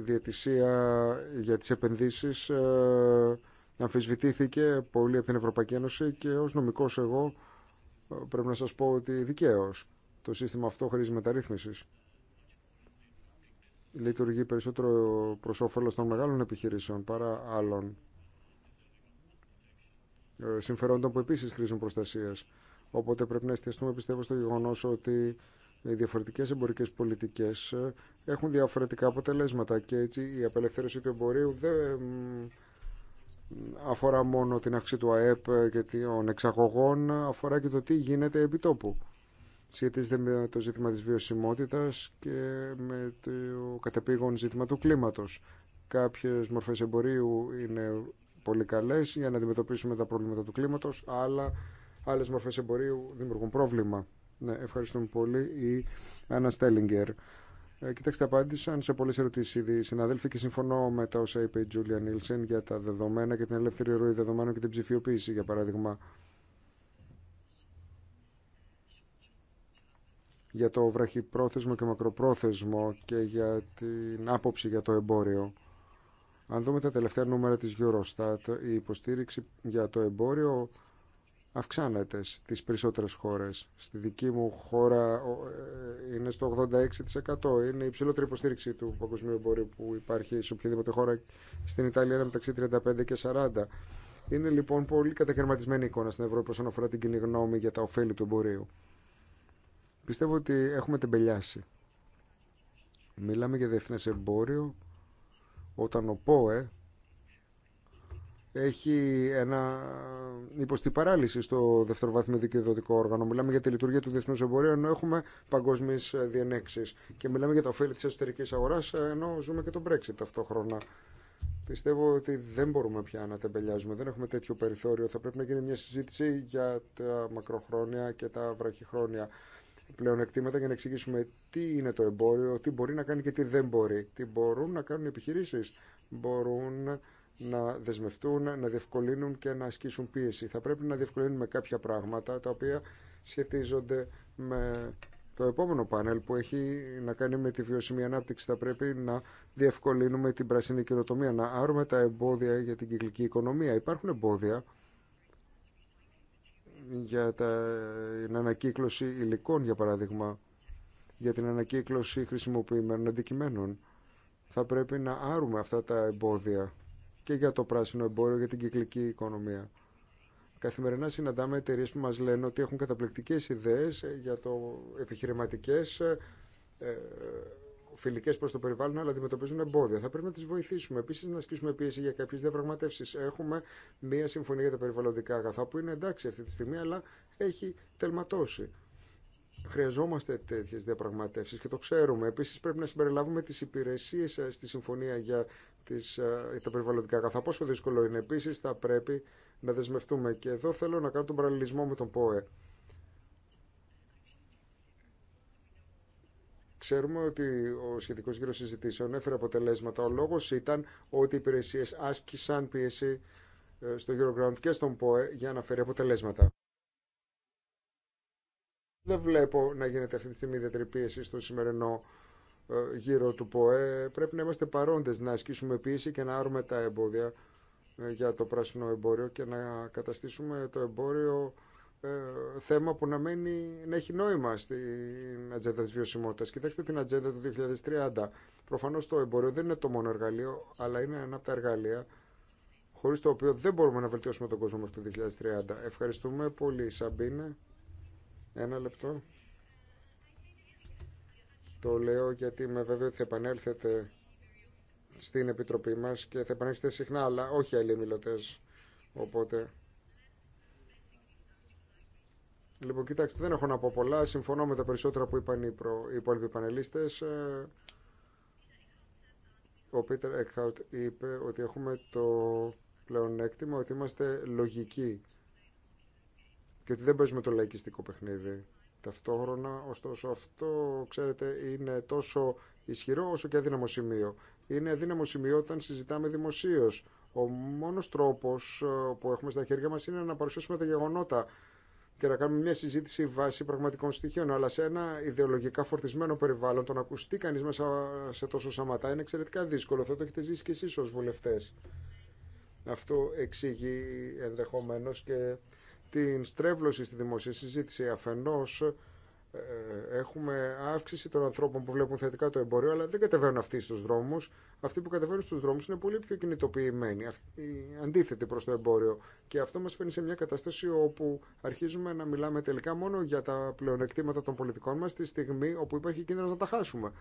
διαιτησία για τις επενδύσεις ε, αμφισβητήθηκε πολύ από την Ευρωπαϊκή Ένωση και ως νομικός εγώ ε, πρέπει να σας πω ότι δικαίως το σύστημα αυτό χρήζει μεταρρύθμισης. Λειτουργεί περισσότερο προς όφελος των μεγάλων επιχειρήσεων παρά άλλων ε, συμφερόντων που επίσης χρήζουν προστασίας. Οπότε πρέπει να εστιαστούμε πιστεύω στο γεγονός ότι οι διαφορετικές εμπορικές πολιτικές ε, έχουν διαφορετικά αποτελέσματα και έτσι η απελευθέρωση του εμπορίου δεν αφορά μόνο την αύξηση του ΑΕΠ και των εξαγωγών, αφορά και το τι γίνεται επί τόπου. Σχετίζεται με το ζήτημα της βιωσιμότητας και με το κατεπήγον ζήτημα του κλίματος. Κάποιες μορφές εμπορίου είναι πολύ καλές για να αντιμετωπίσουμε τα προβλήματα του κλίματος, αλλά άλλες μορφές εμπορίου δημιουργούν πρόβλημα. Ναι, ευχαριστούμε πολύ. Η Άννα Στέλιγκερ. Ε, κοιτάξτε, απάντησαν σε πολλέ ερωτήσει ήδη οι συναδέλφοι και συμφωνώ με τα όσα είπε η Τζούλια Νίλσεν για τα δεδομένα και την ελεύθερη ροή δεδομένων και την ψηφιοποίηση, για παράδειγμα. για το βραχυπρόθεσμο και μακροπρόθεσμο και για την άποψη για το εμπόριο. Αν δούμε τα τελευταία νούμερα της Eurostat, η υποστήριξη για το εμπόριο αυξάνεται στις περισσότερες χώρες. Στη δική μου χώρα ε, είναι στο 86%. Είναι η υψηλότερη υποστήριξη του παγκοσμίου εμπορίου που υπάρχει σε οποιαδήποτε χώρα. Στην Ιταλία είναι μεταξύ 35 και 40. Είναι λοιπόν πολύ κατακαιρματισμένη εικόνα στην Ευρώπη όσον αφορά την κοινή γνώμη για τα ωφέλη του εμπορίου. Πιστεύω ότι έχουμε τεμπελιάσει. Μιλάμε για διεθνές εμπόριο όταν ο ΠΟΕ έχει ένα, υποστή παράλυση στο δευτεροβάθμιο δικαιοδοτικό όργανο. Μιλάμε για τη λειτουργία του διεθνού εμπορίου, ενώ έχουμε παγκόσμιε διενέξει. Και μιλάμε για τα ωφέλη τη εσωτερική αγορά, ενώ ζούμε και τον Brexit ταυτόχρονα. Πιστεύω ότι δεν μπορούμε πια να τεμπελιάζουμε, δεν έχουμε τέτοιο περιθώριο. Θα πρέπει να γίνει μια συζήτηση για τα μακροχρόνια και τα βραχυχρόνια εκτίματα για να εξηγήσουμε τι είναι το εμπόριο, τι μπορεί να κάνει και τι δεν μπορεί. Τι μπορούν να κάνουν οι επιχειρήσεις. Μπορούν να δεσμευτούν, να διευκολύνουν και να ασκήσουν πίεση. Θα πρέπει να διευκολύνουμε κάποια πράγματα τα οποία σχετίζονται με το επόμενο πάνελ που έχει να κάνει με τη βιώσιμη ανάπτυξη. Θα πρέπει να διευκολύνουμε την πράσινη καινοτομία, να άρουμε τα εμπόδια για την κυκλική οικονομία. Υπάρχουν εμπόδια για την ανακύκλωση υλικών, για παράδειγμα, για την ανακύκλωση χρησιμοποιημένων αντικειμένων. Θα πρέπει να άρουμε αυτά τα εμπόδια και για το πράσινο εμπόριο, για την κυκλική οικονομία. Καθημερινά συναντάμε εταιρείε που μα λένε ότι έχουν καταπληκτικέ ιδέε ε, για το επιχειρηματικέ, ε, ε, φιλικέ προ το περιβάλλον, αλλά αντιμετωπίζουν εμπόδια. Θα πρέπει να τι βοηθήσουμε. Επίση, να ασκήσουμε πίεση για κάποιε διαπραγματεύσει. Έχουμε μία συμφωνία για τα περιβαλλοντικά αγαθά που είναι εντάξει αυτή τη στιγμή, αλλά έχει τελματώσει. Χρειαζόμαστε τέτοιε διαπραγματεύσει και το ξέρουμε. Επίση, πρέπει να συμπεριλάβουμε τι υπηρεσίε ε, στη συμφωνία για τις, ε, τα περιβαλλοντικά αγαθά. Πόσο δύσκολο είναι. Επίση, θα πρέπει να δεσμευτούμε. Και εδώ θέλω να κάνω τον παραλληλισμό με τον ΠΟΕ. Ξέρουμε ότι ο σχετικό γύρο συζητήσεων έφερε αποτελέσματα. Ο λόγο ήταν ότι οι υπηρεσίε άσκησαν πίεση ε, στο Euroground και στον ΠΟΕ για να φέρει αποτελέσματα. Δεν βλέπω να γίνεται αυτή τη στιγμή ιδιαίτερη πίεση στο σημερινό ε, γύρο του ΠΟΕ. Πρέπει να είμαστε παρόντες, να ασκήσουμε πίεση και να άρουμε τα εμπόδια ε, για το πράσινο εμπόριο και να καταστήσουμε το εμπόριο ε, θέμα που να, μένει, να έχει νόημα στην ατζέντα της βιωσιμότητας. Κοιτάξτε την ατζέντα του 2030. Προφανώς το εμπόριο δεν είναι το μόνο εργαλείο, αλλά είναι ένα από τα εργαλεία χωρίς το οποίο δεν μπορούμε να βελτιώσουμε τον κόσμο μέχρι το 2030. Ευχαριστούμε πολύ, Σαμπίνε. Ένα λεπτό. Το λέω γιατί είμαι βέβαιο ότι θα επανέλθετε στην Επιτροπή μας και θα επανέλθετε συχνά, αλλά όχι άλλοι Οπότε... Λοιπόν, κοιτάξτε, δεν έχω να πω πολλά. Συμφωνώ με τα περισσότερα που είπαν οι, προ... οι υπόλοιποι πανελίστες. Ε, ο Πίτερ Εκχάουτ είπε ότι έχουμε το πλεονέκτημα ότι είμαστε λογικοί και ότι δεν παίζουμε το λαϊκιστικό παιχνίδι. Ταυτόχρονα, ωστόσο, αυτό, ξέρετε, είναι τόσο ισχυρό όσο και αδύναμο σημείο. Είναι αδύναμο σημείο όταν συζητάμε δημοσίω. Ο μόνο τρόπο ε, που έχουμε στα χέρια μα είναι να παρουσιάσουμε τα γεγονότα και να κάνουμε μια συζήτηση βάσει πραγματικών στοιχείων. Αλλά σε ένα ιδεολογικά φορτισμένο περιβάλλον, το να ακουστεί κανεί μέσα σε τόσο σαματά είναι εξαιρετικά δύσκολο. Αυτό το έχετε ζήσει και εσεί ω βουλευτέ. Αυτό εξηγεί ενδεχομένω και την στρέβλωση στη δημόσια συζήτηση. Αφενός ε, έχουμε αύξηση των ανθρώπων που βλέπουν θετικά το εμπόριο, αλλά δεν κατεβαίνουν αυτοί στους δρόμους. Αυτοί που κατεβαίνουν στους δρόμους είναι πολύ πιο κινητοποιημένοι, αντίθετοι προς το εμπόριο. Και αυτό μας φέρνει σε μια κατάσταση όπου αρχίζουμε να μιλάμε τελικά μόνο για τα πλεονεκτήματα των πολιτικών μας τη στιγμή όπου υπάρχει κίνδυνο να τα χάσουμε.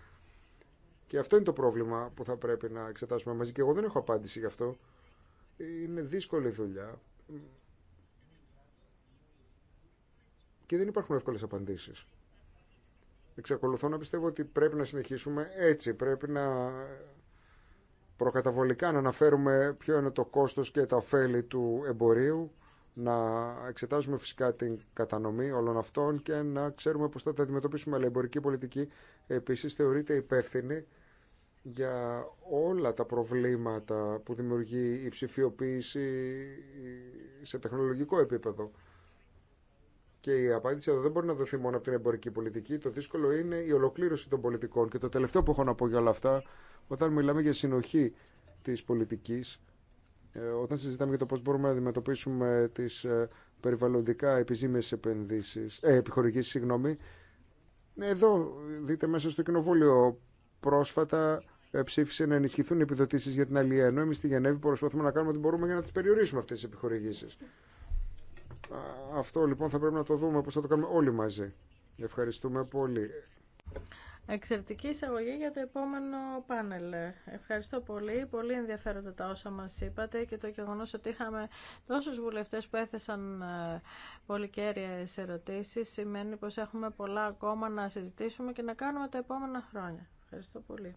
Και αυτό είναι το πρόβλημα που θα πρέπει να εξετάσουμε μαζί. Και εγώ δεν έχω απάντηση γι' αυτό. Είναι δύσκολη δουλειά. και δεν υπάρχουν εύκολες απαντήσεις. Εξακολουθώ να πιστεύω ότι πρέπει να συνεχίσουμε έτσι, πρέπει να προκαταβολικά να αναφέρουμε ποιο είναι το κόστος και τα ωφέλη του εμπορίου, να εξετάζουμε φυσικά την κατανομή όλων αυτών και να ξέρουμε πώς θα τα αντιμετωπίσουμε. Αλλά η εμπορική πολιτική επίσης θεωρείται υπεύθυνη για όλα τα προβλήματα που δημιουργεί η ψηφιοποίηση σε τεχνολογικό επίπεδο. Και η απάντηση εδώ δεν μπορεί να δοθεί μόνο από την εμπορική πολιτική. Το δύσκολο είναι η ολοκλήρωση των πολιτικών. Και το τελευταίο που έχω να πω για όλα αυτά, όταν μιλάμε για συνοχή τη πολιτική, ε, όταν συζητάμε για το πώ μπορούμε να αντιμετωπίσουμε τι ε, περιβαλλοντικά επιζήμιε επενδύσει, ε, επιχορηγήσεις, συγγνώμη. Ε, εδώ δείτε μέσα στο κοινοβούλιο πρόσφατα ψήφισε να ενισχυθούν οι επιδοτήσεις για την αλληλεία, ενώ εμείς στη Γενέβη προσπαθούμε να κάνουμε ό,τι μπορούμε για να τι περιορίσουμε αυτέ τι επιχορηγήσει. Αυτό λοιπόν θα πρέπει να το δούμε πώς θα το κάνουμε όλοι μαζί. Ευχαριστούμε πολύ. Εξαιρετική εισαγωγή για το επόμενο πάνελ. Ευχαριστώ πολύ. Πολύ ενδιαφέροντα τα όσα μας είπατε και το γεγονός ότι είχαμε τόσους βουλευτές που έθεσαν ε, κέρια ερωτήσεις σημαίνει πως έχουμε πολλά ακόμα να συζητήσουμε και να κάνουμε τα επόμενα χρόνια. Ευχαριστώ πολύ.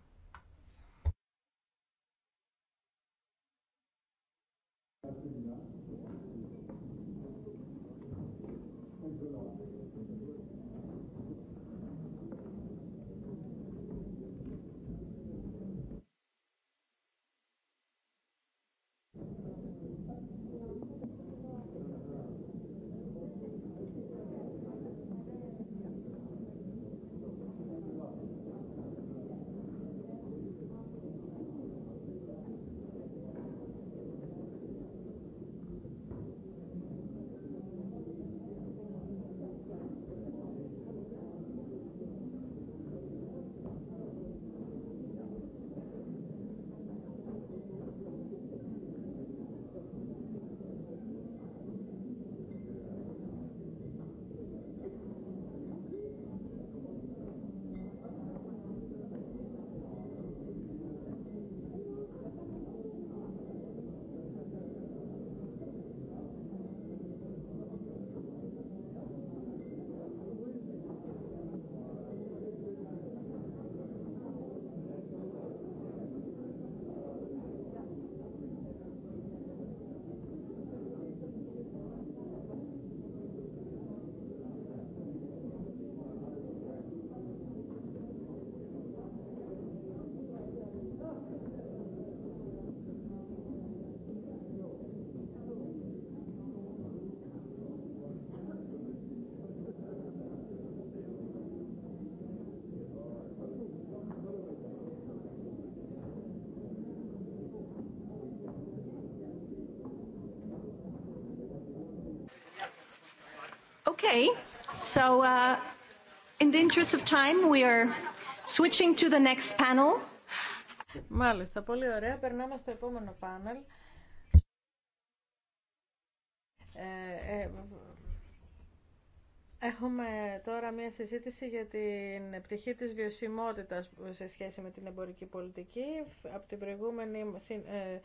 Okay, so uh, in the of time we are to the next panel. Μάλιστα, πολύ ωραία. Περνάμε στο επόμενο πάνελ. Ε, ε, έχουμε τώρα μια συζήτηση για την πτυχή της βιωσιμότητας σε σχέση με την εμπορική πολιτική. Από την προηγούμενη ε,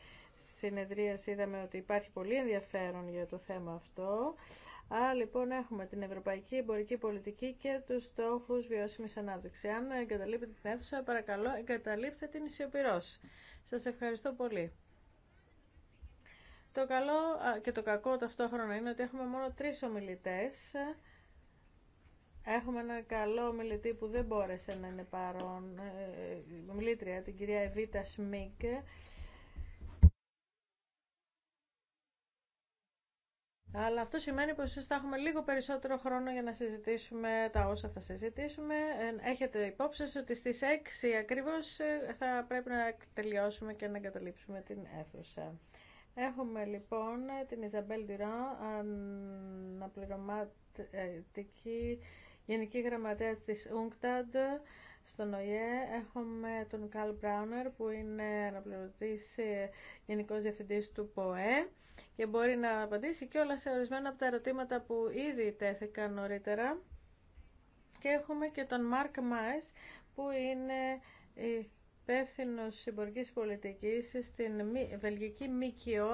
συνεδρία είδαμε ότι υπάρχει πολύ ενδιαφέρον για το θέμα αυτό. Άρα λοιπόν έχουμε την ευρωπαϊκή εμπορική πολιτική και τους στόχου βιώσιμη ανάπτυξη. Αν εγκαταλείπετε την αίθουσα, παρακαλώ εγκαταλείψτε την ισιοπυρό. Σας ευχαριστώ πολύ. Το καλό και το κακό ταυτόχρονα είναι ότι έχουμε μόνο τρεις ομιλητές. Έχουμε έναν καλό ομιλητή που δεν μπόρεσε να είναι παρόν, ε, ε, ομιλήτρια, την κυρία Εβίτα Αλλά αυτό σημαίνει πως θα έχουμε λίγο περισσότερο χρόνο για να συζητήσουμε τα όσα θα συζητήσουμε. Ε, έχετε υπόψη ότι στις 6 ακριβώς ε, θα πρέπει να τελειώσουμε και να εγκαταλείψουμε την αίθουσα. Έχουμε λοιπόν ε, την Ιζαμπέλ Ντουράν, αναπληρωματική γενική γραμματέα της UNCTAD, στον ΟΙΕ έχουμε τον Καλ Μπράουνερ που είναι αναπληρωτής ε, Γενικός Διευθυντής του ΠΟΕ και μπορεί να απαντήσει και όλα σε ορισμένα από τα ερωτήματα που ήδη τέθηκαν νωρίτερα. Και έχουμε και τον Μάρκ Μάις που είναι υπεύθυνο συμπορικής πολιτικής στην Βελγική ΜΚΟ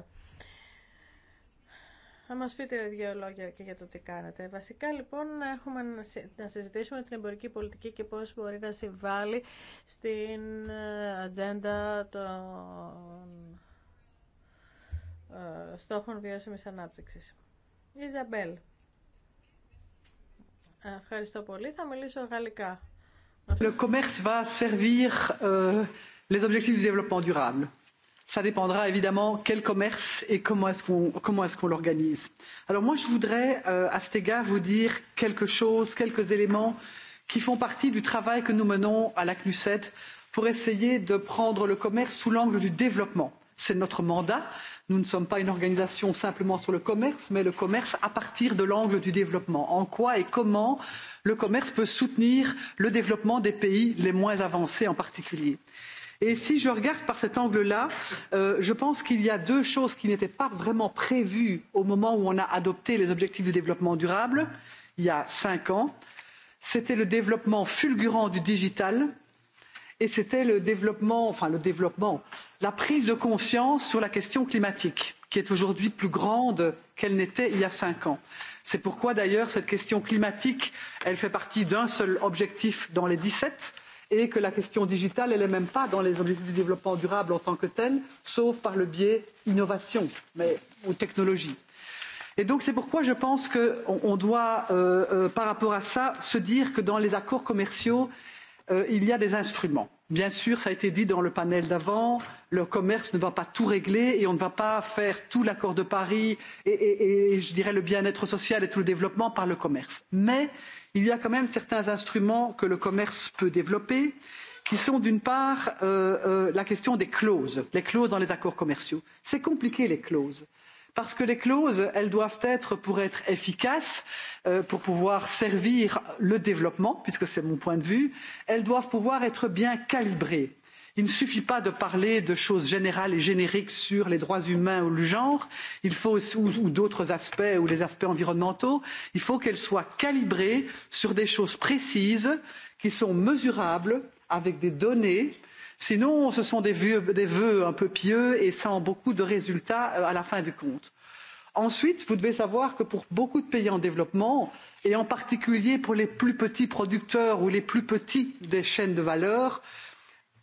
11-11-11 να μας πείτε δύο λόγια και για το τι κάνετε. Βασικά λοιπόν έχουμε να συζητήσουμε την εμπορική πολιτική και πώς μπορεί να συμβάλλει στην ε, ατζέντα των ε, στόχων βιώσιμης ανάπτυξης. Ιζαμπέλ. Ευχαριστώ πολύ. Θα μιλήσω γαλλικά. Le commerce va servir euh, les objectifs du développement durable ça dépendra évidemment quel commerce et comment est-ce qu'on est l'organise. Alors moi je voudrais à cet égard vous dire quelque chose, quelques éléments qui font partie du travail que nous menons à la CNUSET pour essayer de prendre le commerce sous l'angle du développement. C'est notre mandat. Nous ne sommes pas une organisation simplement sur le commerce, mais le commerce à partir de l'angle du développement. En quoi et comment le commerce peut soutenir le développement des pays les moins avancés en particulier et si je regarde par cet angle là je pense qu'il y a deux choses qui n'étaient pas vraiment prévues au moment où on a adopté les objectifs de développement durable il y a cinq ans c'était le développement fulgurant du digital et c'était le développement enfin le développement la prise de conscience sur la question climatique qui est aujourd'hui plus grande qu'elle n'était il y a cinq ans. c'est pourquoi d'ailleurs cette question climatique elle fait partie d'un seul objectif dans les dix sept et que la question digitale elle n'est même pas dans les objectifs du développement durable en tant que telle sauf par le biais innovation mais ou technologie. et donc c'est pourquoi je pense qu'on doit par rapport à ça se dire que dans les accords commerciaux il y a des instruments. bien sûr cela a été dit dans le panel d'avant le commerce ne va pas tout régler et on ne va pas faire tout l'accord de Paris et je dirais le bien-être social et tout le développement par le commerce. Mais il y a quand même certains instruments que le commerce peut développer qui sont d'une part la question des clauses, les clauses dans les accords commerciaux. C'est compliqué les clauses parce que les clauses elles doivent être pour être efficaces pour pouvoir servir le développement puisque c'est mon point de vue elles doivent pouvoir être bien calibrées il ne suffit pas de parler de choses générales et génériques sur les droits humains ou le genre il faut ou d'autres aspects ou les aspects environnementaux il faut qu'elles soient calibrées sur des choses précises qui sont mesurables avec des données sinon ce sont des vœux un peu pieux et sans beaucoup de résultats à la fin du compte. ensuite vous devez savoir que pour beaucoup de pays en développement et en particulier pour les plus petits producteurs ou les plus petits des chaînes de valeur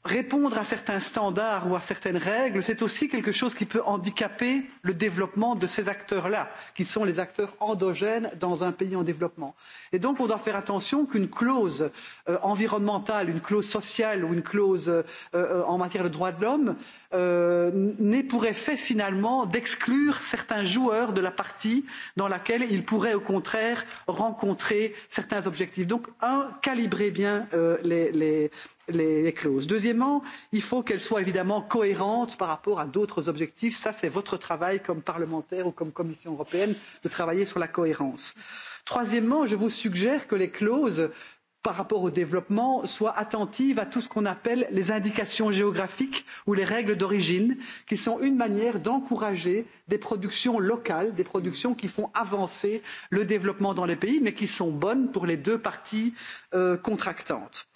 répondre à certains standards ou à certaines règles c'est aussi quelque chose qui peut handicaper le développement de ces acteurs là qui sont les acteurs endogènes dans un pays en développement. et on doit faire attention qu'une clause environnementale une clause sociale ou une clause en matière de droits de l'homme n'ait pour effet finalement d'exclure certains joueurs de la partie dans laquelle ils pourraient au contraire rencontrer certains objectifs. donc un calibrez bien les clauses. deuxièmement il faut qu'elles soient évidemment cohérentes par rapport à d'autres objectifs ça c'est votre travail comme parlementaire ou comme commission européenne de travailler sur la cohérence. troisièmement je vous suggère que les clauses par rapport au développement soit attentive à tout ce qu'on appelle les indications géographiques ou les règles d'origine qui sont une manière d'encourager des productions locales des productions qui font avancer le développement dans les pays mais qui sont bonnes pour les deux parties contractantes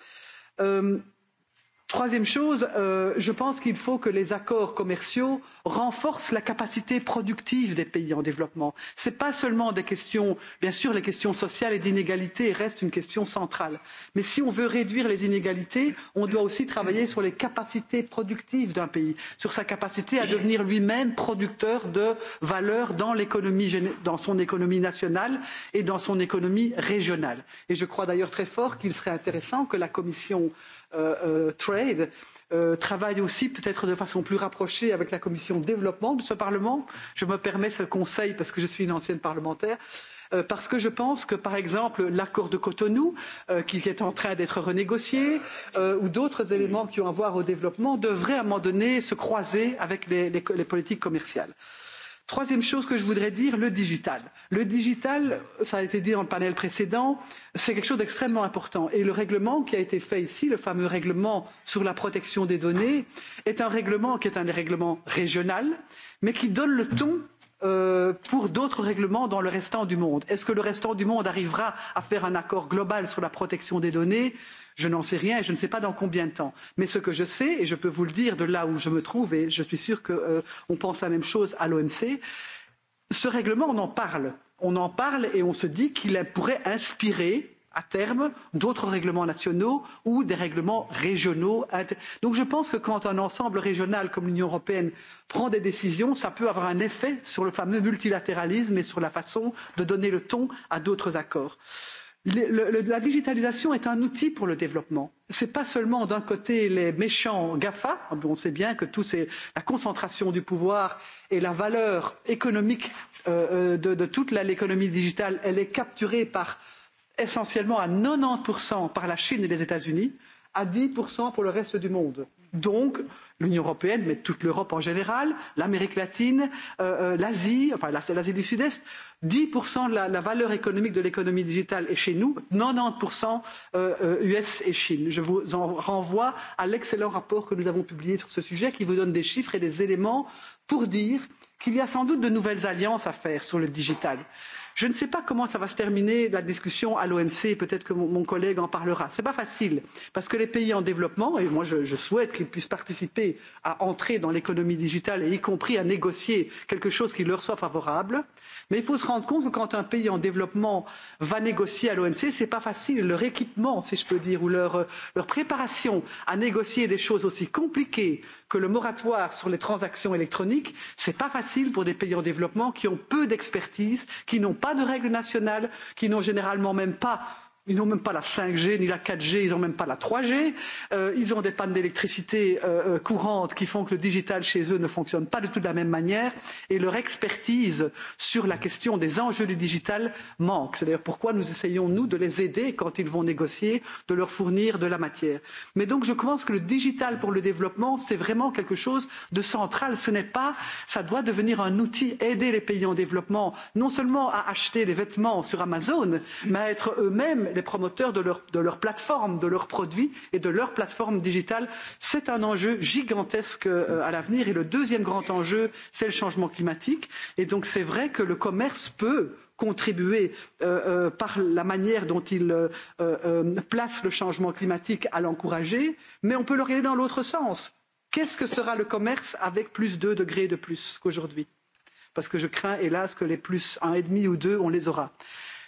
troisième chose je pense qu'il faut que les accords commerciaux renforcent la capacité productive des pays en développement. ce ne pas seulement des questions bien sûr les questions sociales et d'inégalités restent une question centrale mais si on veut réduire les inégalités on doit aussi travailler sur les capacités productives d'un pays sur sa capacité à devenir lui même producteur de valeur dans son économie nationale et dans son économie régionale et je crois d'ailleurs très fort qu'il serait intéressant que la commission trade travaille aussi peut-être de façon plus rapprochée avec la commission développement de ce parlement je me permets ce conseil parce que je suis une ancienne parlementaire parce que je pense que par exemple l'accord de cotonou qui est en train d'être renégocié ou d'autres éléments qui ont à voir au développement devraient à un moment donné se croiser avec les politiques commerciales troisième chose que je voudrais dire le digital. le digital ça a été dit dans le panel précédent c'est quelque chose d'extrêmement important et le règlement qui a été fait ici le fameux règlement sur la protection des données est un règlement qui est un règlement régional mais qui donne le ton pour d'autres règlements dans le restant du monde. est ce que le restant du monde arrivera à faire un accord global sur la protection des données? je n'en sais rien et je ne sais pas dans combien de temps mais ce que je sais et je peux vous le dire de là où je me trouve et je suis sûre qu'on pense la même chose à l'omc ce règlement on en parle on en parle et on se dit qu'il pourrait inspirer à terme d'autres règlements nationaux ou des règlements régionaux. donc je pense que quand un ensemble régional comme l'union européenne prend des décisions cela peut avoir un effet sur le fameux multilatéralisme et sur la façon de donner le ton à d'autres accords la digitalisation est un outil pour le développement. ce n'est pas seulement d'un côté les méchants gafa on sait bien que tout la concentration du pouvoir et la valeur économique de toute l'économie digitale elle est capturée essentiellement à 90 par la chine et les états unis à 10 pour le reste du monde. donc l'union européenne mais toute l'europe en général l'amérique latine l'asie enfin l'asie du sud est dix de la valeur économique de l'économie digitale est chez nous 90 vingt us et chine. je vous en renvoie à l'excellent rapport que nous avons publié sur ce sujet qui vous donne des chiffres et des éléments pour dire qu'il y a sans doute de nouvelles alliances à faire sur le digital je ne sais pas comment ça va se terminer la discussion à l'omc peut être que mon collègue en parlera ce n'est pas facile parce que les pays en développement et moi je souhaite qu'ils puissent participer à entrer dans l'économie digitale et y compris à négocier quelque chose qui leur soit favorable mais il faut se rendre compte que quand un pays en développement va négocier à l'omc ce n'est pas facile leur équipement si je peux dire ou leur préparation à négocier des choses aussi compliquées que le moratoire sur les transactions électroniques ce n'est pas facile pour des pays en développement qui ont peu d'expertise qui n'ont pas de règles nationales qui n'ont généralement même pas Ils n'ont même pas la 5G ni la 4G, ils n'ont même pas la 3G. Ils ont des pannes d'électricité courantes qui font que le digital chez eux ne fonctionne pas du tout de la même manière et leur expertise sur la question des enjeux du digital manque. C'est d'ailleurs pourquoi nous essayons, nous, de les aider quand ils vont négocier, de leur fournir de la matière. Mais donc je pense que le digital pour le développement, c'est vraiment quelque chose de central. Ce n'est pas, ça doit devenir un outil, aider les pays en développement, non seulement à acheter des vêtements sur Amazon, mais à être eux-mêmes les promoteurs de leurs plateformes de leurs produits et de leurs plateformes digitales. c'est un enjeu gigantesque à l'avenir et le deuxième grand enjeu c'est le changement climatique et donc c'est vrai que le commerce peut contribuer par la manière dont il place le changement climatique à l'encourager mais on peut le regarder dans l'autre sens qu'est ce que sera le commerce avec plus deux degrés de plus qu'aujourd'hui? parce que je crains hélas que les plus un et demi ou deux on les aura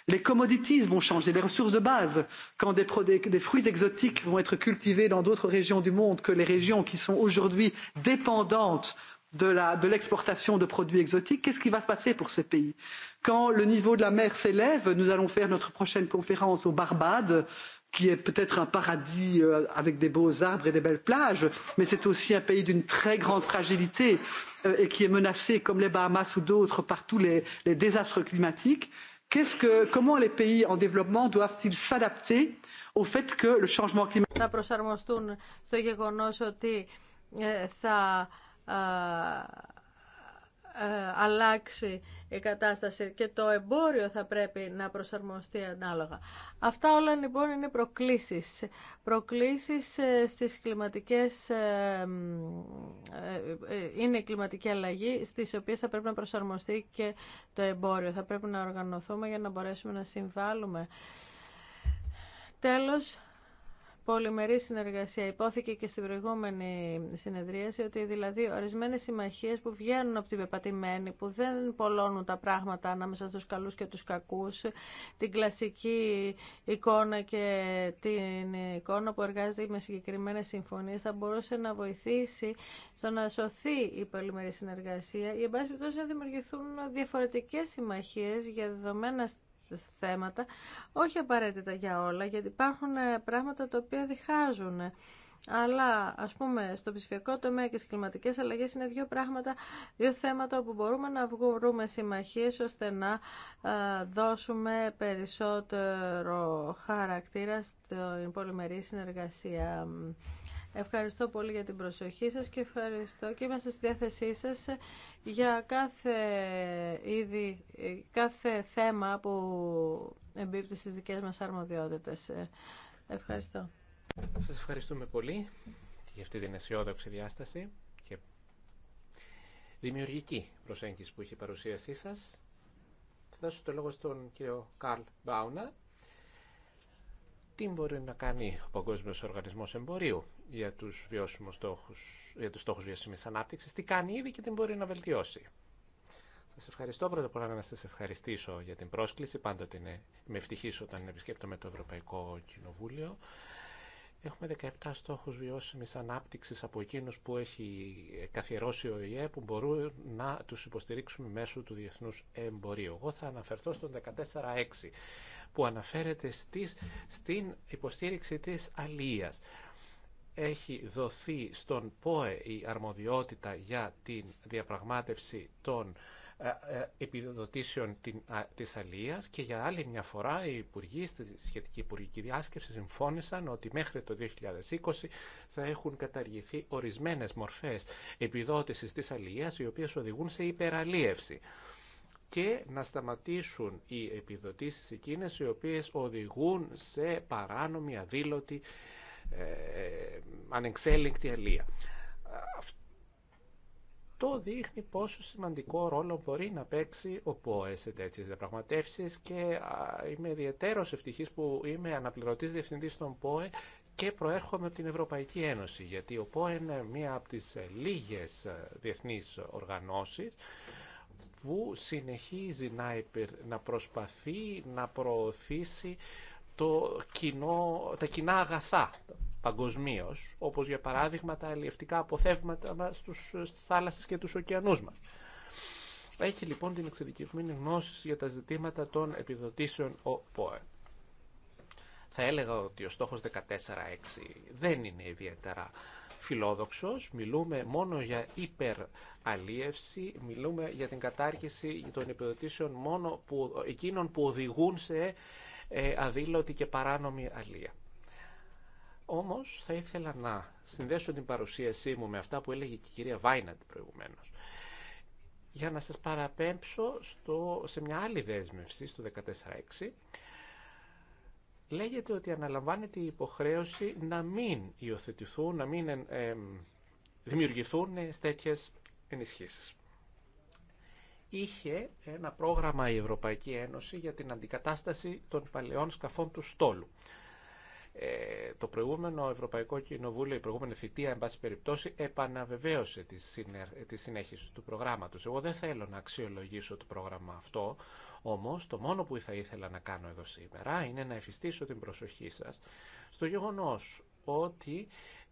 les commodities vont changer les ressources de base quand des fruits exotiques vont être cultivés dans d'autres régions du monde que les régions qui sont aujourd'hui dépendantes de l'exportation de produits exotiques qu'est ce qui va se passer pour ces pays? quand le niveau de la mer s'élève nous allons faire notre prochaine conférence aux barbades qui est peut être un paradis avec des beaux arbres et de belles plages mais c'est aussi un pays d'une très grande fragilité et qui est menacé comme les bahamas ou d'autres par tous les désastres climatiques ce Comment les pays en développement doivent-ils s'adapter au fait que le changement climatique... Ε, αλλάξει η κατάσταση και το εμπόριο θα πρέπει να προσαρμοστεί ανάλογα. Αυτά όλα λοιπόν είναι προκλήσεις. Προκλήσεις ε, στις κλιματικές, ε, είναι κλιματική αλλαγή στις οποίες θα πρέπει να προσαρμοστεί και το εμπόριο. Θα πρέπει να οργανωθούμε για να μπορέσουμε να συμβάλλουμε. Τέλος, πολυμερή συνεργασία. Υπόθηκε και στην προηγούμενη συνεδρίαση ότι δηλαδή ορισμένες συμμαχίε που βγαίνουν από την πεπατημένη, που δεν πολλώνουν τα πράγματα ανάμεσα στους καλούς και τους κακούς, την κλασική εικόνα και την εικόνα που εργάζεται με συγκεκριμένες συμφωνίες, θα μπορούσε να βοηθήσει στο να σωθεί η πολυμερή συνεργασία ή, εν πάση να δημιουργηθούν διαφορετικέ συμμαχίε για δεδομένα θέματα, όχι απαραίτητα για όλα, γιατί υπάρχουν ε, πράγματα τα οποία διχάζουν. Αλλά, ας πούμε, στο ψηφιακό τομέα και στις κλιματικές αλλαγές είναι δύο πράγματα, δύο θέματα όπου μπορούμε να βγούμε συμμαχίες ώστε να ε, δώσουμε περισσότερο χαρακτήρα στην πολυμερή συνεργασία. Ευχαριστώ πολύ για την προσοχή σας και ευχαριστώ και είμαστε στη διάθεσή σας για κάθε, είδη, κάθε θέμα που εμπίπτει στις δικές μας αρμοδιότητες. Ευχαριστώ. Σας ευχαριστούμε πολύ για αυτή την αισιόδοξη διάσταση και δημιουργική προσέγγιση που είχε η παρουσίασή σας. Θα δώσω το λόγο στον κύριο Καρλ Μπάουνα. Τι μπορεί να κάνει ο Παγκόσμιος Οργανισμός Εμπορίου για του βιώσιμους στόχους, για βιώσιμης ανάπτυξης, τι κάνει ήδη και τι μπορεί να βελτιώσει. Σα ευχαριστώ πρώτα απ' όλα να σα ευχαριστήσω για την πρόσκληση. Πάντοτε είναι, είμαι ευτυχή όταν επισκέπτομαι το Ευρωπαϊκό Κοινοβούλιο. Έχουμε 17 στόχου βιώσιμη ανάπτυξη από εκείνου που έχει καθιερώσει ο ΙΕ που μπορούν να του υποστηρίξουμε μέσω του διεθνού εμπορίου. Εγώ θα αναφερθώ στον 14-6 που αναφέρεται στις, στην υποστήριξη της αλληλεία έχει δοθεί στον ΠΟΕ η αρμοδιότητα για την διαπραγμάτευση των ε, ε, επιδοτήσεων της Αλίας και για άλλη μια φορά οι υπουργοί στη σχετική υπουργική διάσκεψη συμφώνησαν ότι μέχρι το 2020 θα έχουν καταργηθεί ορισμένες μορφές επιδότησης της Αλίας οι οποίες οδηγούν σε υπεραλίευση και να σταματήσουν οι επιδοτήσεις εκείνες οι οποίες οδηγούν σε παράνομη αδήλωτη ε, ε, ανεξέλεγκτη αλεία. Αυτό δείχνει πόσο σημαντικό ρόλο μπορεί να παίξει ο ΠΟΕ σε τέτοιες διαπραγματεύσεις και είμαι ιδιαίτερος ευτυχής που είμαι αναπληρωτής διευθυντής των ΠΟΕ και προέρχομαι από την Ευρωπαϊκή Ένωση, γιατί ο ΠΟΕ είναι μία από τις λίγες ε, διεθνείς οργανώσεις που συνεχίζει να προσπαθεί να προωθήσει το κοινό, τα κοινά αγαθά παγκοσμίω, όπως για παράδειγμα τα αλλιευτικά αποθεύματα μας θάλασσες και τους ωκεανού μα. Έχει λοιπόν την εξειδικευμένη γνώση για τα ζητήματα των επιδοτήσεων ο ΠΟΕ. Θα έλεγα ότι ο στόχος 14-6 δεν είναι ιδιαίτερα φιλόδοξος, μιλούμε μόνο για υπεραλίευση, μιλούμε για την κατάρκηση των επιδοτήσεων μόνο που, εκείνων που οδηγούν σε ε, αδήλωτη και παράνομη αλία. Όμως θα ήθελα να συνδέσω την παρουσίασή μου με αυτά που έλεγε και η κυρία Βάιναντ προηγουμένως για να σας παραπέμψω στο, σε μια άλλη δέσμευση στο 14.6 λέγεται ότι αναλαμβάνεται η υποχρέωση να μην υιοθετηθούν, να μην ε, ε, δημιουργηθούν ε, τέτοιες ενισχύσεις είχε ένα πρόγραμμα η Ευρωπαϊκή Ένωση για την αντικατάσταση των παλαιών σκαφών του στόλου. Ε, το προηγούμενο Ευρωπαϊκό Κοινοβούλιο, η προηγούμενη θητεία, εν πάση περιπτώσει, επαναβεβαίωσε τη, συνε... τη συνέχιση του προγράμματος. Εγώ δεν θέλω να αξιολογήσω το πρόγραμμα αυτό, όμως το μόνο που θα ήθελα να κάνω εδώ σήμερα είναι να εφιστήσω την προσοχή σα στο γεγονό ότι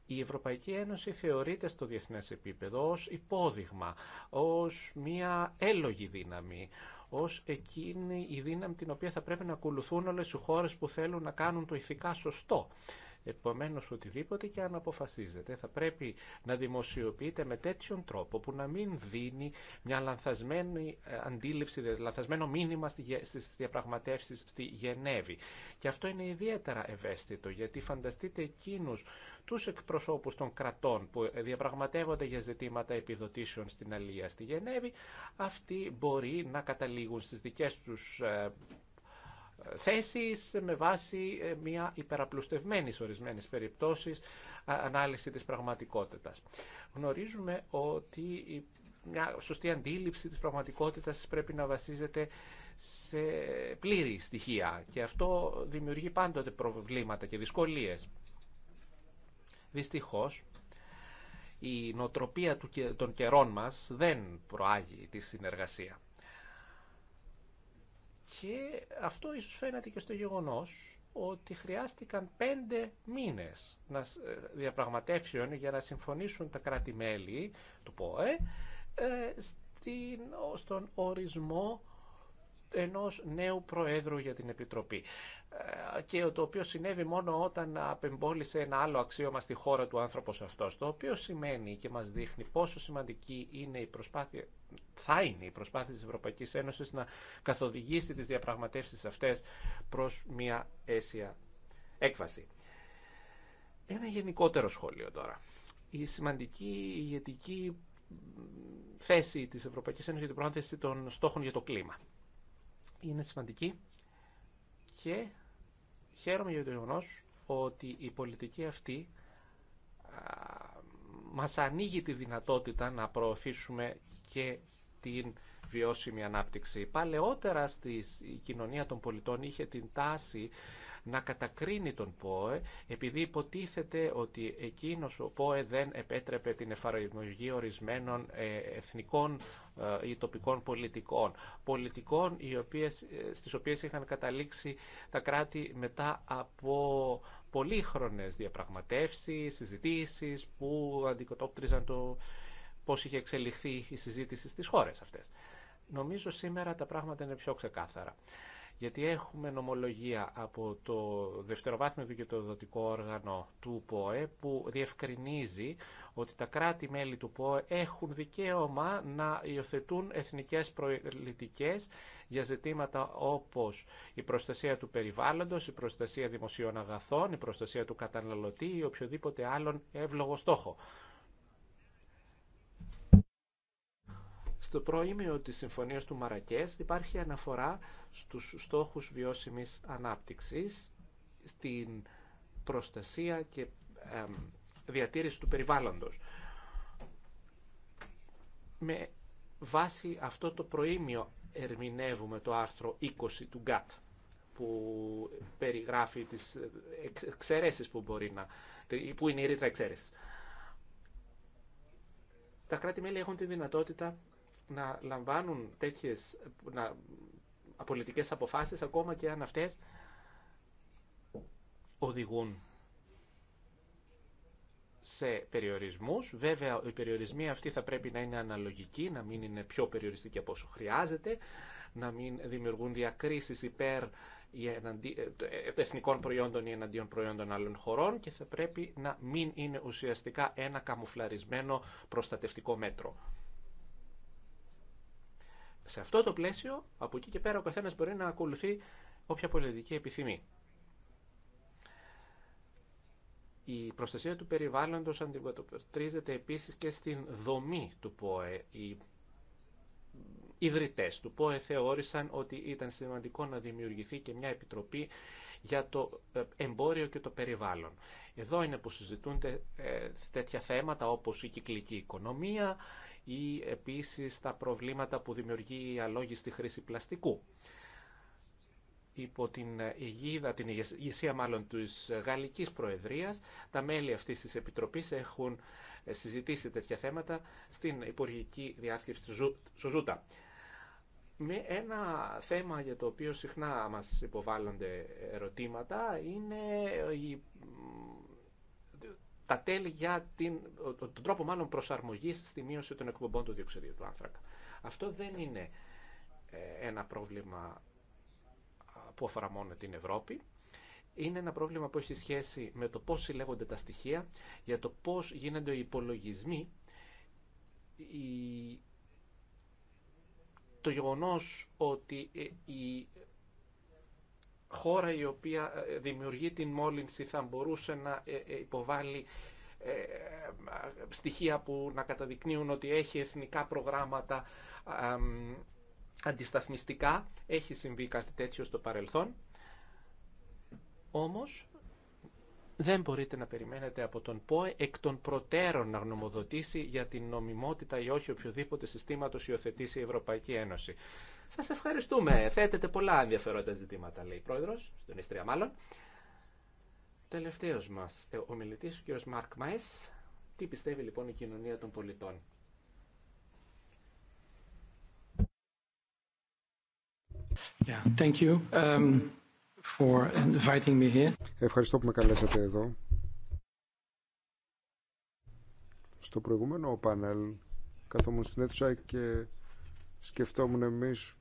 η Ευρωπαϊκή Ένωση θεωρείται στο διεθνές επίπεδο ως υπόδειγμα, ως μία έλογη δύναμη, ως εκείνη η δύναμη την οποία θα πρέπει να ακολουθούν όλες οι χώρες που θέλουν να κάνουν το ηθικά σωστό. Επομένως οτιδήποτε και αν αποφασίζεται θα πρέπει να δημοσιοποιείται με τέτοιον τρόπο που να μην δίνει μια λανθασμένη ε, αντίληψη, λανθασμένο μήνυμα στις διαπραγματεύσεις στη Γενέβη. Και αυτό είναι ιδιαίτερα ευαίσθητο γιατί φανταστείτε εκείνους τους εκπροσώπους των κρατών που ε, διαπραγματεύονται για ζητήματα επιδοτήσεων στην Αλία στη Γενέβη, αυτοί μπορεί να καταλήγουν στις δικές τους ε, θέσεις με βάση ε, μια υπεραπλουστευμένης ορισμένης περιπτώσεις ανάλυση της πραγματικότητας. Γνωρίζουμε ότι μια σωστή αντίληψη της πραγματικότητας πρέπει να βασίζεται σε πλήρη στοιχεία και αυτό δημιουργεί πάντοτε προβλήματα και δυσκολίες. Δυστυχώς, η νοτροπία των καιρών μας δεν προάγει τη συνεργασία. Και αυτό ίσως φαίνεται και στο γεγονός ότι χρειάστηκαν πέντε μήνες να ε, διαπραγματεύσεων για να συμφωνήσουν τα κράτη-μέλη του ΠΟΕ ε, στον ορισμό ενός νέου Προέδρου για την Επιτροπή. Ε, και το οποίο συνέβη μόνο όταν απεμπόλησε ένα άλλο αξίωμα στη χώρα του άνθρωπος αυτός, το οποίο σημαίνει και μας δείχνει πόσο σημαντική είναι η προσπάθεια, θα είναι η προσπάθεια της Ευρωπαϊκής Ένωσης να καθοδηγήσει τις διαπραγματεύσεις αυτές προς μια αίσια έκφαση. Ένα γενικότερο σχόλιο τώρα. Η σημαντική ηγετική θέση της Ευρωπαϊκής Ένωσης για την προάθεση των στόχων για το κλίμα. Είναι σημαντική και Χαίρομαι για το γεγονό ότι η πολιτική αυτή μας ανοίγει τη δυνατότητα να προωθήσουμε και την βιώσιμη ανάπτυξη. Παλαιότερα στη κοινωνία των πολιτών είχε την τάση να κατακρίνει τον ΠΟΕ επειδή υποτίθεται ότι εκείνος ο ΠΟΕ δεν επέτρεπε την εφαρμογή ορισμένων ε, εθνικών ε, ή τοπικών πολιτικών. Πολιτικών οι οποίες, ε, στις οποίες είχαν καταλήξει τα κράτη μετά από πολύχρονες διαπραγματεύσεις, συζητήσεις που αντικοτόπτριζαν το πώς είχε εξελιχθεί η συζήτηση στις χώρες αυτές. Νομίζω σήμερα τα πράγματα είναι πιο ξεκάθαρα γιατί έχουμε νομολογία από το δευτεροβάθμιο δικαιοδοτικό όργανο του ΠΟΕ που διευκρινίζει ότι τα κράτη-μέλη του ΠΟΕ έχουν δικαίωμα να υιοθετούν εθνικές πολιτικές για ζητήματα όπως η προστασία του περιβάλλοντος, η προστασία δημοσίων αγαθών, η προστασία του καταναλωτή ή οποιοδήποτε άλλον εύλογο στόχο. Στο προήμιο της Συμφωνίας του Μαρακές υπάρχει αναφορά στους στόχους βιώσιμης ανάπτυξης, στην προστασία και διατήρηση του περιβάλλοντος. Με βάση αυτό το προήμιο ερμηνεύουμε το άρθρο 20 του ΓΚΑΤ που περιγράφει τις ε, εξαιρέσεις που μπορεί να... που είναι η ρήτρα εξαίρεσης. Τα κράτη-μέλη έχουν τη δυνατότητα να λαμβάνουν τέτοιες... να πολιτικές αποφάσεις, ακόμα και αν αυτές οδηγούν σε περιορισμούς. Βέβαια, οι περιορισμοί αυτοί θα πρέπει να είναι αναλογικοί, να μην είναι πιο περιοριστικοί από όσο χρειάζεται, να μην δημιουργούν διακρίσεις υπέρ ε, ε, εθνικών προϊόντων ή εναντίον προϊόντων άλλων χωρών και θα πρέπει να μην είναι ουσιαστικά ένα καμουφλαρισμένο προστατευτικό μέτρο σε αυτό το πλαίσιο, από εκεί και πέρα ο καθένας μπορεί να ακολουθεί όποια πολιτική επιθυμεί. Η προστασία του περιβάλλοντος αντιμετωπίζεται επίσης και στην δομή του ΠΟΕ. Οι ιδρυτές του ΠΟΕ θεώρησαν ότι ήταν σημαντικό να δημιουργηθεί και μια επιτροπή για το ε, εμπόριο και το περιβάλλον. Εδώ είναι που συζητούνται ε, τέτοια θέματα όπως η κυκλική οικονομία, ή επίσης τα προβλήματα που δημιουργεί η αλόγιστη χρήση πλαστικού. Υπό την αιγίδα, την ηγεσία μάλλον της Γαλλικής Προεδρίας, τα μέλη υπο την ηγιδα την ηγεσια μαλλον της Επιτροπής έχουν συζητήσει τέτοια θέματα στην Υπουργική Διάσκεψη του Σοζούτα. Με ένα θέμα για το οποίο συχνά μας υποβάλλονται ερωτήματα είναι η τα τέλη για την, τον τρόπο μάλλον προσαρμογής στη μείωση των εκπομπών του διοξιδίου του άνθρακα. Αυτό δεν είναι ε, ένα πρόβλημα που αφορά μόνο την Ευρώπη. Είναι ένα πρόβλημα που έχει σχέση με το πώς συλλέγονται τα στοιχεία, για το πώς γίνονται οι υπολογισμοί. Το γεγονός ότι ε, η χώρα η οποία ε, δημιουργεί την μόλυνση θα μπορούσε να ε, ε, υποβάλει στοιχεία που να καταδεικνύουν ότι έχει εθνικά προγράμματα αντισταθμιστικά. Έχει συμβεί κάτι τέτοιο στο παρελθόν. Όμως δεν μπορείτε να περιμένετε από τον ΠΟΕ εκ των προτέρων να γνωμοδοτήσει για την νομιμότητα ή όχι οποιοδήποτε συστήματος υιοθετήσει η Ευρωπαϊκή Ένωση. Σας ευχαριστούμε. Θέτετε πολλά ενδιαφερόντα ζητήματα, λέει η πρόεδρος, στον Ιστρία μάλλον. Τελευταίος μας, ε, ο ο κύριος Μάρκ Μάι. Τι πιστεύει λοιπόν η κοινωνία των πολιτών. Yeah, thank you, um, for inviting me here. Ευχαριστώ που με καλέσατε εδώ. Στο προηγούμενο πάνελ καθόμουν στην αίθουσα και σκεφτόμουν εμείς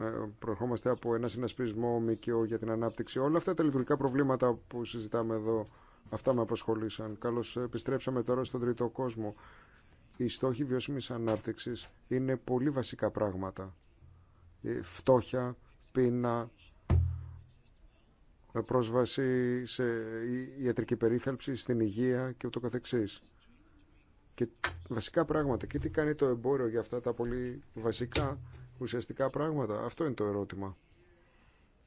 ε, προερχόμαστε από ένα συνασπισμό ΜΚΟ για την ανάπτυξη. Όλα αυτά τα λειτουργικά προβλήματα που συζητάμε εδώ, αυτά με απασχολήσαν. Καλώς επιστρέψαμε τώρα στον τρίτο κόσμο. Οι στόχοι βιώσιμη ανάπτυξη είναι πολύ βασικά πράγματα. Ε, φτώχεια, πείνα, ε, πρόσβαση σε ιατρική περίθαλψη, στην υγεία και ούτω καθεξής. Και βασικά πράγματα. Και τι κάνει το εμπόριο για αυτά τα πολύ βασικά ουσιαστικά πράγματα. Αυτό είναι το ερώτημα.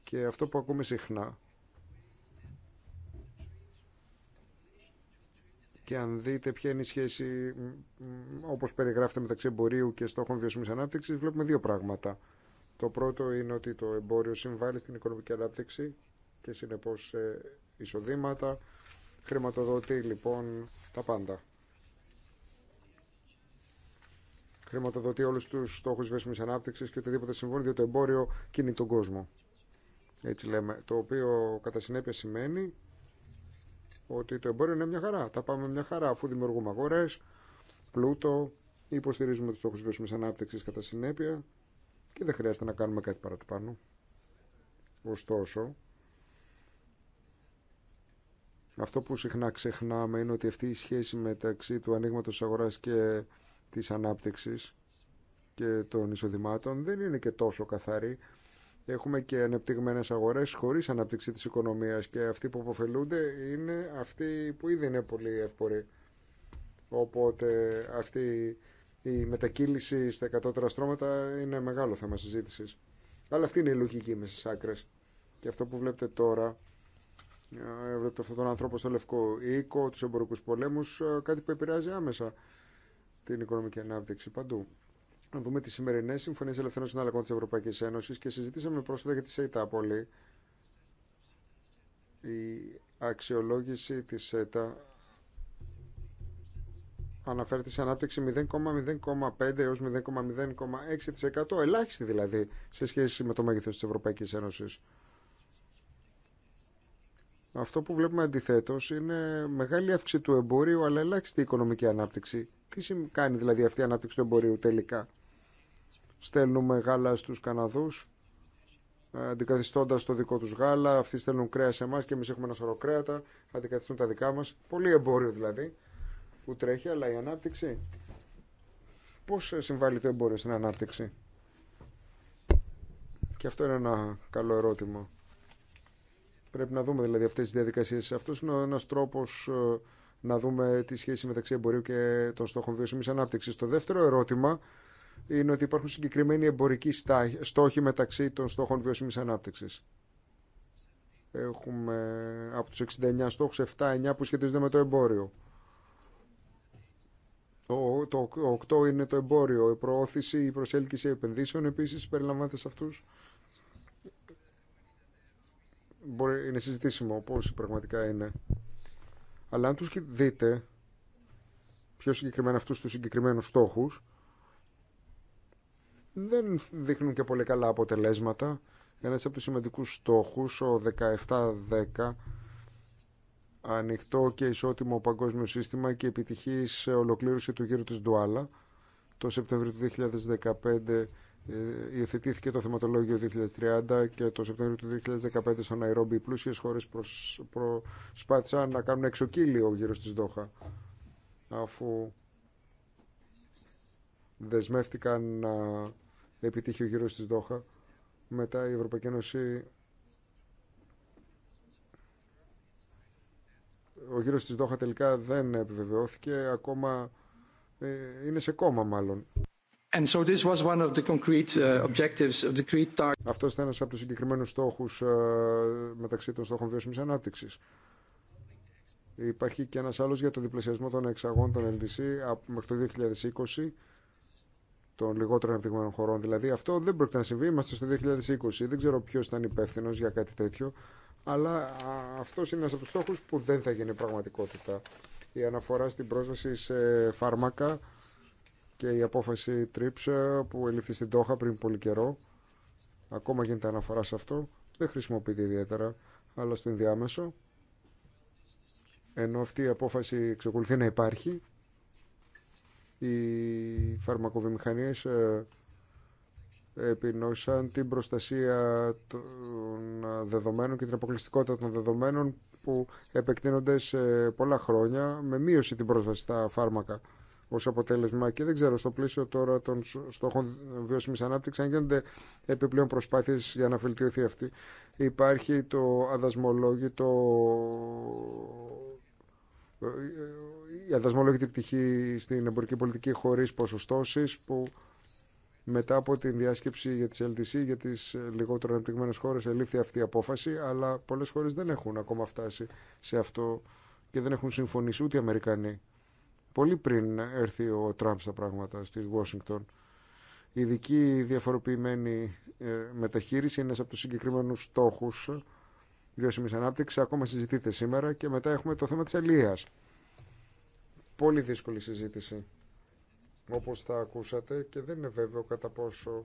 Και αυτό που ακούμε συχνά. Και αν δείτε ποια είναι η σχέση, όπως περιγράφεται μεταξύ εμπορίου και στόχων βιώσιμης ανάπτυξης, βλέπουμε δύο πράγματα. Το πρώτο είναι ότι το εμπόριο συμβάλλει στην οικονομική ανάπτυξη και συνεπώς εισοδήματα, χρηματοδοτεί λοιπόν τα πάντα. χρηματοδοτεί όλου του στόχου βέσιμη ανάπτυξη και οτιδήποτε συμβόλαιο διότι το εμπόριο κινεί τον κόσμο. Έτσι λέμε. Το οποίο κατά συνέπεια σημαίνει ότι το εμπόριο είναι μια χαρά. Τα πάμε μια χαρά αφού δημιουργούμε αγορέ, πλούτο, υποστηρίζουμε του στόχου βιώσιμη ανάπτυξη κατά συνέπεια και δεν χρειάζεται να κάνουμε κάτι παραπάνω. Ωστόσο, αυτό που συχνά ξεχνάμε είναι ότι αυτή η σχέση μεταξύ του ανοίγματο αγορά και της ανάπτυξης και των εισοδημάτων δεν είναι και τόσο καθαρή. Έχουμε και ανεπτυγμένες αγορές χωρίς ανάπτυξη της οικονομίας και αυτοί που αποφελούνται είναι αυτοί που ήδη είναι πολύ εύποροι. Οπότε αυτή η μετακύληση στα εκατότερα στρώματα είναι μεγάλο θέμα συζήτησης. Αλλά αυτή είναι η λογική με στις άκρες. Και αυτό που βλέπετε τώρα, ε, βλέπετε αυτόν τον άνθρωπο στο Λευκό Οίκο, τους εμπορικούς πολέμους, ε, κάτι που επηρεάζει άμεσα την οικονομική ανάπτυξη παντού. Να δούμε τι σημερινέ συμφωνίε ελευθερών συναλλαγών τη Ευρωπαϊκή Ένωση και συζητήσαμε πρόσφατα για τη ΣΕΙΤΑ πολύ. Η αξιολόγηση τη ΣΕΤΑ αναφέρεται σε ανάπτυξη 0,05 έως 0,06% ελάχιστη δηλαδή σε σχέση με το μέγεθος της Ευρωπαϊκής Ένωσης. Αυτό που βλέπουμε αντιθέτως είναι μεγάλη αύξηση του εμπόριου αλλά ελάχιστη οικονομική ανάπτυξη τι κάνει δηλαδή αυτή η ανάπτυξη του εμπορίου τελικά. Στέλνουμε γάλα στους Καναδούς, ε, αντικαθιστώντας το δικό τους γάλα, αυτοί στέλνουν κρέα σε εμά και εμείς έχουμε ένα σωρό κρέατα, αντικαθιστούν τα δικά μας. Πολύ εμπόριο δηλαδή που τρέχει, αλλά η ανάπτυξη. Πώς ε, συμβάλλει το εμπόριο στην ανάπτυξη. Και αυτό είναι ένα καλό ερώτημα. Πρέπει να δούμε δηλαδή αυτές τις διαδικασίες. Αυτός είναι ένας τρόπος ε, να δούμε τη σχέση μεταξύ εμπορίου και των στόχων βιώσιμη ανάπτυξη. Το δεύτερο ερώτημα είναι ότι υπάρχουν συγκεκριμένοι εμπορικοί στόχοι μεταξύ των στόχων βιώσιμη ανάπτυξη. Έχουμε από του 69 στοχου 7 7-9 που σχετίζονται με το εμπόριο. Το, το 8 είναι το εμπόριο, η προώθηση, η προσέλκυση επενδύσεων επίση περιλαμβάνεται σε αυτούς. είναι συζητήσιμο πώς πραγματικά είναι αλλά αν τους δείτε πιο συγκεκριμένα αυτούς τους συγκεκριμένους στόχους δεν δείχνουν και πολύ καλά αποτελέσματα. Ένα από τους σημαντικούς στόχους, ο 17-10, ανοιχτό και ισότιμο παγκόσμιο σύστημα και επιτυχής ολοκλήρωση του γύρου της Ντουάλα. Το Σεπτεμβρίο του 2015 ε, υιοθετήθηκε το θεματολόγιο 2030 και το Σεπτέμβριο του 2015 στο Ναϊρόμπι. Οι πλούσιες χώρες προσπάθησαν να κάνουν εξοκύλιο γύρω στις Δόχα αφού δεσμεύτηκαν να επιτύχει ο γύρος της Δόχα. Μετά η Ευρωπαϊκή Ένωση ο γύρος της Δόχα τελικά δεν επιβεβαιώθηκε, ακόμα ε, είναι σε κόμμα μάλλον. Uh, αυτό ήταν ένα από τους συγκεκριμένους στόχους ε, μεταξύ των στόχων βιώσιμη ανάπτυξη. Υπάρχει και ένα άλλο για το διπλασιασμό των εξαγών των LDC μέχρι το 2020 των λιγότερων αναπτυγμένων χωρών. Δηλαδή αυτό δεν πρόκειται να συμβεί. Είμαστε στο 2020. Δεν ξέρω ποιο ήταν υπεύθυνο για κάτι τέτοιο. Αλλά αυτό είναι ένα από του στόχου που δεν θα γίνει πραγματικότητα. Η αναφορά στην πρόσβαση σε φάρμακα και η απόφαση TRIPS ε, που ελήφθη στην Τόχα πριν πολύ καιρό. Ακόμα γίνεται αναφορά σε αυτό. Δεν χρησιμοποιείται ιδιαίτερα, αλλά στο διάμεσο, Ενώ αυτή η απόφαση εξακολουθεί να υπάρχει, οι φαρμακοβιομηχανίες ε, επινόησαν την προστασία των δεδομένων και την αποκλειστικότητα των δεδομένων που επεκτείνονται σε πολλά χρόνια με μείωση την πρόσβαση στα φάρμακα. Ω αποτέλεσμα και δεν ξέρω στο πλαίσιο τώρα των στόχων βιώσιμη ανάπτυξη, αν γίνονται επιπλέον προσπάθειε για να φελτιωθεί αυτή. Υπάρχει το αδασμολόγητο ε, η αδασμολόγητη πτυχή στην εμπορική πολιτική χωρίς ποσοστώσεις που μετά από την διάσκεψη για τις LTC, για τις λιγότερο αναπτυγμένες χώρες, ελήφθη αυτή η απόφαση, αλλά πολλές χώρες δεν έχουν ακόμα φτάσει σε αυτό και δεν έχουν συμφωνήσει ούτε οι Αμερικανοί πολύ πριν έρθει ο Τραμπ στα πράγματα στη Βόσιγκτον, Η ειδική διαφοροποιημένη ε, μεταχείριση είναι από του συγκεκριμένους στόχους βιώσιμη ανάπτυξη. Ακόμα συζητείται σήμερα και μετά έχουμε το θέμα της αλίας. Πολύ δύσκολη συζήτηση, όπως θα ακούσατε και δεν είναι βέβαιο κατά πόσο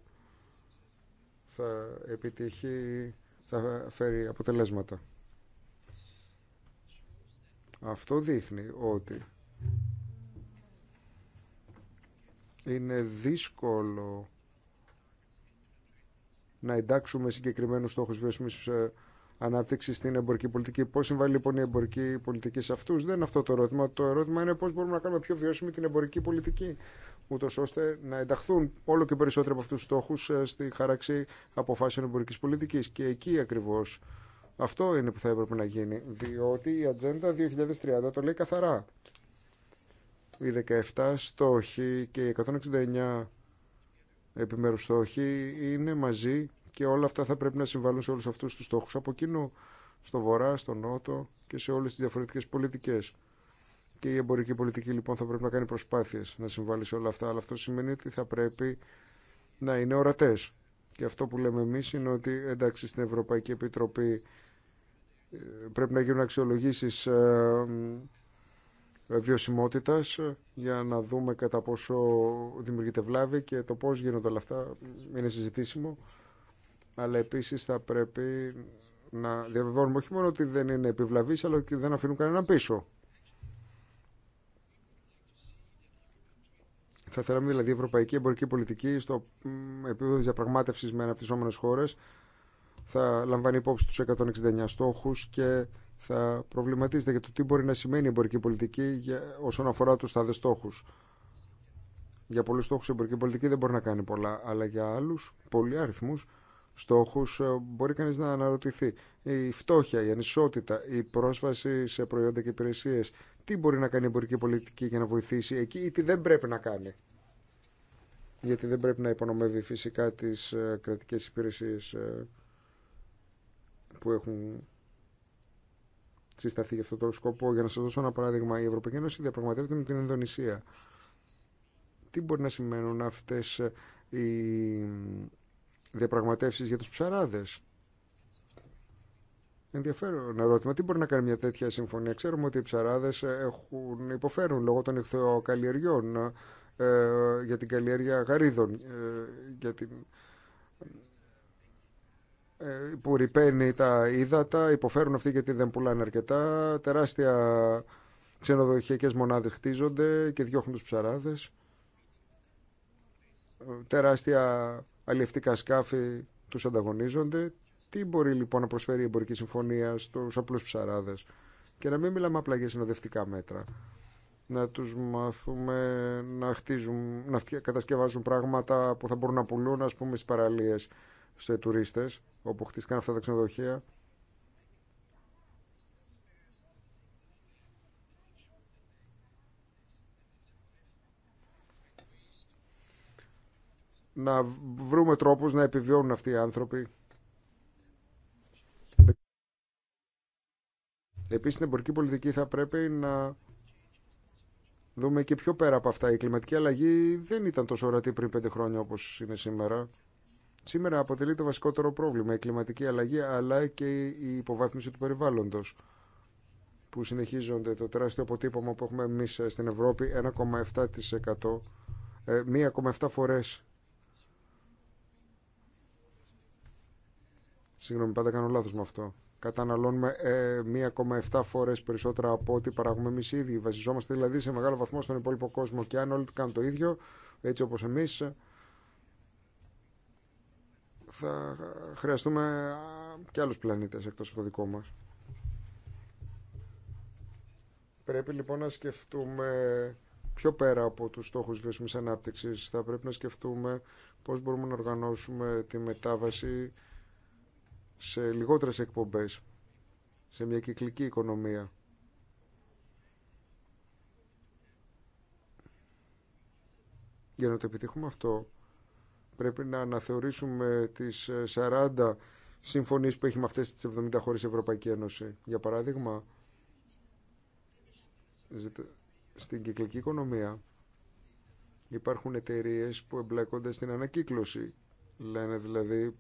θα επιτύχει, θα φέρει αποτελέσματα. Αυτό δείχνει ότι είναι δύσκολο να εντάξουμε συγκεκριμένους στόχους βιώσιμης ε, ανάπτυξη στην εμπορική πολιτική. Πώ συμβάλλει λοιπόν η εμπορική πολιτική σε αυτού, δεν είναι αυτό το ερώτημα. Το ερώτημα είναι πώ μπορούμε να κάνουμε πιο βιώσιμη την εμπορική πολιτική, ούτω ώστε να ενταχθούν όλο και περισσότερο από αυτού του στόχου ε, στη χάραξη αποφάσεων εμπορική πολιτική. Και εκεί ακριβώ αυτό είναι που θα έπρεπε να γίνει. Διότι η Ατζέντα 2030 το λέει καθαρά. Οι 17 στόχοι και οι 169 επιμέρους στόχοι είναι μαζί και όλα αυτά θα πρέπει να συμβάλλουν σε όλους αυτούς τους στόχους από κοινού, στο βορρά, στο νότο και σε όλες τις διαφορετικές πολιτικές. Και η εμπορική πολιτική λοιπόν θα πρέπει να κάνει προσπάθειες να συμβάλλει σε όλα αυτά, αλλά αυτό σημαίνει ότι θα πρέπει να είναι ορατές. Και αυτό που λέμε εμείς είναι ότι εντάξει στην Ευρωπαϊκή Επιτροπή ε, πρέπει να γίνουν αξιολογήσεις ε, ε, βιωσιμότητας ε, για να δούμε κατά πόσο δημιουργείται βλάβη και το πώς γίνονται όλα αυτά είναι συζητήσιμο αλλά επίσης θα πρέπει να διαβεβαιώνουμε όχι μόνο ότι δεν είναι επιβλαβής αλλά ότι δεν αφήνουν κανέναν πίσω. Θα θέλαμε δηλαδή η ευρωπαϊκή εμπορική πολιτική στο επίπεδο τη διαπραγμάτευση με αναπτυσσόμενε χώρες θα λαμβάνει υπόψη του 169 στόχου. και θα προβληματίζεται για το τι μπορεί να σημαίνει η εμπορική πολιτική για, όσον αφορά τους τάδε στόχους. Για πολλούς στόχους η εμπορική πολιτική δεν μπορεί να κάνει πολλά, αλλά για άλλους, πολλοί αριθμούς, στόχους ε, μπορεί κανείς να αναρωτηθεί. Η φτώχεια, η ανισότητα, η πρόσβαση σε προϊόντα και υπηρεσίες, τι μπορεί να κάνει η εμπορική πολιτική για να βοηθήσει εκεί ή τι δεν πρέπει να κάνει. Γιατί δεν πρέπει να υπονομεύει φυσικά τις ε, κρατικές υπηρεσίες ε, που έχουν συσταθεί για αυτό το σκοπό. Για να σα δώσω ένα παράδειγμα, η Ευρωπαϊκή Ένωση διαπραγματεύεται με την Ινδονησία. Τι μπορεί να σημαίνουν αυτέ ε, οι διαπραγματεύσει για του ψαράδε. Ενδιαφέρον ερώτημα. Τι μπορεί να κάνει μια τέτοια συμφωνία. Ξέρουμε ότι οι ψαράδε ε, υποφέρουν λόγω των εχθεοκαλλιεργιών ε, για την καλλιέργεια γαρίδων. για την ε, που ρηπαίνει τα ύδατα, υποφέρουν αυτοί γιατί δεν πουλάνε αρκετά, τεράστια ξενοδοχειακές μονάδες χτίζονται και διώχνουν τους ψαράδες, ε, τεράστια αλλιευτικά σκάφη τους ανταγωνίζονται. Τι μπορεί λοιπόν να προσφέρει η εμπορική συμφωνία στους απλούς ψαράδες και να μην μιλάμε απλά για συνοδευτικά μέτρα. Να τους μάθουμε να, χτίζουν, να κατασκευάζουν πράγματα που θα μπορούν να πουλούν ας πούμε στις παραλίες σε τουρίστες όπου χτίστηκαν αυτά τα ξενοδοχεία. Να βρούμε τρόπους να επιβιώνουν αυτοί οι άνθρωποι. Επίσης, στην εμπορική πολιτική θα πρέπει να δούμε και πιο πέρα από αυτά. Η κλιματική αλλαγή δεν ήταν τόσο ορατή πριν πέντε χρόνια όπως είναι σήμερα σήμερα αποτελεί το βασικότερο πρόβλημα, η κλιματική αλλαγή αλλά και η υποβάθμιση του περιβάλλοντος που συνεχίζονται το τεράστιο αποτύπωμα που έχουμε εμείς ε, στην Ευρώπη 1,7% 1,7 ε, φορές συγγνώμη πάντα κάνω λάθος με αυτό καταναλώνουμε 1,7 ε, φορές περισσότερα από ό,τι παράγουμε εμείς ήδη βασιζόμαστε δηλαδή σε μεγάλο βαθμό στον υπόλοιπο κόσμο και αν όλοι κάνουν το ίδιο έτσι όπως εμείς θα χρειαστούμε και άλλους πλανήτες εκτός από το δικό μας. Πρέπει λοιπόν να σκεφτούμε πιο πέρα από τους στόχους βιώσιμης ανάπτυξης. Θα πρέπει να σκεφτούμε πώς μπορούμε να οργανώσουμε τη μετάβαση σε λιγότερες εκπομπές, σε μια κυκλική οικονομία. Για να το επιτύχουμε αυτό, Πρέπει να αναθεωρήσουμε τις 40 ε, συμφωνίες που έχει με αυτές τις 70 χώρες Ευρωπαϊκή Ένωση. Για παράδειγμα, στην κυκλική οικονομία υπάρχουν εταιρείε που εμπλέκονται στην ανακύκλωση. Λένε δηλαδή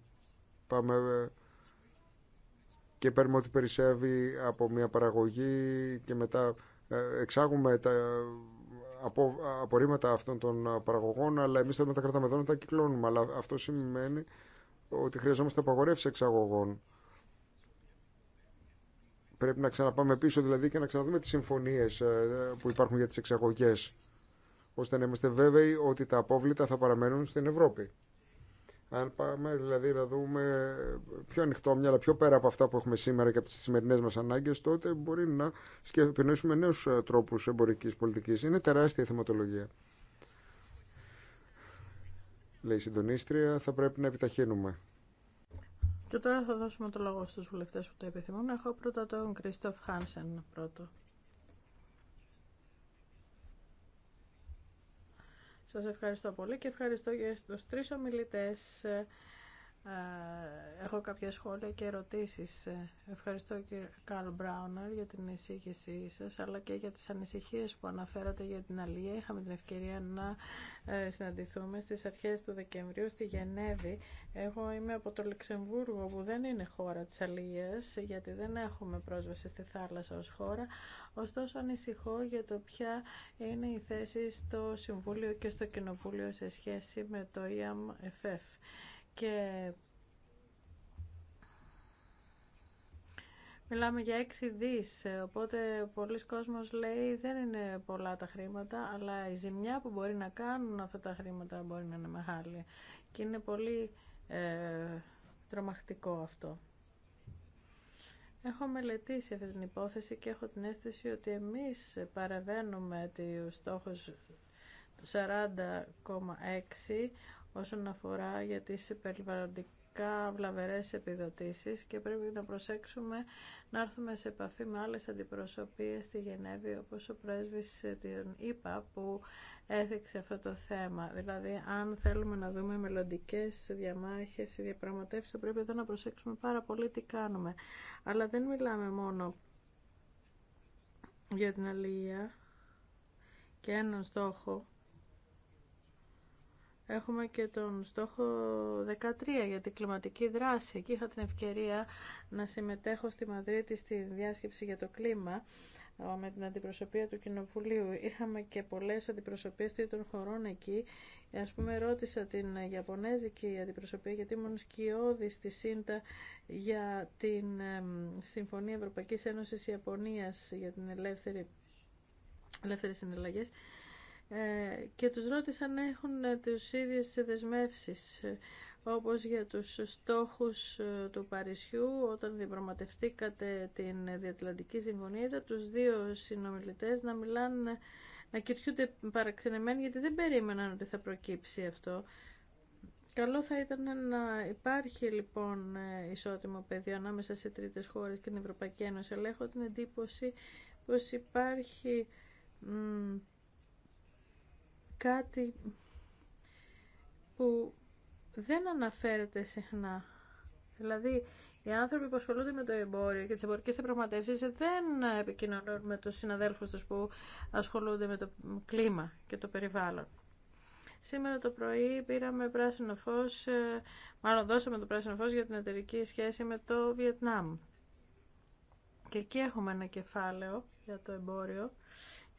πάμε και παίρνουμε ό,τι περισσεύει από μια παραγωγή και μετά ε, εξάγουμε τα απο, απορρίμματα αυτών των ε, παραγωγών, αλλά εμεί θέλουμε τα κρατάμε εδώ να τα κυκλώνουμε. Αλλά αυτό σημαίνει ότι χρειαζόμαστε απαγορεύσει εξαγωγών. Πρέπει να ξαναπάμε πίσω δηλαδή και να ξαναδούμε τι συμφωνίε ε, που υπάρχουν για τι εξαγωγέ, ώστε να είμαστε βέβαιοι ότι τα απόβλητα θα παραμένουν στην Ευρώπη. Αν πάμε δηλαδή να δούμε πιο ανοιχτό αλλά πιο πέρα από αυτά που έχουμε σήμερα και από τι σημερινέ μα ανάγκε, τότε μπορεί να επινοήσουμε νέου ε, τρόπου εμπορική πολιτική. Είναι τεράστια η θεματολογία. Λέει η συντονίστρια, θα πρέπει να επιταχύνουμε. Και τώρα θα δώσουμε το λόγο στους βουλευτές που το επιθυμούν. Έχω πρώτα τον Κρίστοφ Χάνσεν πρώτο. Σας ευχαριστώ πολύ και ευχαριστώ για τους τρεις ομιλητές έχω κάποια σχόλια και ερωτήσεις. Ε, ευχαριστώ κύριε Καρλ Μπράουνερ για την εισήγησή σας, αλλά και για τις ανησυχίες που αναφέρατε για την Αλία. Είχαμε την ευκαιρία να ε, συναντηθούμε στις αρχές του Δεκεμβρίου στη Γενέβη. Εγώ είμαι από το Λεξεμβούργο που δεν είναι χώρα της Αλίας, γιατί δεν έχουμε πρόσβαση στη θάλασσα ως χώρα. Ωστόσο ανησυχώ για το ποια είναι η θέση στο Συμβούλιο και στο Κοινοβούλιο σε σχέση με το EMFF και Μιλάμε για 6 δις, οπότε πολλοί κόσμος λέει δεν είναι πολλά τα χρήματα, αλλά η ζημιά που μπορεί να κάνουν αυτά τα χρήματα μπορεί να είναι μεγάλη. Και είναι πολύ ε, τρομακτικό αυτό. Έχω μελετήσει αυτή την υπόθεση και έχω την αίσθηση ότι εμείς παραβαίνουμε ο στόχος του 40,6 όσον αφορά για τις περιβαλλοντικά βλαβερές επιδοτήσεις και πρέπει να προσέξουμε να έρθουμε σε επαφή με άλλες αντιπροσωπείες στη Γενέβη όπως ο πρέσβης την που έθιξε αυτό το θέμα. Δηλαδή αν θέλουμε να δούμε μελλοντικέ διαμάχες ή διαπραγματεύσεις θα πρέπει εδώ να προσέξουμε πάρα πολύ τι κάνουμε. Αλλά δεν μιλάμε μόνο για την αλληλεία και έναν στόχο Έχουμε και τον στόχο 13 για την κλιματική δράση. Εκεί είχα την ευκαιρία να συμμετέχω στη Μαδρίτη στη διάσκεψη για το κλίμα με την αντιπροσωπεία του Κοινοβουλίου. Είχαμε και πολλές αντιπροσωπείες τρίτων χωρών εκεί. Ας πούμε ρώτησα την Ιαπωνέζικη αντιπροσωπεία γιατί ήμουν σκιώδη στη ΣΥΝΤΑ για την Συμφωνία Ευρωπαϊκής Ένωσης Ιαπωνίας για την ελεύθερη, ελεύθερη ε, και τους ρώτησαν αν έχουν ε, τις ίδιες δεσμεύσεις ε, όπως για τους στόχους του Παρισιού όταν διαπραγματευτήκατε την Διατλαντική Συμφωνία είδα τους δύο συνομιλητές να μιλάνε να κοιτούνται παραξενεμένοι γιατί δεν περίμεναν ότι θα προκύψει αυτό. Καλό θα ήταν να υπάρχει λοιπόν ισότιμο πεδίο ανάμεσα σε τρίτες χώρες και την Ευρωπαϊκή Ένωση αλλά έχω την εντύπωση πως υπάρχει κάτι που δεν αναφέρεται συχνά. Δηλαδή, οι άνθρωποι που ασχολούνται με το εμπόριο και τι εμπορικέ διαπραγματεύσει δεν επικοινωνούν με του συναδέλφου του που ασχολούνται με το κλίμα και το περιβάλλον. Σήμερα το πρωί πήραμε πράσινο φως, ε, μάλλον δώσαμε το πράσινο φως για την εταιρική σχέση με το Βιετνάμ. Και εκεί έχουμε ένα κεφάλαιο για το εμπόριο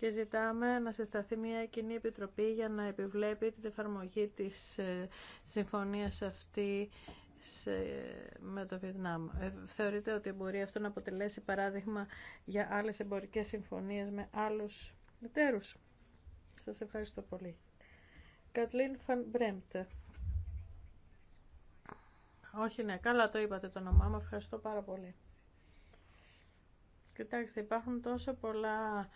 και ζητάμε να συσταθεί μια κοινή επιτροπή για να επιβλέπει την εφαρμογή της ε, συμφωνίας αυτή ε, με το Βιετνάμ. Ε, θεωρείτε ότι μπορεί αυτό να αποτελέσει παράδειγμα για άλλες εμπορικές συμφωνίες με άλλους εταίρους. Σας ευχαριστώ πολύ. Κατλίν Φαν Μπρέμπτ. Όχι, ναι, καλά το είπατε το όνομά μου. Ευχαριστώ πάρα πολύ. Κοιτάξτε, υπάρχουν τόσο πολλά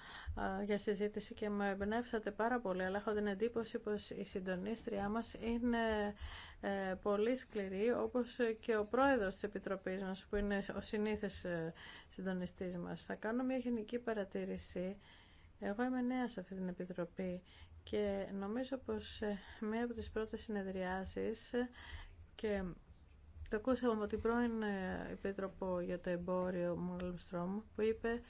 για συζήτηση και με εμπνεύσατε πάρα πολύ, αλλά έχω την εντύπωση πως η συντονίστριά μας είναι ε, πολύ σκληρή, όπως και ο πρόεδρος της Επιτροπής μας, που είναι ο συνήθες ε, συντονιστής μας. Θα κάνω μια γενική παρατήρηση. Εγώ είμαι νέα σε αυτή την Επιτροπή και νομίζω πως ε, μία από τις πρώτες συνεδριάσεις το ακούσαμε από την πρώην ε, Επίτροπο για το εμπόριο Μόλμστρομ που είπε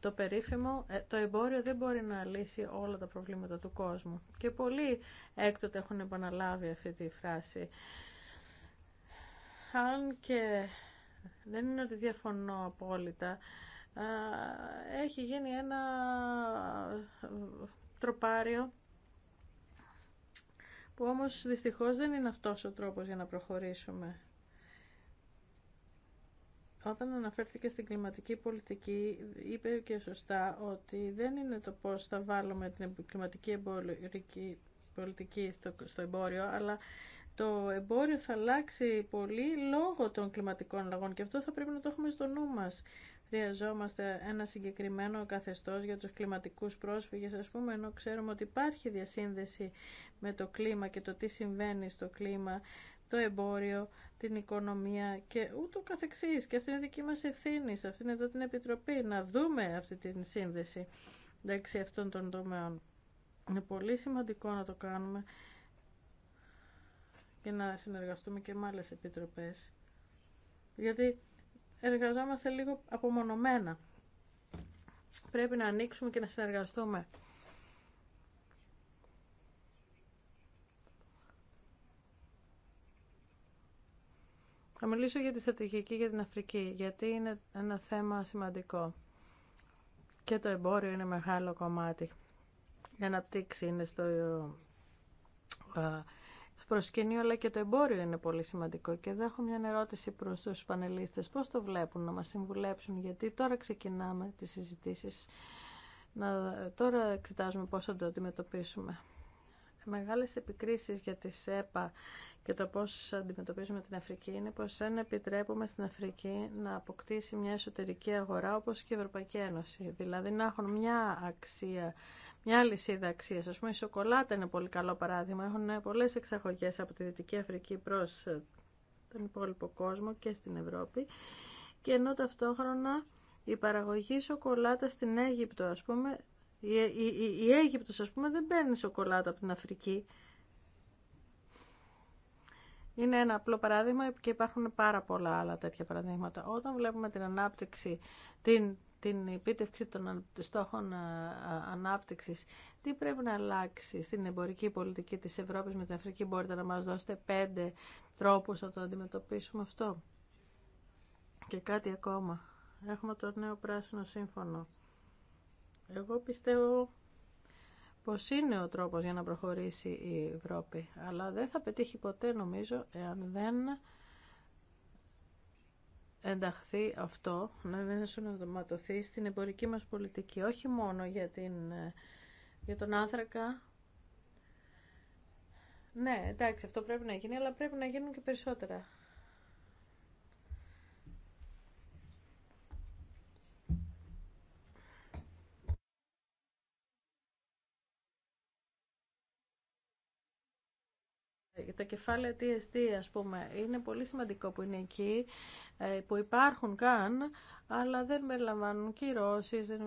το περίφημο ε, το εμπόριο δεν μπορεί να λύσει όλα τα προβλήματα του κόσμου. Και πολλοί έκτοτε έχουν επαναλάβει αυτή τη φράση. Αν και δεν είναι ότι διαφωνώ απόλυτα, έχει γίνει ένα ε, τροπάριο που όμως δυστυχώς δεν είναι αυτός ο τρόπος για να προχωρήσουμε όταν αναφέρθηκε στην κλιματική πολιτική, είπε και σωστά ότι δεν είναι το πώς θα βάλουμε την κλιματική πολιτική στο, εμπόριο, αλλά το εμπόριο θα αλλάξει πολύ λόγω των κλιματικών αλλαγών και αυτό θα πρέπει να το έχουμε στο νου μας. Χρειαζόμαστε ένα συγκεκριμένο καθεστώς για τους κλιματικούς πρόσφυγες, ας πούμε, ενώ ξέρουμε ότι υπάρχει διασύνδεση με το κλίμα και το τι συμβαίνει στο κλίμα το εμπόριο, την οικονομία και ούτω καθεξής. Και αυτή είναι δική μας ευθύνη, σε αυτήν εδώ την Επιτροπή, να δούμε αυτή την σύνδεση εντάξει, αυτών των τομέων. Είναι πολύ σημαντικό να το κάνουμε και να συνεργαστούμε και με άλλες επιτροπές. Γιατί εργαζόμαστε λίγο απομονωμένα. Πρέπει να ανοίξουμε και να συνεργαστούμε. Θα μιλήσω για τη στρατηγική για την Αφρική, γιατί είναι ένα θέμα σημαντικό. Και το εμπόριο είναι μεγάλο κομμάτι. Η αναπτύξη είναι στο ε, προσκήνιο, αλλά και το εμπόριο είναι πολύ σημαντικό. Και εδώ έχω μια ερώτηση προς τους πανελίστες. Πώς το βλέπουν να μας συμβουλέψουν, γιατί τώρα ξεκινάμε τις συζητήσεις. Να, τώρα εξετάζουμε πώς θα το αντιμετωπίσουμε μεγάλες επικρίσεις για τη ΣΕΠΑ και το πώς αντιμετωπίζουμε την Αφρική είναι πως δεν επιτρέπουμε στην Αφρική να αποκτήσει μια εσωτερική αγορά όπως και η Ευρωπαϊκή Ένωση. Δηλαδή να έχουν μια αξία, μια λυσίδα αξία. Ας πούμε η σοκολάτα είναι πολύ καλό παράδειγμα. Έχουν πολλές εξαγωγές από τη Δυτική Αφρική προς ε, τον υπόλοιπο κόσμο και στην Ευρώπη. Και ενώ ταυτόχρονα η παραγωγή σοκολάτα στην Αίγυπτο, ας πούμε, η, η, η Αίγυπτος, ας πούμε, δεν παίρνει σοκολάτα από την Αφρική. Είναι ένα απλό παράδειγμα και υπάρχουν πάρα πολλά άλλα τέτοια παραδείγματα. Όταν βλέπουμε την ανάπτυξη, την, την επίτευξη των στόχων ανάπτυξης, τι πρέπει να αλλάξει στην εμπορική πολιτική της Ευρώπης με την Αφρική. Μπορείτε να μας δώσετε πέντε τρόπους να το αντιμετωπίσουμε αυτό. Και κάτι ακόμα. Έχουμε το νέο πράσινο σύμφωνο. Εγώ πιστεύω πως είναι ο τρόπος για να προχωρήσει η Ευρώπη, αλλά δεν θα πετύχει ποτέ νομίζω εάν δεν ενταχθεί αυτό, να δεν συνοδοματωθεί στην εμπορική μας πολιτική, όχι μόνο για, την, για τον άνθρακα. Ναι, εντάξει, αυτό πρέπει να γίνει, αλλά πρέπει να γίνουν και περισσότερα. τα κεφάλαια TSD ας πούμε είναι πολύ σημαντικό που είναι εκεί ε, που υπάρχουν καν αλλά δεν περιλαμβάνουν κυρώσεις δεν...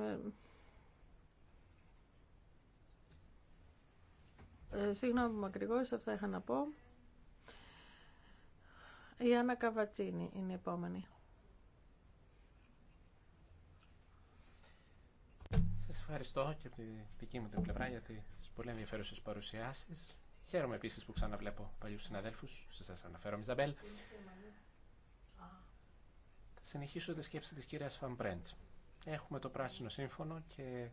Ε, συγγνώμη που αυτά είχα να πω. Η Άννα Καβατσίνη είναι η επόμενη. Σας ευχαριστώ και από τη δική μου την πλευρά για τις πολύ ενδιαφέρουσες παρουσιάσεις. Χαίρομαι επίση που ξαναβλέπω παλιού συναδέλφους, σε σας αναφέρομαι Ιζαμπέλ. Θα συνεχίσω τη σκέψη της κυρίας Φαμπρέντ. Έχουμε το πράσινο σύμφωνο και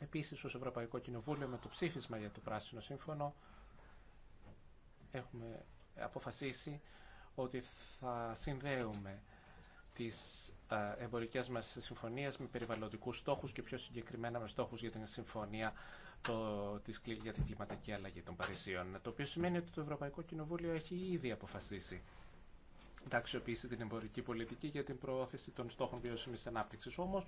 επίσης ω Ευρωπαϊκό Κοινοβούλιο με το ψήφισμα για το πράσινο σύμφωνο έχουμε αποφασίσει ότι θα συνδέουμε τις εμπορικές μας συμφωνίες με περιβαλλοντικούς στόχους και πιο συγκεκριμένα με στόχους για την συμφωνία το, της, για την κλιματική αλλαγή των Παρισίων, το οποίο σημαίνει ότι το Ευρωπαϊκό Κοινοβούλιο έχει ήδη αποφασίσει να αξιοποιήσει την εμπορική πολιτική για την προώθηση των στόχων βιώσιμη ανάπτυξη. Όμω,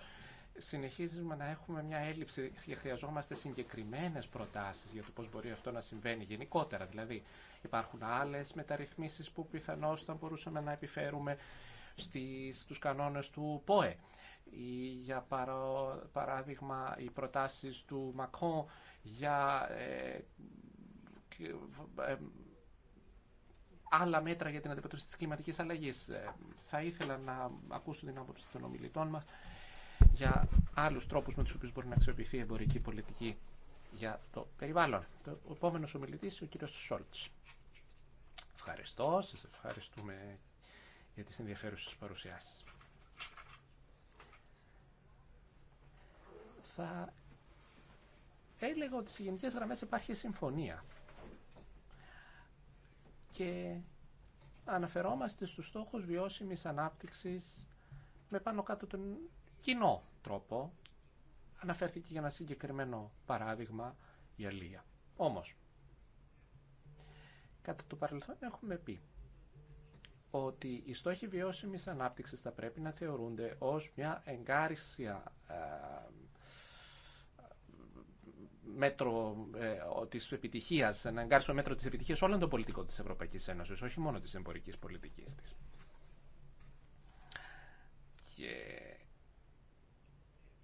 συνεχίζουμε να έχουμε μια έλλειψη και χρειαζόμαστε συγκεκριμένε προτάσει για το πώ μπορεί αυτό να συμβαίνει γενικότερα. Δηλαδή, υπάρχουν άλλε μεταρρυθμίσει που πιθανώ θα μπορούσαμε να επιφέρουμε στους κανόνες του ΠΟΕ ή για παράδειγμα οι προτάσεις του Μακρόν για ε, ε, ε, άλλα μέτρα για την αντιμετώπιση της κλιματικής αλλαγής. Θα ήθελα να ακούσω την άποψη των ομιλητών μας για άλλους τρόπους με τους οποίους μπορεί να αξιοποιηθεί η εμπορική πολιτική για το περιβάλλον. Ο επόμενο ομιλητή ο κύριο Σόλτ. Ευχαριστώ, σα ευχαριστούμε για τι ενδιαφέρουσε παρουσιάσει. θα έλεγα ότι στις γενικές γραμμές υπάρχει συμφωνία. Και αναφερόμαστε στους στόχους βιώσιμης ανάπτυξης με πάνω κάτω τον κοινό τρόπο. Αναφέρθηκε για ένα συγκεκριμένο παράδειγμα η Αλία. Όμως, κατά το παρελθόν έχουμε πει ότι οι στόχοι βιώσιμης ανάπτυξης θα πρέπει να θεωρούνται ως μια ε, μέτρο ε, της επιτυχίας, ένα εγκάρσιο μέτρο της επιτυχίας όλων των πολιτικών τη Ευρωπαϊκή Ένωση, όχι μόνο τη εμπορική πολιτική τη. Και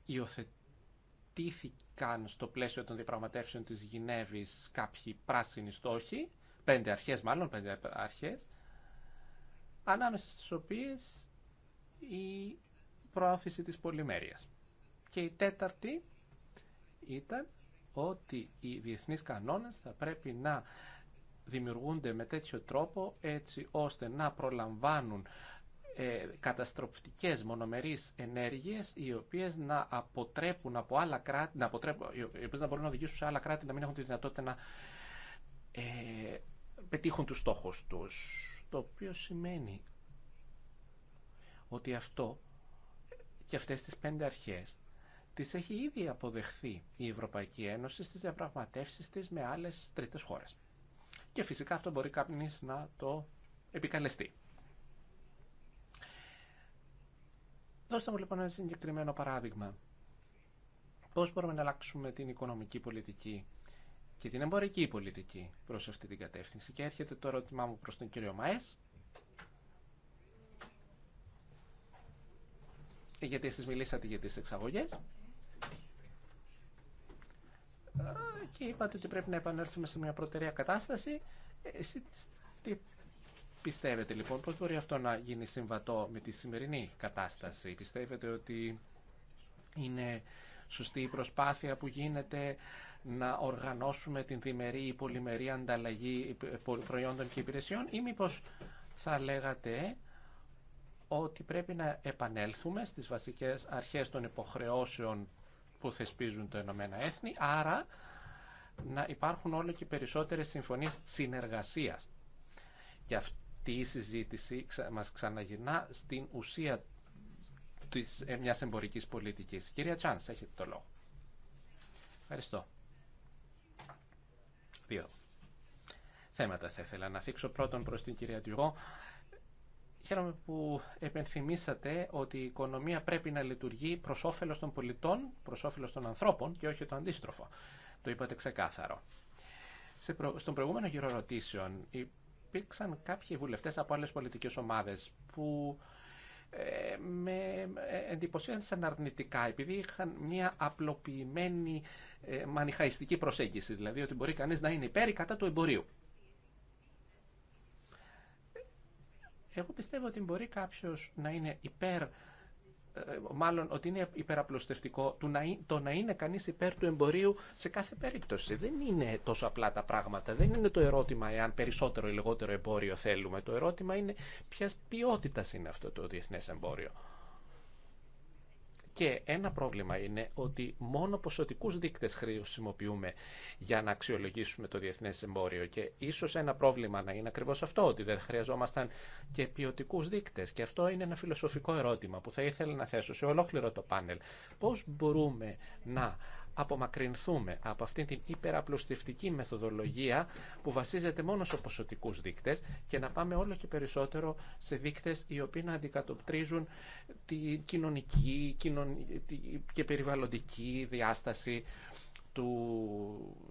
υιοθετήθηκαν στο πλαίσιο των διαπραγματεύσεων της Γινέβης κάποιοι πράσινοι στόχοι, πέντε αρχές μάλλον, πέντε αρχές, ανάμεσα στις οποίες η προώθηση της πολυμέρειας. Και η τέταρτη ήταν ότι οι διεθνείς κανόνες θα πρέπει να δημιουργούνται με τέτοιο τρόπο έτσι ώστε να προλαμβάνουν ε, καταστροφτικές μονομερείς ενέργειες οι οποίες να αποτρέπουν από άλλα κράτη, να, οι οποίες να μπορούν να οδηγήσουν σε άλλα κράτη να μην έχουν τη δυνατότητα να ε, πετύχουν τους στόχους τους. Το οποίο σημαίνει ότι αυτό και αυτές τις πέντε αρχές τις έχει ήδη αποδεχθεί η Ευρωπαϊκή Ένωση στις διαπραγματεύσεις της με άλλες τρίτες χώρες. Και φυσικά αυτό μπορεί κάποιος να το επικαλεστεί. Δώστε μου λοιπόν ένα συγκεκριμένο παράδειγμα. Πώς μπορούμε να αλλάξουμε την οικονομική πολιτική και την εμπορική πολιτική προς αυτή την κατεύθυνση. Και έρχεται το ερώτημά μου προς τον κύριο Μαές. Ε, γιατί εσείς μιλήσατε για τις εξαγωγές και είπατε ότι πρέπει να επανέλθουμε σε μια προτεραιά κατάσταση. Εσείς τι πιστεύετε λοιπόν, πώς μπορεί αυτό να γίνει συμβατό με τη σημερινή κατάσταση. Πιστεύετε ότι είναι σωστή η προσπάθεια που γίνεται να οργανώσουμε την διμερή ή πολυμερή ανταλλαγή προϊόντων και υπηρεσιών ή μήπως θα λέγατε ότι πρέπει να επανέλθουμε στις βασικές αρχές των υποχρεώσεων που θεσπίζουν το Ηνωμένα Έθνη, άρα να υπάρχουν όλο και περισσότερες συμφωνίες συνεργασίας. Και αυτή η συζήτηση μας ξαναγυρνά στην ουσία της ε, μιας εμπορικής πολιτικής. Κυρία Τσάνς, έχετε το λόγο. Ευχαριστώ. Δύο θέματα θα ήθελα να θίξω. Πρώτον προς την κυρία Τιουγό. Χαίρομαι που επενθυμίσατε ότι η οικονομία πρέπει να λειτουργεί προ όφελο των πολιτών, προ όφελο των ανθρώπων και όχι το αντίστροφο. Το είπατε ξεκάθαρο. Στον προηγούμενο γύρο ερωτήσεων υπήρξαν κάποιοι βουλευτές από άλλε πολιτικέ ομάδες που ε, με ε, εντυπωσίασαν αρνητικά επειδή είχαν μια απλοποιημένη ε, μανιχαϊστική προσέγγιση, δηλαδή ότι μπορεί κανείς να είναι υπέρ ή κατά του εμπορίου. Εγώ πιστεύω ότι μπορεί κάποιο να είναι υπέρ, ε, μάλλον ότι είναι υπεραπλουστευτικό το να, το να είναι κανείς υπέρ του εμπορίου σε κάθε περίπτωση. Δεν είναι τόσο απλά τα πράγματα. Δεν είναι το ερώτημα εάν περισσότερο ή λιγότερο εμπόριο θέλουμε. Το ερώτημα είναι ποιας ποιότητας είναι αυτό το διεθνές εμπόριο. Και ένα πρόβλημα είναι ότι μόνο ποσοτικούς δείκτες χρησιμοποιούμε για να αξιολογήσουμε το διεθνές εμπόριο και ίσως ένα πρόβλημα να είναι ακριβώς αυτό, ότι δεν χρειαζόμασταν και ποιοτικού δείκτες. Και αυτό είναι ένα φιλοσοφικό ερώτημα που θα ήθελα να θέσω σε ολόκληρο το πάνελ. Πώς μπορούμε να απομακρυνθούμε από αυτήν την υπεραπλουστευτική μεθοδολογία που βασίζεται μόνο σε ποσοτικούς δείκτες και να πάμε όλο και περισσότερο σε δείκτες οι οποίοι να αντικατοπτρίζουν την κοινωνική και περιβαλλοντική διάσταση του,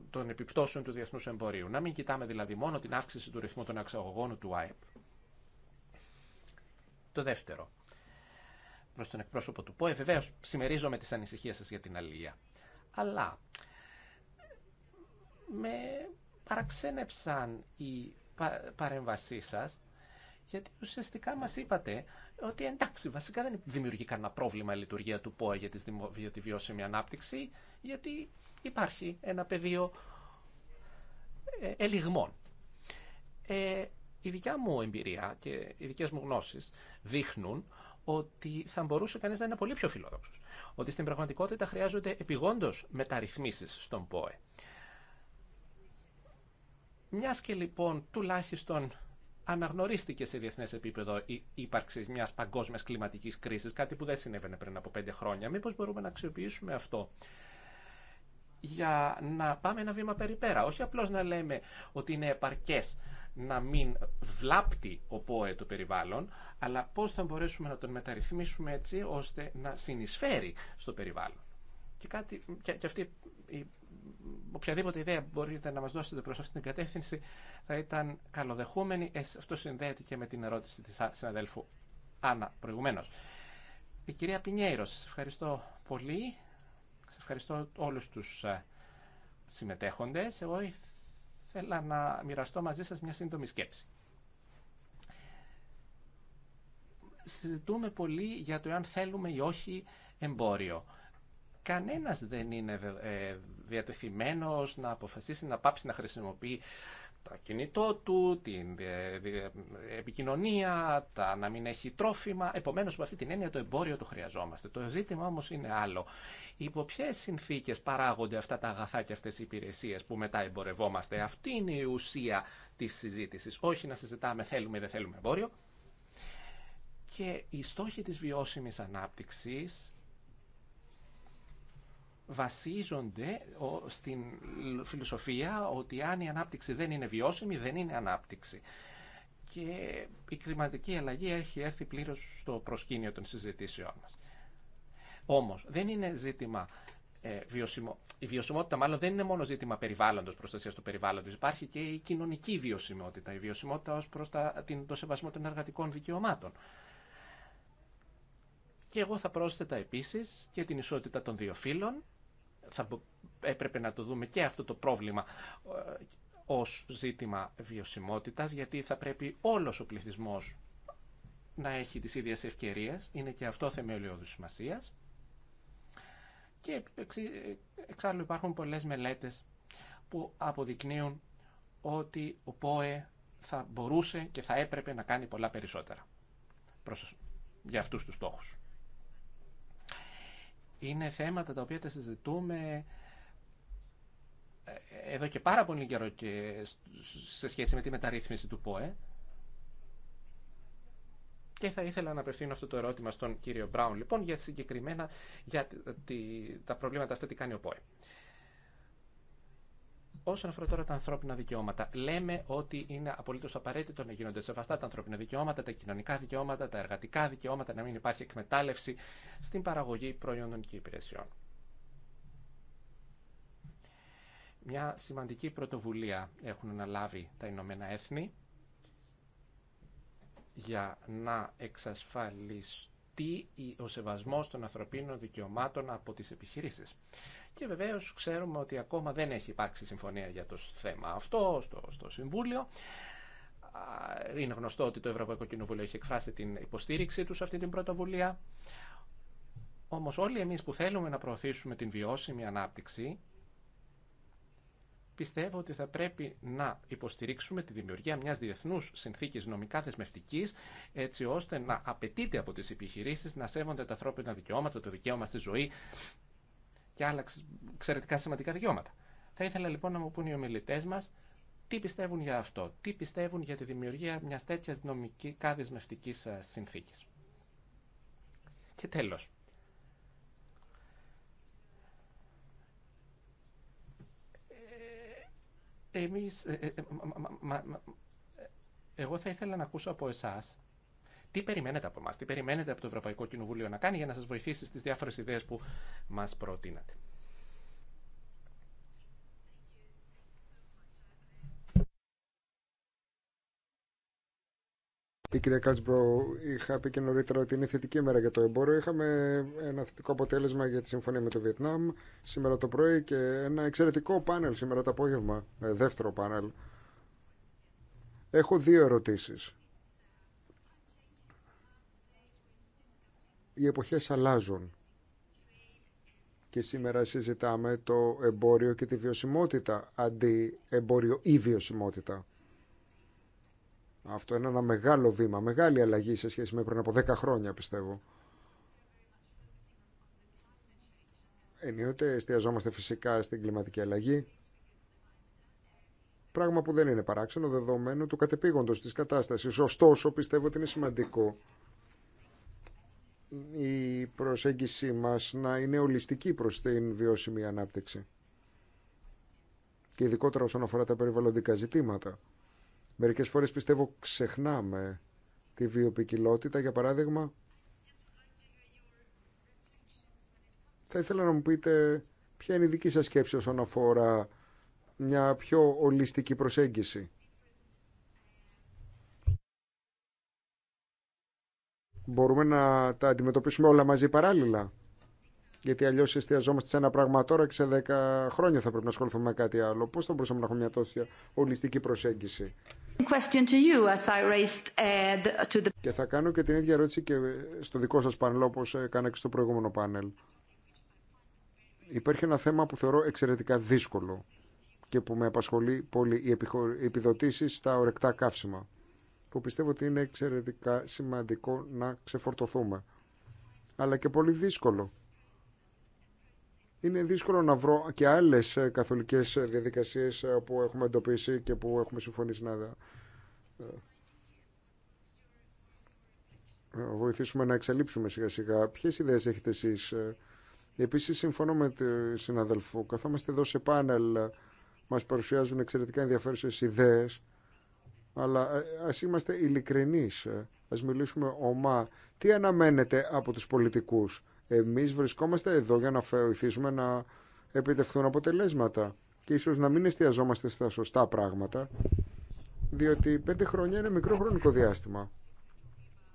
των επιπτώσεων του διεθνούς εμπορίου. Να μην κοιτάμε δηλαδή μόνο την αύξηση του ρυθμού των εξαγωγών του ΑΕΠ. Το δεύτερο. Προ τον εκπρόσωπο του ΠΟΕ, βεβαίω συμμερίζομαι τι ανησυχίε σα για την αλληλεία αλλά με παραξένεψαν οι παρέμβασή σας, γιατί ουσιαστικά μας είπατε ότι εντάξει, βασικά δεν δημιουργεί κανένα πρόβλημα η λειτουργία του ΠΟΑ για, για τη βιώσιμη ανάπτυξη, γιατί υπάρχει ένα πεδίο ε, ελιγμών. Ε, η δικιά μου εμπειρία και οι δικές μου γνώσεις δείχνουν ότι θα μπορούσε κανείς να είναι πολύ πιο φιλόδοξος. Ότι στην πραγματικότητα χρειάζονται επιγόντως μεταρρυθμίσεις στον ΠΟΕ. Μια και λοιπόν τουλάχιστον αναγνωρίστηκε σε διεθνέ επίπεδο η ύπαρξη μια παγκόσμια κλιματική κρίση, κάτι που δεν συνέβαινε πριν από πέντε χρόνια. Μήπω μπορούμε να αξιοποιήσουμε αυτό για να πάμε ένα βήμα περιπέρα. Όχι απλώ να λέμε ότι είναι επαρκέ να μην βλάπτει ο ΠΟΕ το περιβάλλον, αλλά πώς θα μπορέσουμε να τον μεταρρυθμίσουμε έτσι ώστε να συνεισφέρει στο περιβάλλον. Και, κάτι, και, αυτή η, οποιαδήποτε ιδέα μπορείτε να μας δώσετε προς αυτή την κατεύθυνση θα ήταν καλοδεχούμενη. αυτό συνδέεται και με την ερώτηση της συναδέλφου Άννα προηγουμένω. Η κυρία Πινιέρο, σας ευχαριστώ πολύ. Σας ευχαριστώ όλους τους ε, συμμετέχοντες. Εγώ ήθελα να μοιραστώ μαζί σας μια σύντομη σκέψη. Συζητούμε πολύ για το εάν θέλουμε ή όχι εμπόριο. Κανένας δεν είναι ε, ε, διατεθειμένος να αποφασίσει να πάψει να χρησιμοποιεί τα κινητό του, την ε, ε, επικοινωνία, τα να μην έχει τρόφιμα. Επομένως, με αυτή την έννοια το εμπόριο το χρειαζόμαστε. Το ζήτημα όμως είναι άλλο. Υπό ποιε συνθήκες παράγονται αυτά τα αγαθά και αυτές οι υπηρεσίες που μετά εμπορευόμαστε. Αυτή είναι η ουσία της συζήτησης. Όχι να συζητάμε θέλουμε ή δεν θέλουμε εμπόριο. Και οι στόχοι της βιώσιμης ανάπτυξης βασίζονται στην φιλοσοφία ότι αν η ανάπτυξη δεν είναι βιώσιμη, δεν είναι ανάπτυξη. Και η κλιματική αλλαγή έχει έρθει πλήρως στο προσκήνιο των συζητήσεών μας. Όμως, δεν είναι ζήτημα ε, βιωσιμο... Η βιωσιμότητα μάλλον δεν είναι μόνο ζήτημα περιβάλλοντος, προστασίας του περιβάλλοντος. Υπάρχει και η κοινωνική βιωσιμότητα, η βιωσιμότητα ως προς τα... το σεβασμό των εργατικών δικαιωμάτων. Και εγώ θα πρόσθετα επίση και την ισότητα των δύο φύλων θα έπρεπε να το δούμε και αυτό το πρόβλημα ε, ως ζήτημα βιωσιμότητας, γιατί θα πρέπει όλος ο πληθυσμός να έχει τις ίδιες ευκαιρίες, είναι και αυτό θεμελιώδης σημασία. Και εξάλλου υπάρχουν πολλές μελέτες που αποδεικνύουν ότι ο ΠΟΕ θα μπορούσε και θα έπρεπε να κάνει πολλά περισσότερα για αυτούς τους στόχους είναι θέματα τα οποία τα συζητούμε ε, εδώ και πάρα πολύ καιρό και σε σχέση με τη μεταρρύθμιση του ΠΟΕ. Και θα ήθελα να απευθύνω αυτό το ερώτημα στον κύριο Μπράουν, λοιπόν, για συγκεκριμένα για τα προβλήματα αυτά τι κάνει ο ΠΟΕ. Όσον αφορά τώρα τα ανθρώπινα δικαιώματα, λέμε ότι είναι απολύτω απαραίτητο να γίνονται σεβαστά τα ανθρώπινα δικαιώματα, τα κοινωνικά δικαιώματα, τα εργατικά δικαιώματα, να μην υπάρχει εκμετάλλευση στην παραγωγή προϊόντων και υπηρεσιών. Μια σημαντική πρωτοβουλία έχουν αναλάβει τα Ηνωμένα Έθνη για να εξασφαλιστεί ο σεβασμός των ανθρωπίνων δικαιωμάτων από τις επιχειρήσεις. Και βεβαίως ξέρουμε ότι ακόμα δεν έχει υπάρξει συμφωνία για το θέμα αυτό στο, στο Συμβούλιο. Είναι γνωστό ότι το Ευρωπαϊκό Κοινοβούλιο έχει εκφράσει την υποστήριξή του σε αυτή την πρωτοβουλία. Όμως όλοι εμείς που θέλουμε να προωθήσουμε την βιώσιμη ανάπτυξη, πιστεύω ότι θα πρέπει να υποστηρίξουμε τη δημιουργία μιας διεθνούς συνθήκης νομικά δεσμευτικής, έτσι ώστε να απαιτείται από τις επιχειρήσεις να σέβονται τα ανθρώπινα δικαιώματα, το δικαίωμα στη ζωή και άλλα εξαιρετικά σημαντικά δικαιώματα. Θα ήθελα λοιπόν να μου πούν οι ομιλητέ μα τι πιστεύουν για αυτό, τι πιστεύουν για τη δημιουργία μια τέτοια νομικά δεσμευτική ε, συνθήκη. Και τέλο. Ε, εμείς, ε, εγώ θα ήθελα να ακούσω από εσάς τι περιμένετε από εμά, τι περιμένετε από το Ευρωπαϊκό Κοινοβούλιο να κάνει για να σα βοηθήσει στι διάφορε ιδέε που μα προτείνατε. Η κυρία Κάτσμπρο, είχα πει και νωρίτερα ότι είναι θετική μέρα για το εμπόριο. Είχαμε ένα θετικό αποτέλεσμα για τη συμφωνία με το Βιετνάμ σήμερα το πρωί και ένα εξαιρετικό πάνελ σήμερα το απόγευμα, ε, δεύτερο πάνελ. Έχω δύο ερωτήσεις. οι εποχές αλλάζουν. Και σήμερα συζητάμε το εμπόριο και τη βιωσιμότητα αντί εμπόριο ή βιωσιμότητα. Αυτό είναι ένα μεγάλο βήμα, μεγάλη αλλαγή σε σχέση με πριν από 10 χρόνια πιστεύω. Ενίοτε εστιαζόμαστε φυσικά στην κλιματική αλλαγή, πράγμα που δεν είναι παράξενο δεδομένου του κατεπήγοντος της κατάστασης. Ωστόσο πιστεύω ότι είναι σημαντικό η προσέγγιση μας να είναι ολιστική προς την βιώσιμη ανάπτυξη και ειδικότερα όσον αφορά τα περιβαλλοντικά ζητήματα. Μερικές φορές πιστεύω ξεχνάμε τη βιοπικιλότητα, για παράδειγμα. Θα ήθελα να μου πείτε ποια είναι η δική σας σκέψη όσον αφορά μια πιο ολιστική προσέγγιση μπορούμε να τα αντιμετωπίσουμε όλα μαζί παράλληλα. Γιατί αλλιώ εστιαζόμαστε σε ένα πράγμα τώρα και σε δέκα χρόνια θα πρέπει να ασχοληθούμε με κάτι άλλο. Πώ θα μπορούσαμε να έχουμε μια τόσο ολιστική προσέγγιση. you, raised, uh, to the... Και θα κάνω και την ίδια ερώτηση και στο δικό σας πάνελ όπως έκανα και στο προηγούμενο πάνελ. Υπάρχει ένα θέμα που θεωρώ εξαιρετικά δύσκολο και που με απασχολεί πολύ οι επιδοτήσεις στα ορεκτά καύσιμα που πιστεύω ότι είναι εξαιρετικά σημαντικό να ξεφορτωθούμε. Αλλά και πολύ δύσκολο. Είναι δύσκολο να βρω και άλλες ε, καθολικές ε, διαδικασίες ε, που έχουμε εντοπίσει και που έχουμε συμφωνήσει να βοηθήσουμε να εξαλείψουμε σιγά σιγά. Ποιες ιδέες έχετε εσείς. Επίσης συμφωνώ με τη συναδελφού. Καθόμαστε εδώ σε πάνελ. Μας παρουσιάζουν εξαιρετικά ενδιαφέρουσες ιδέες αλλά ε, ας είμαστε ειλικρινείς, ε, ας μιλήσουμε ομά. Τι αναμένετε από τους πολιτικούς. Εμείς βρισκόμαστε εδώ για να βοηθήσουμε να επιτευχθούν αποτελέσματα και ίσως να μην εστιαζόμαστε στα σωστά πράγματα, διότι πέντε χρόνια είναι μικρό χρονικό διάστημα.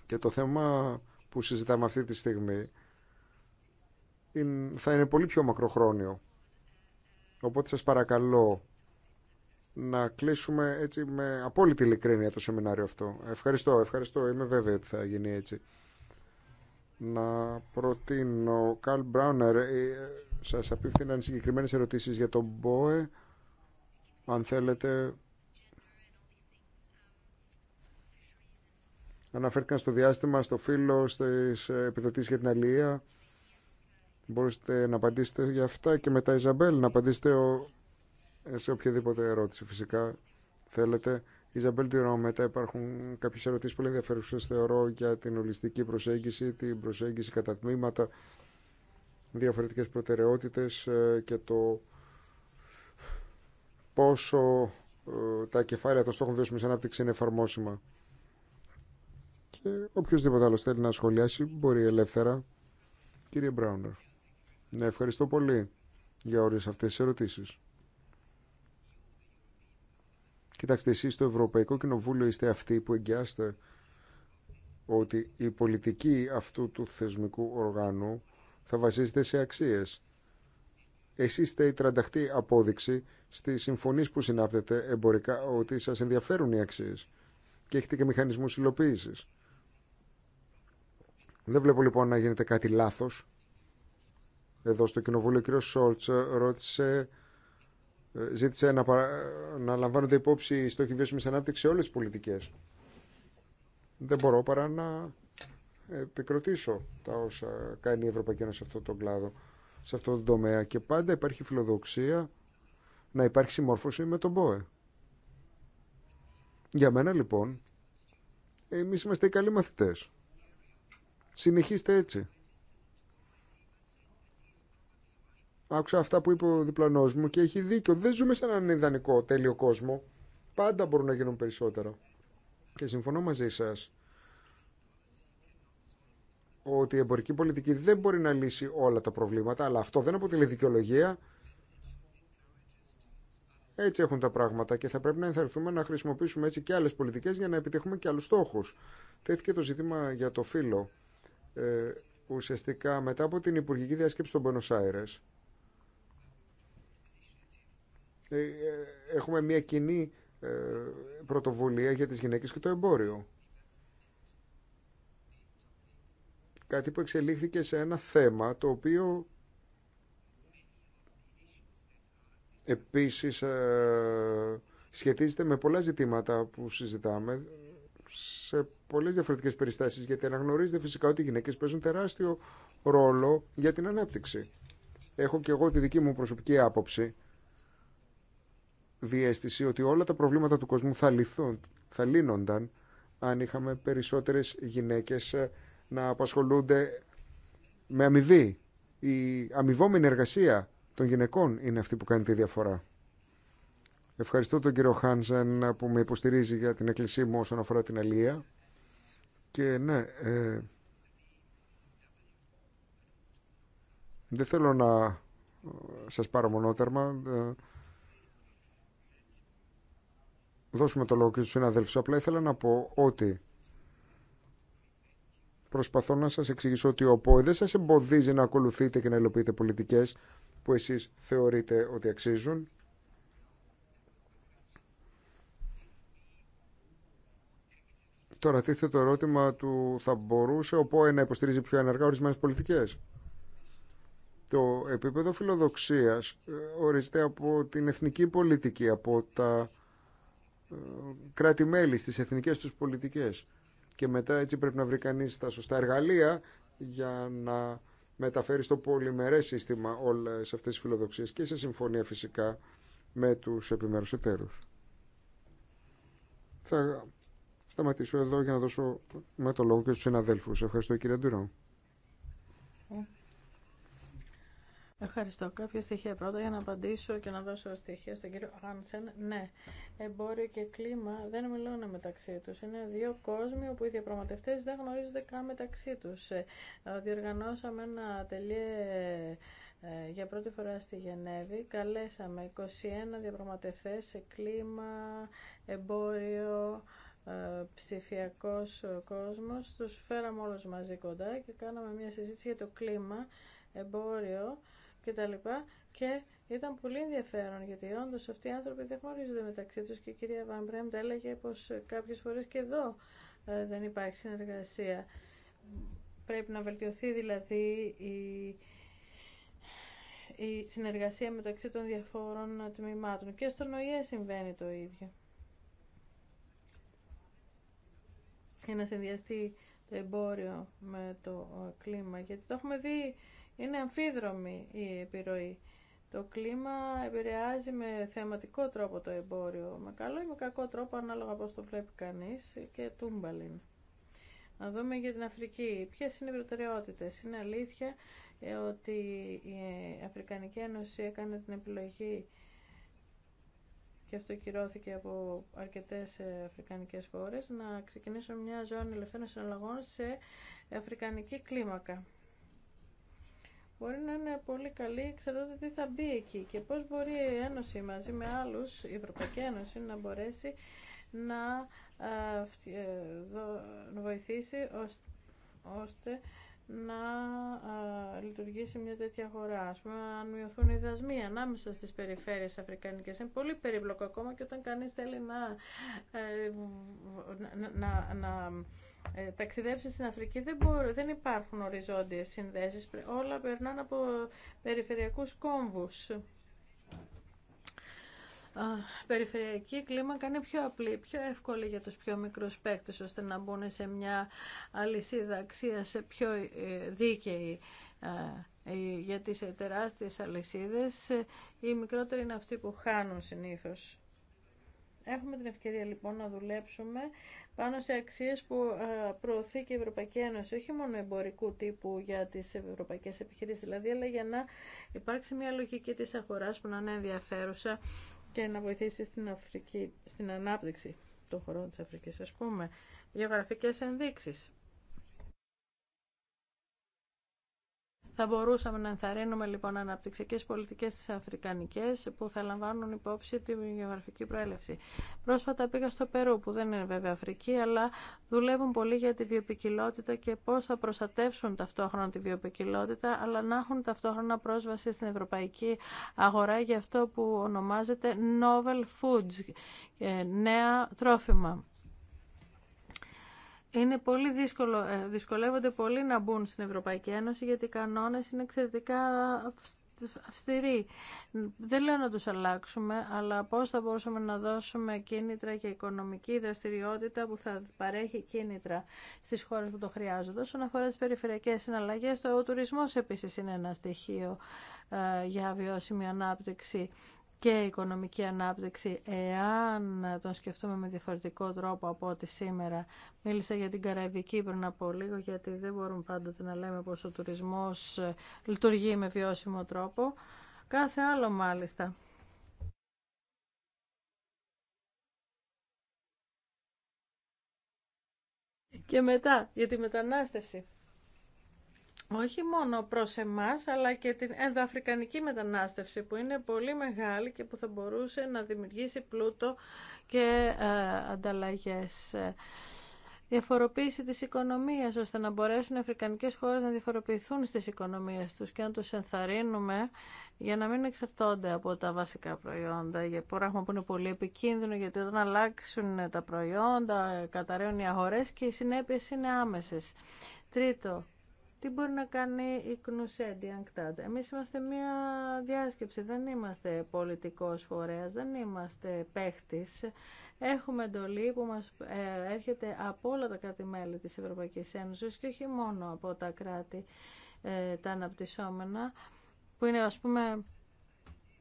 Και το θέμα που συζητάμε αυτή τη στιγμή θα είναι πολύ πιο μακροχρόνιο. Οπότε σας παρακαλώ να κλείσουμε έτσι με απόλυτη ειλικρίνεια το σεμινάριο αυτό. Ευχαριστώ, ευχαριστώ. Είμαι βέβαιο ότι θα γίνει έτσι. Να προτείνω, Καλ Μπράουνερ, ε, σας απίφθηναν συγκεκριμένες ερωτήσεις για τον ΜΠΟΕ. Αν θέλετε, αναφέρθηκαν στο διάστημα, στο φύλλο, στις επιδοτήσεις για την αλληλεία. Μπορείτε να απαντήσετε για αυτά και μετά Ιζαμπέλ να απαντήσετε ο... Ε, σε οποιαδήποτε ερώτηση φυσικά θέλετε. Ιζαμπέλ Τυρό, μετά υπάρχουν κάποιες ερωτήσεις πολύ ενδιαφέρουσες θεωρώ για την ολιστική προσέγγιση, την προσέγγιση κατά τμήματα, διαφορετικές προτεραιότητες ε, και το πόσο ε, τα κεφάλαια των στόχων βιώσιμης ανάπτυξη είναι εφαρμόσιμα. Και οποιοδήποτε άλλο θέλει να σχολιάσει μπορεί ελεύθερα. Κύριε Μπράουνερ, να ευχαριστώ πολύ για όλες αυτές τις ερωτήσεις. Κοιτάξτε, εσείς στο Ευρωπαϊκό Κοινοβούλιο είστε αυτοί που εγγυάστε ότι η πολιτική αυτού του θεσμικού οργάνου θα βασίζεται σε αξίες. Εσείς είστε η τρανταχτή απόδειξη στις συμφωνίες που συνάπτετε εμπορικά ότι σας ενδιαφέρουν οι αξίες και έχετε και μηχανισμούς υλοποίησης. Δεν βλέπω λοιπόν να γίνεται κάτι λάθος. Εδώ στο Κοινοβούλιο ο κ. ρώτησε ε, ζήτησε να, να λαμβάνονται υπόψη στο βιώσιμη ανάπτυξη σε όλες τις πολιτικές. Δεν μπορώ παρά να επικροτήσω τα όσα κάνει η Ευρωπαϊκή Ένωση σε αυτό τον κλάδο, σε αυτό τον τομέα και πάντα υπάρχει φιλοδοξία να υπάρχει συμμόρφωση με τον ΠΟΕ. Για μένα λοιπόν, εμείς είμαστε οι καλοί μαθητές. Συνεχίστε έτσι. Άκουσα αυτά που είπε ο διπλανό μου και έχει δίκιο. Δεν ζούμε σε έναν ιδανικό τέλειο κόσμο. Πάντα μπορούν να γίνουν περισσότερα. Και συμφωνώ μαζί σα ότι η εμπορική πολιτική δεν μπορεί να λύσει όλα τα προβλήματα, αλλά αυτό δεν αποτελεί δικαιολογία. Έτσι έχουν τα πράγματα και θα πρέπει να ενθαρρυνθούμε να χρησιμοποιήσουμε έτσι και άλλε πολιτικέ για να επιτύχουμε και άλλου στόχου. Τέθηκε το ζήτημα για το φύλλο. Ε, ουσιαστικά μετά από την Υπουργική Διάσκεψη των Buenos Aires, ε, ε, έχουμε μια κοινή ε, πρωτοβουλία για τις γυναίκες και το εμπόριο. Κάτι που εξελίχθηκε σε ένα θέμα το οποίο επίσης σχετίζεται με πολλά ζητήματα που συζητάμε σε πολλές διαφορετικές περιστάσεις γιατί αναγνωρίζεται φυσικά ότι οι γυναίκες παίζουν τεράστιο ρόλο για την ανάπτυξη. Έχω και εγώ τη δική μου προσωπική άποψη διέστηση ότι όλα τα προβλήματα του κόσμου θα, λυθούν, λύνονταν αν είχαμε περισσότερες γυναίκες ε, να απασχολούνται με αμοιβή. Η αμοιβόμενη εργασία των γυναικών είναι αυτή που κάνει τη διαφορά. Ευχαριστώ τον κύριο Χάνζεν που με υποστηρίζει για την εκκλησία μου όσον αφορά την Αλία. Και ναι, ε, δεν θέλω να ε, σας πάρω μονότερμα δώσουμε το λόγο και στους συναδέλφους. Απλά ήθελα να πω ότι προσπαθώ να σας εξηγήσω ότι ο ΠΟΕ δεν σας εμποδίζει να ακολουθείτε και να υλοποιείτε πολιτικές που εσείς θεωρείτε ότι αξίζουν. Τώρα τίθεται το ερώτημα του θα μπορούσε ο ΠΟΕ να υποστηρίζει πιο ενεργά ορισμένες πολιτικές. Το επίπεδο φιλοδοξίας ε, ορίζεται από την εθνική πολιτική, από τα κράτη-μέλη, στις εθνικές τους πολιτικές. Και μετά έτσι πρέπει να βρει κανεί τα σωστά εργαλεία για να μεταφέρει στο πολυμερέ σύστημα όλες αυτές τις φιλοδοξίες και σε συμφωνία φυσικά με τους επιμέρους εταίρους. Θα σταματήσω εδώ για να δώσω με το λόγο και στους συναδέλφους. Ευχαριστώ κύριε Ντουρό. Ευχαριστώ. Κάποια στοιχεία πρώτα για να απαντήσω και να δώσω στοιχεία στον κύριο Άνσεν. Ναι, εμπόριο και κλίμα δεν μιλούν μεταξύ του. Είναι δύο κόσμοι όπου οι διαπραγματευτέ δεν γνωρίζονται καν μεταξύ τους. Ε, διοργανώσαμε ένα ατελείο ε, για πρώτη φορά στη Γενέβη. Καλέσαμε 21 διαπραγματευτές σε κλίμα, εμπόριο, ε, ψηφιακός κόσμος. Τους φέραμε όλους μαζί κοντά και κάναμε μια συζήτηση για το κλίμα, εμπόριο και τα λοιπά Και ήταν πολύ ενδιαφέρον γιατί όντω αυτοί οι άνθρωποι δεν γνωρίζονται μεταξύ του και η κυρία τα έλεγε πως ε, κάποιες φορές και εδώ ε, δεν υπάρχει συνεργασία. Πρέπει να βελτιωθεί δηλαδή η, η συνεργασία μεταξύ των διαφόρων τμήματων. Και στον ΟΗΕ συμβαίνει το ίδιο. Για να συνδυαστεί το εμπόριο με το ε, κλίμα. Γιατί το έχουμε δει είναι αμφίδρομη η επιρροή. Το κλίμα επηρεάζει με θεαματικό τρόπο το εμπόριο, με καλό ή με κακό τρόπο ανάλογα πώς το βλέπει κανείς και τούμπαλιν. Να δούμε για την Αφρική. Ποιε είναι οι προτεραιότητες. Είναι αλήθεια ε, ότι η Αφρικανική Ένωση έκανε την επιλογή και αυτό κυρώθηκε από αρκετέ ε, αφρικανικέ χώρε να ξεκινήσουν μια ζώνη ελευθέρων συναλλαγών σε αφρικανική κλίμακα μπορεί να είναι πολύ καλή, εξαρτάται τι θα μπει εκεί και πώς μπορεί η Ένωση μαζί με άλλους, η Ευρωπαϊκή Ένωση, να μπορέσει να ε, ε, βοηθήσει ώστε να ε, λειτουργήσει μια τέτοια χώρα. Ας πούμε, αν μειωθούν οι δασμοί ανάμεσα στις περιφέρειες αφρικανικές, είναι πολύ περίπλοκο ακόμα και όταν κανείς θέλει να, να, να ε, ταξιδέψει στην Αφρική δεν, δεν υπάρχουν οριζόντιες συνδέσεις, όλα περνάνε από περιφερειακούς κόμβους. Α, περιφερειακή κλίμακα είναι πιο απλή, πιο εύκολη για τους πιο μικρούς παίκτες, ώστε να μπουν σε μια αλυσίδα αξία σε πιο ε, δίκαιη ε, για σε τεράστιες αλυσίδες ε, οι μικρότεροι είναι αυτοί που χάνουν συνήθως. Έχουμε την ευκαιρία λοιπόν να δουλέψουμε πάνω σε αξίες που ε, προωθεί και η Ευρωπαϊκή Ένωση, όχι μόνο εμπορικού τύπου για τις ευρωπαϊκές επιχειρήσεις δηλαδή, αλλά για να υπάρξει μια λογική της αγοράς που να είναι ενδιαφέρουσα και να βοηθήσει στην, Αφρική, στην ανάπτυξη των χωρών της Αφρικής, ας πούμε, γεωγραφικές ενδείξεις. Θα μπορούσαμε να ενθαρρύνουμε λοιπόν αναπτυξιακέ πολιτικέ τι αφρικανικέ που θα λαμβάνουν υπόψη τη γεωγραφική προέλευση. Πρόσφατα πήγα στο Περού, που δεν είναι βέβαια Αφρική, αλλά δουλεύουν πολύ για τη βιοπικιλότητα και πώ θα προστατεύσουν ταυτόχρονα τη βιοπικιλότητα, αλλά να έχουν ταυτόχρονα πρόσβαση στην ευρωπαϊκή αγορά για αυτό που ονομάζεται novel foods, ε, νέα τρόφιμα είναι πολύ δύσκολο, ε, δυσκολεύονται πολύ να μπουν στην Ευρωπαϊκή Ένωση γιατί οι κανόνες είναι εξαιρετικά αυστηροί. Δεν λέω να τους αλλάξουμε, αλλά πώς θα μπορούσαμε να δώσουμε κίνητρα και οικονομική δραστηριότητα που θα παρέχει κίνητρα στις χώρες που το χρειάζονται. Όσον αφορά τις περιφερειακές συναλλαγές, το τουρισμός επίσης είναι ένα στοιχείο ε, για βιώσιμη ανάπτυξη και οικονομική ανάπτυξη εάν τον σκεφτούμε με διαφορετικό τρόπο από ό,τι σήμερα. Μίλησα για την Καραϊβική πριν από λίγο γιατί δεν μπορούμε πάντοτε να λέμε πως ο τουρισμός λειτουργεί με βιώσιμο τρόπο. Κάθε άλλο μάλιστα. Και μετά για τη μετανάστευση όχι μόνο προς εμάς, αλλά και την ενδοαφρικανική μετανάστευση που είναι πολύ μεγάλη και που θα μπορούσε να δημιουργήσει πλούτο και ε, ανταλλαγές. Διαφοροποίηση της οικονομίας, ώστε να μπορέσουν οι αφρικανικές χώρες να διαφοροποιηθούν στις οικονομίες τους και να τους ενθαρρύνουμε για να μην εξαρτώνται από τα βασικά προϊόντα, για πράγμα που είναι πολύ επικίνδυνο, γιατί όταν αλλάξουν τα προϊόντα, καταραίουν οι αγορές και οι συνέπειες είναι άμεσες. Τρίτο, τι μπορεί να κάνει η Κνουσέντη Ανκτάντ. Εμείς είμαστε μια διάσκεψη, δεν είμαστε πολιτικός φορέας, δεν είμαστε παίχτης. Έχουμε εντολή που μας ε, έρχεται από όλα τα κράτη-μέλη της Ευρωπαϊκής Ένωσης και όχι μόνο από τα κράτη ε, τα αναπτυσσόμενα, που είναι ας πούμε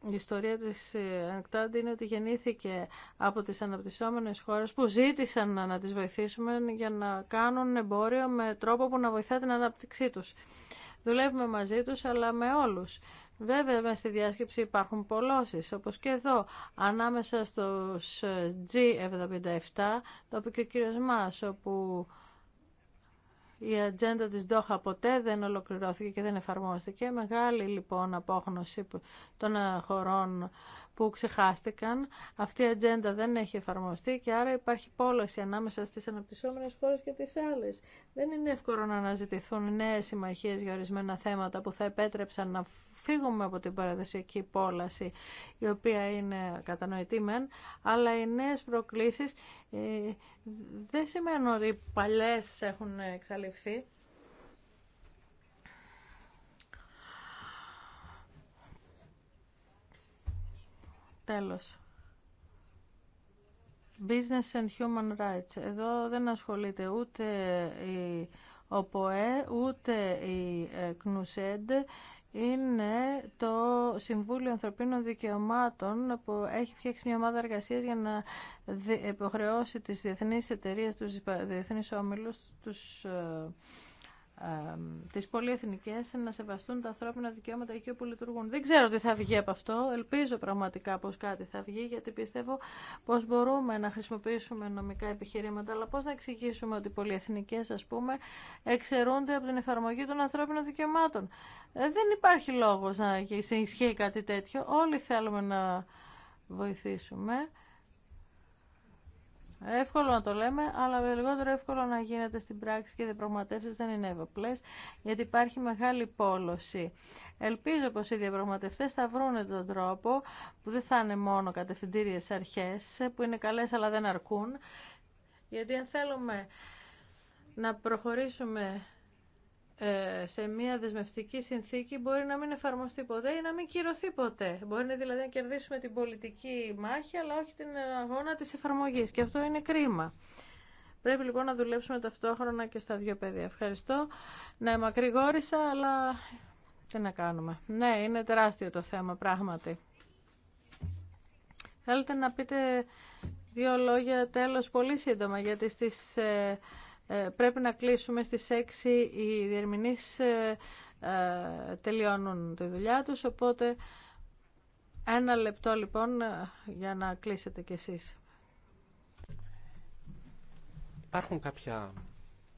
η ιστορία της ε, Ανκτάντη είναι ότι γεννήθηκε από τις αναπτυσσόμενες χώρες που ζήτησαν να τις βοηθήσουμε για να κάνουν εμπόριο με τρόπο που να βοηθά την ανάπτυξή τους. Δουλεύουμε μαζί τους αλλά με όλους. Βέβαια, με στη διάσκεψη υπάρχουν πολλώσεις, όπως και εδώ, ανάμεσα στους ε, G77, το οποίο και ο κύριος Μας, όπου η ατζέντα της ΔΟΧΑ ποτέ δεν ολοκληρώθηκε και δεν εφαρμόστηκε. Μεγάλη λοιπόν απόγνωση των χωρών που ξεχάστηκαν. Αυτή η ατζέντα δεν έχει εφαρμοστεί και άρα υπάρχει πόλωση ανάμεσα στις αναπτυσσόμενες χώρες και τις άλλες. Δεν είναι εύκολο να αναζητηθούν νέες συμμαχίες για ορισμένα θέματα που θα επέτρεψαν να φύγουμε από την παραδοσιακή πόλαση, η οποία είναι κατανοητή μεν, αλλά οι νέες προκλήσεις ε, δεν σημαίνουν ότι οι παλιέ έχουν εξαλειφθεί. Τέλος. Business and Human Rights. Εδώ δεν ασχολείται ούτε η ΟΠΟΕ, ούτε η ε, Κνοσέντε είναι το Συμβούλιο Ανθρωπίνων Δικαιωμάτων που έχει φτιάξει μια ομάδα εργασίας για να υποχρεώσει τις διεθνείς εταιρείες, τους διεθνείς όμιλους, τους ε, τις πολυεθνικές να σεβαστούν τα ανθρώπινα δικαιώματα εκεί όπου λειτουργούν. Δεν ξέρω τι θα βγει από αυτό. Ελπίζω πραγματικά πως κάτι θα βγει γιατί πιστεύω πως μπορούμε να χρησιμοποιήσουμε νομικά επιχειρήματα αλλά πώς να εξηγήσουμε ότι οι πολυεθνικές ας πούμε εξαιρούνται από την εφαρμογή των ανθρώπινων δικαιωμάτων. Ε, δεν υπάρχει λόγο να ισχύει κάτι τέτοιο. Όλοι θέλουμε να βοηθήσουμε. Εύκολο να το λέμε, αλλά λιγότερο εύκολο να γίνεται στην πράξη και οι διαπραγματεύσει δεν είναι ευπλέ, γιατί υπάρχει μεγάλη πόλωση. Ελπίζω πω οι διαπραγματευτέ θα βρουν τον τρόπο που δεν θα είναι μόνο κατευθυντήριε αρχέ, που είναι καλέ αλλά δεν αρκούν, γιατί αν θέλουμε να προχωρήσουμε ε, σε μια δεσμευτική συνθήκη μπορεί να μην εφαρμοστεί ποτέ ή να μην κυρωθεί ποτέ. Μπορεί δηλαδή να κερδίσουμε την πολιτική μάχη, αλλά όχι την αγώνα της εφαρμογής. Και αυτό είναι κρίμα. Πρέπει λοιπόν να δουλέψουμε ταυτόχρονα και στα δύο παιδιά. Ευχαριστώ. Ναι, μακρηγόρησα, αλλά τι να κάνουμε. Ναι, είναι τεράστιο το θέμα, πράγματι. Θέλετε να πείτε δύο λόγια τέλος πολύ σύντομα, γιατί στις... Ε, ε, πρέπει να κλείσουμε στις 6 οι διερμηνείς ε, ε, τελειώνουν τη δουλειά τους, οπότε ένα λεπτό λοιπόν για να κλείσετε κι εσείς. Υπάρχουν κάποια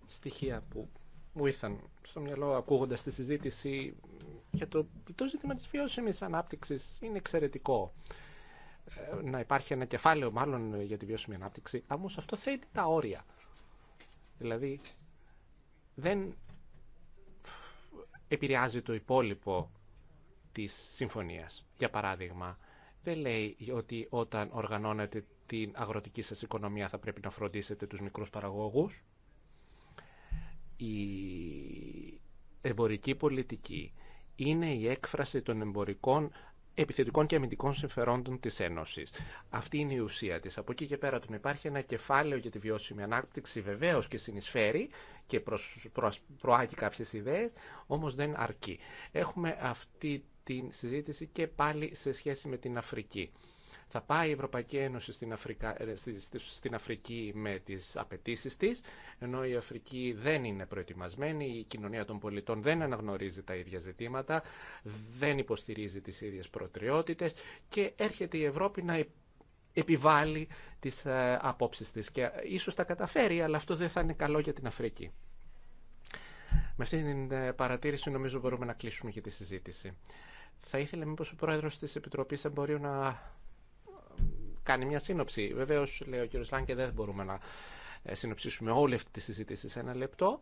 στοιχεία που μου ήρθαν στο μυαλό ακούγοντας τη συζήτηση για το, το ζήτημα της βιώσιμης ανάπτυξης είναι εξαιρετικό να υπάρχει ένα κεφάλαιο μάλλον για τη βιώσιμη ανάπτυξη, όμως αυτό θέτει τα όρια. Δηλαδή δεν επηρεάζει το υπόλοιπο της συμφωνίας. Για παράδειγμα, δεν λέει ότι όταν οργανώνετε την αγροτική σας οικονομία θα πρέπει να φροντίσετε τους μικρούς παραγωγούς. Η εμπορική πολιτική είναι η έκφραση των εμπορικών επιθετικών και αμυντικών συμφερόντων της Ένωσης. Αυτή είναι η ουσία της. Από εκεί και πέρα του υπάρχει ένα κεφάλαιο για τη βιώσιμη ανάπτυξη βεβαίω και συνεισφέρει και προς, προάγει κάποιες ιδέες, όμως δεν αρκεί. Έχουμε αυτή τη συζήτηση και πάλι σε σχέση με την Αφρική. Θα πάει η Ευρωπαϊκή Ένωση στην, Αφρικα... Ε, στην Αφρική με τις απαιτήσει της, ενώ η Αφρική δεν είναι προετοιμασμένη, η κοινωνία των πολιτών δεν αναγνωρίζει τα ίδια ζητήματα, δεν υποστηρίζει τις ίδιες προτεραιότητες και έρχεται η Ευρώπη να επιβάλλει τις ε, απόψεις της και ίσως τα καταφέρει, αλλά αυτό δεν θα είναι καλό για την Αφρική. Με αυτή την ε, παρατήρηση νομίζω μπορούμε να κλείσουμε και τη συζήτηση. Θα ήθελα μήπως ο Πρόεδρος της Επιτροπής Εμπορίου να κάνει μια σύνοψη. Βεβαίω, λέει ο κύριο Λάνκε, δεν μπορούμε να ε, συνοψίσουμε όλη αυτή τη συζήτηση σε ένα λεπτό.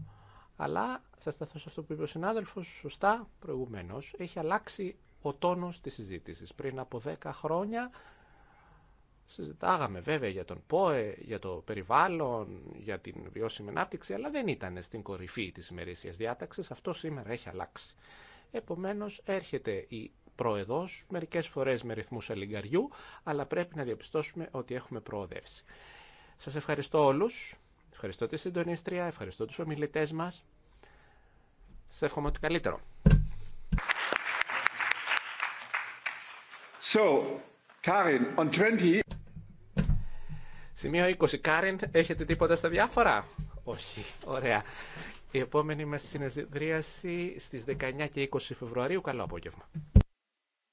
Αλλά θα σταθώ σε αυτό που είπε ο συνάδελφο σωστά προηγουμένω. Έχει αλλάξει ο τόνο τη συζήτηση. Πριν από 10 χρόνια συζητάγαμε βέβαια για τον ΠΟΕ, για το περιβάλλον, για την βιώσιμη ανάπτυξη, αλλά δεν ήταν στην κορυφή τη ημερήσια διάταξη. Αυτό σήμερα έχει αλλάξει. Επομένω, έρχεται η Μερικέ μερικές φορές με ρυθμούς αλληγκαριού, αλλά πρέπει να διαπιστώσουμε ότι έχουμε προοδεύσει. Σας ευχαριστώ όλους, ευχαριστώ τη συντονίστρια, ευχαριστώ τους ομιλητές μας. Σας εύχομαι το καλύτερο. So, Karin, on 20... Σημείο 20. Κάριν, έχετε τίποτα στα διάφορα? Όχι. Ωραία. Η επόμενη μας συνεδρίαση στις 19 και 20 Φεβρουαρίου. Καλό απόγευμα.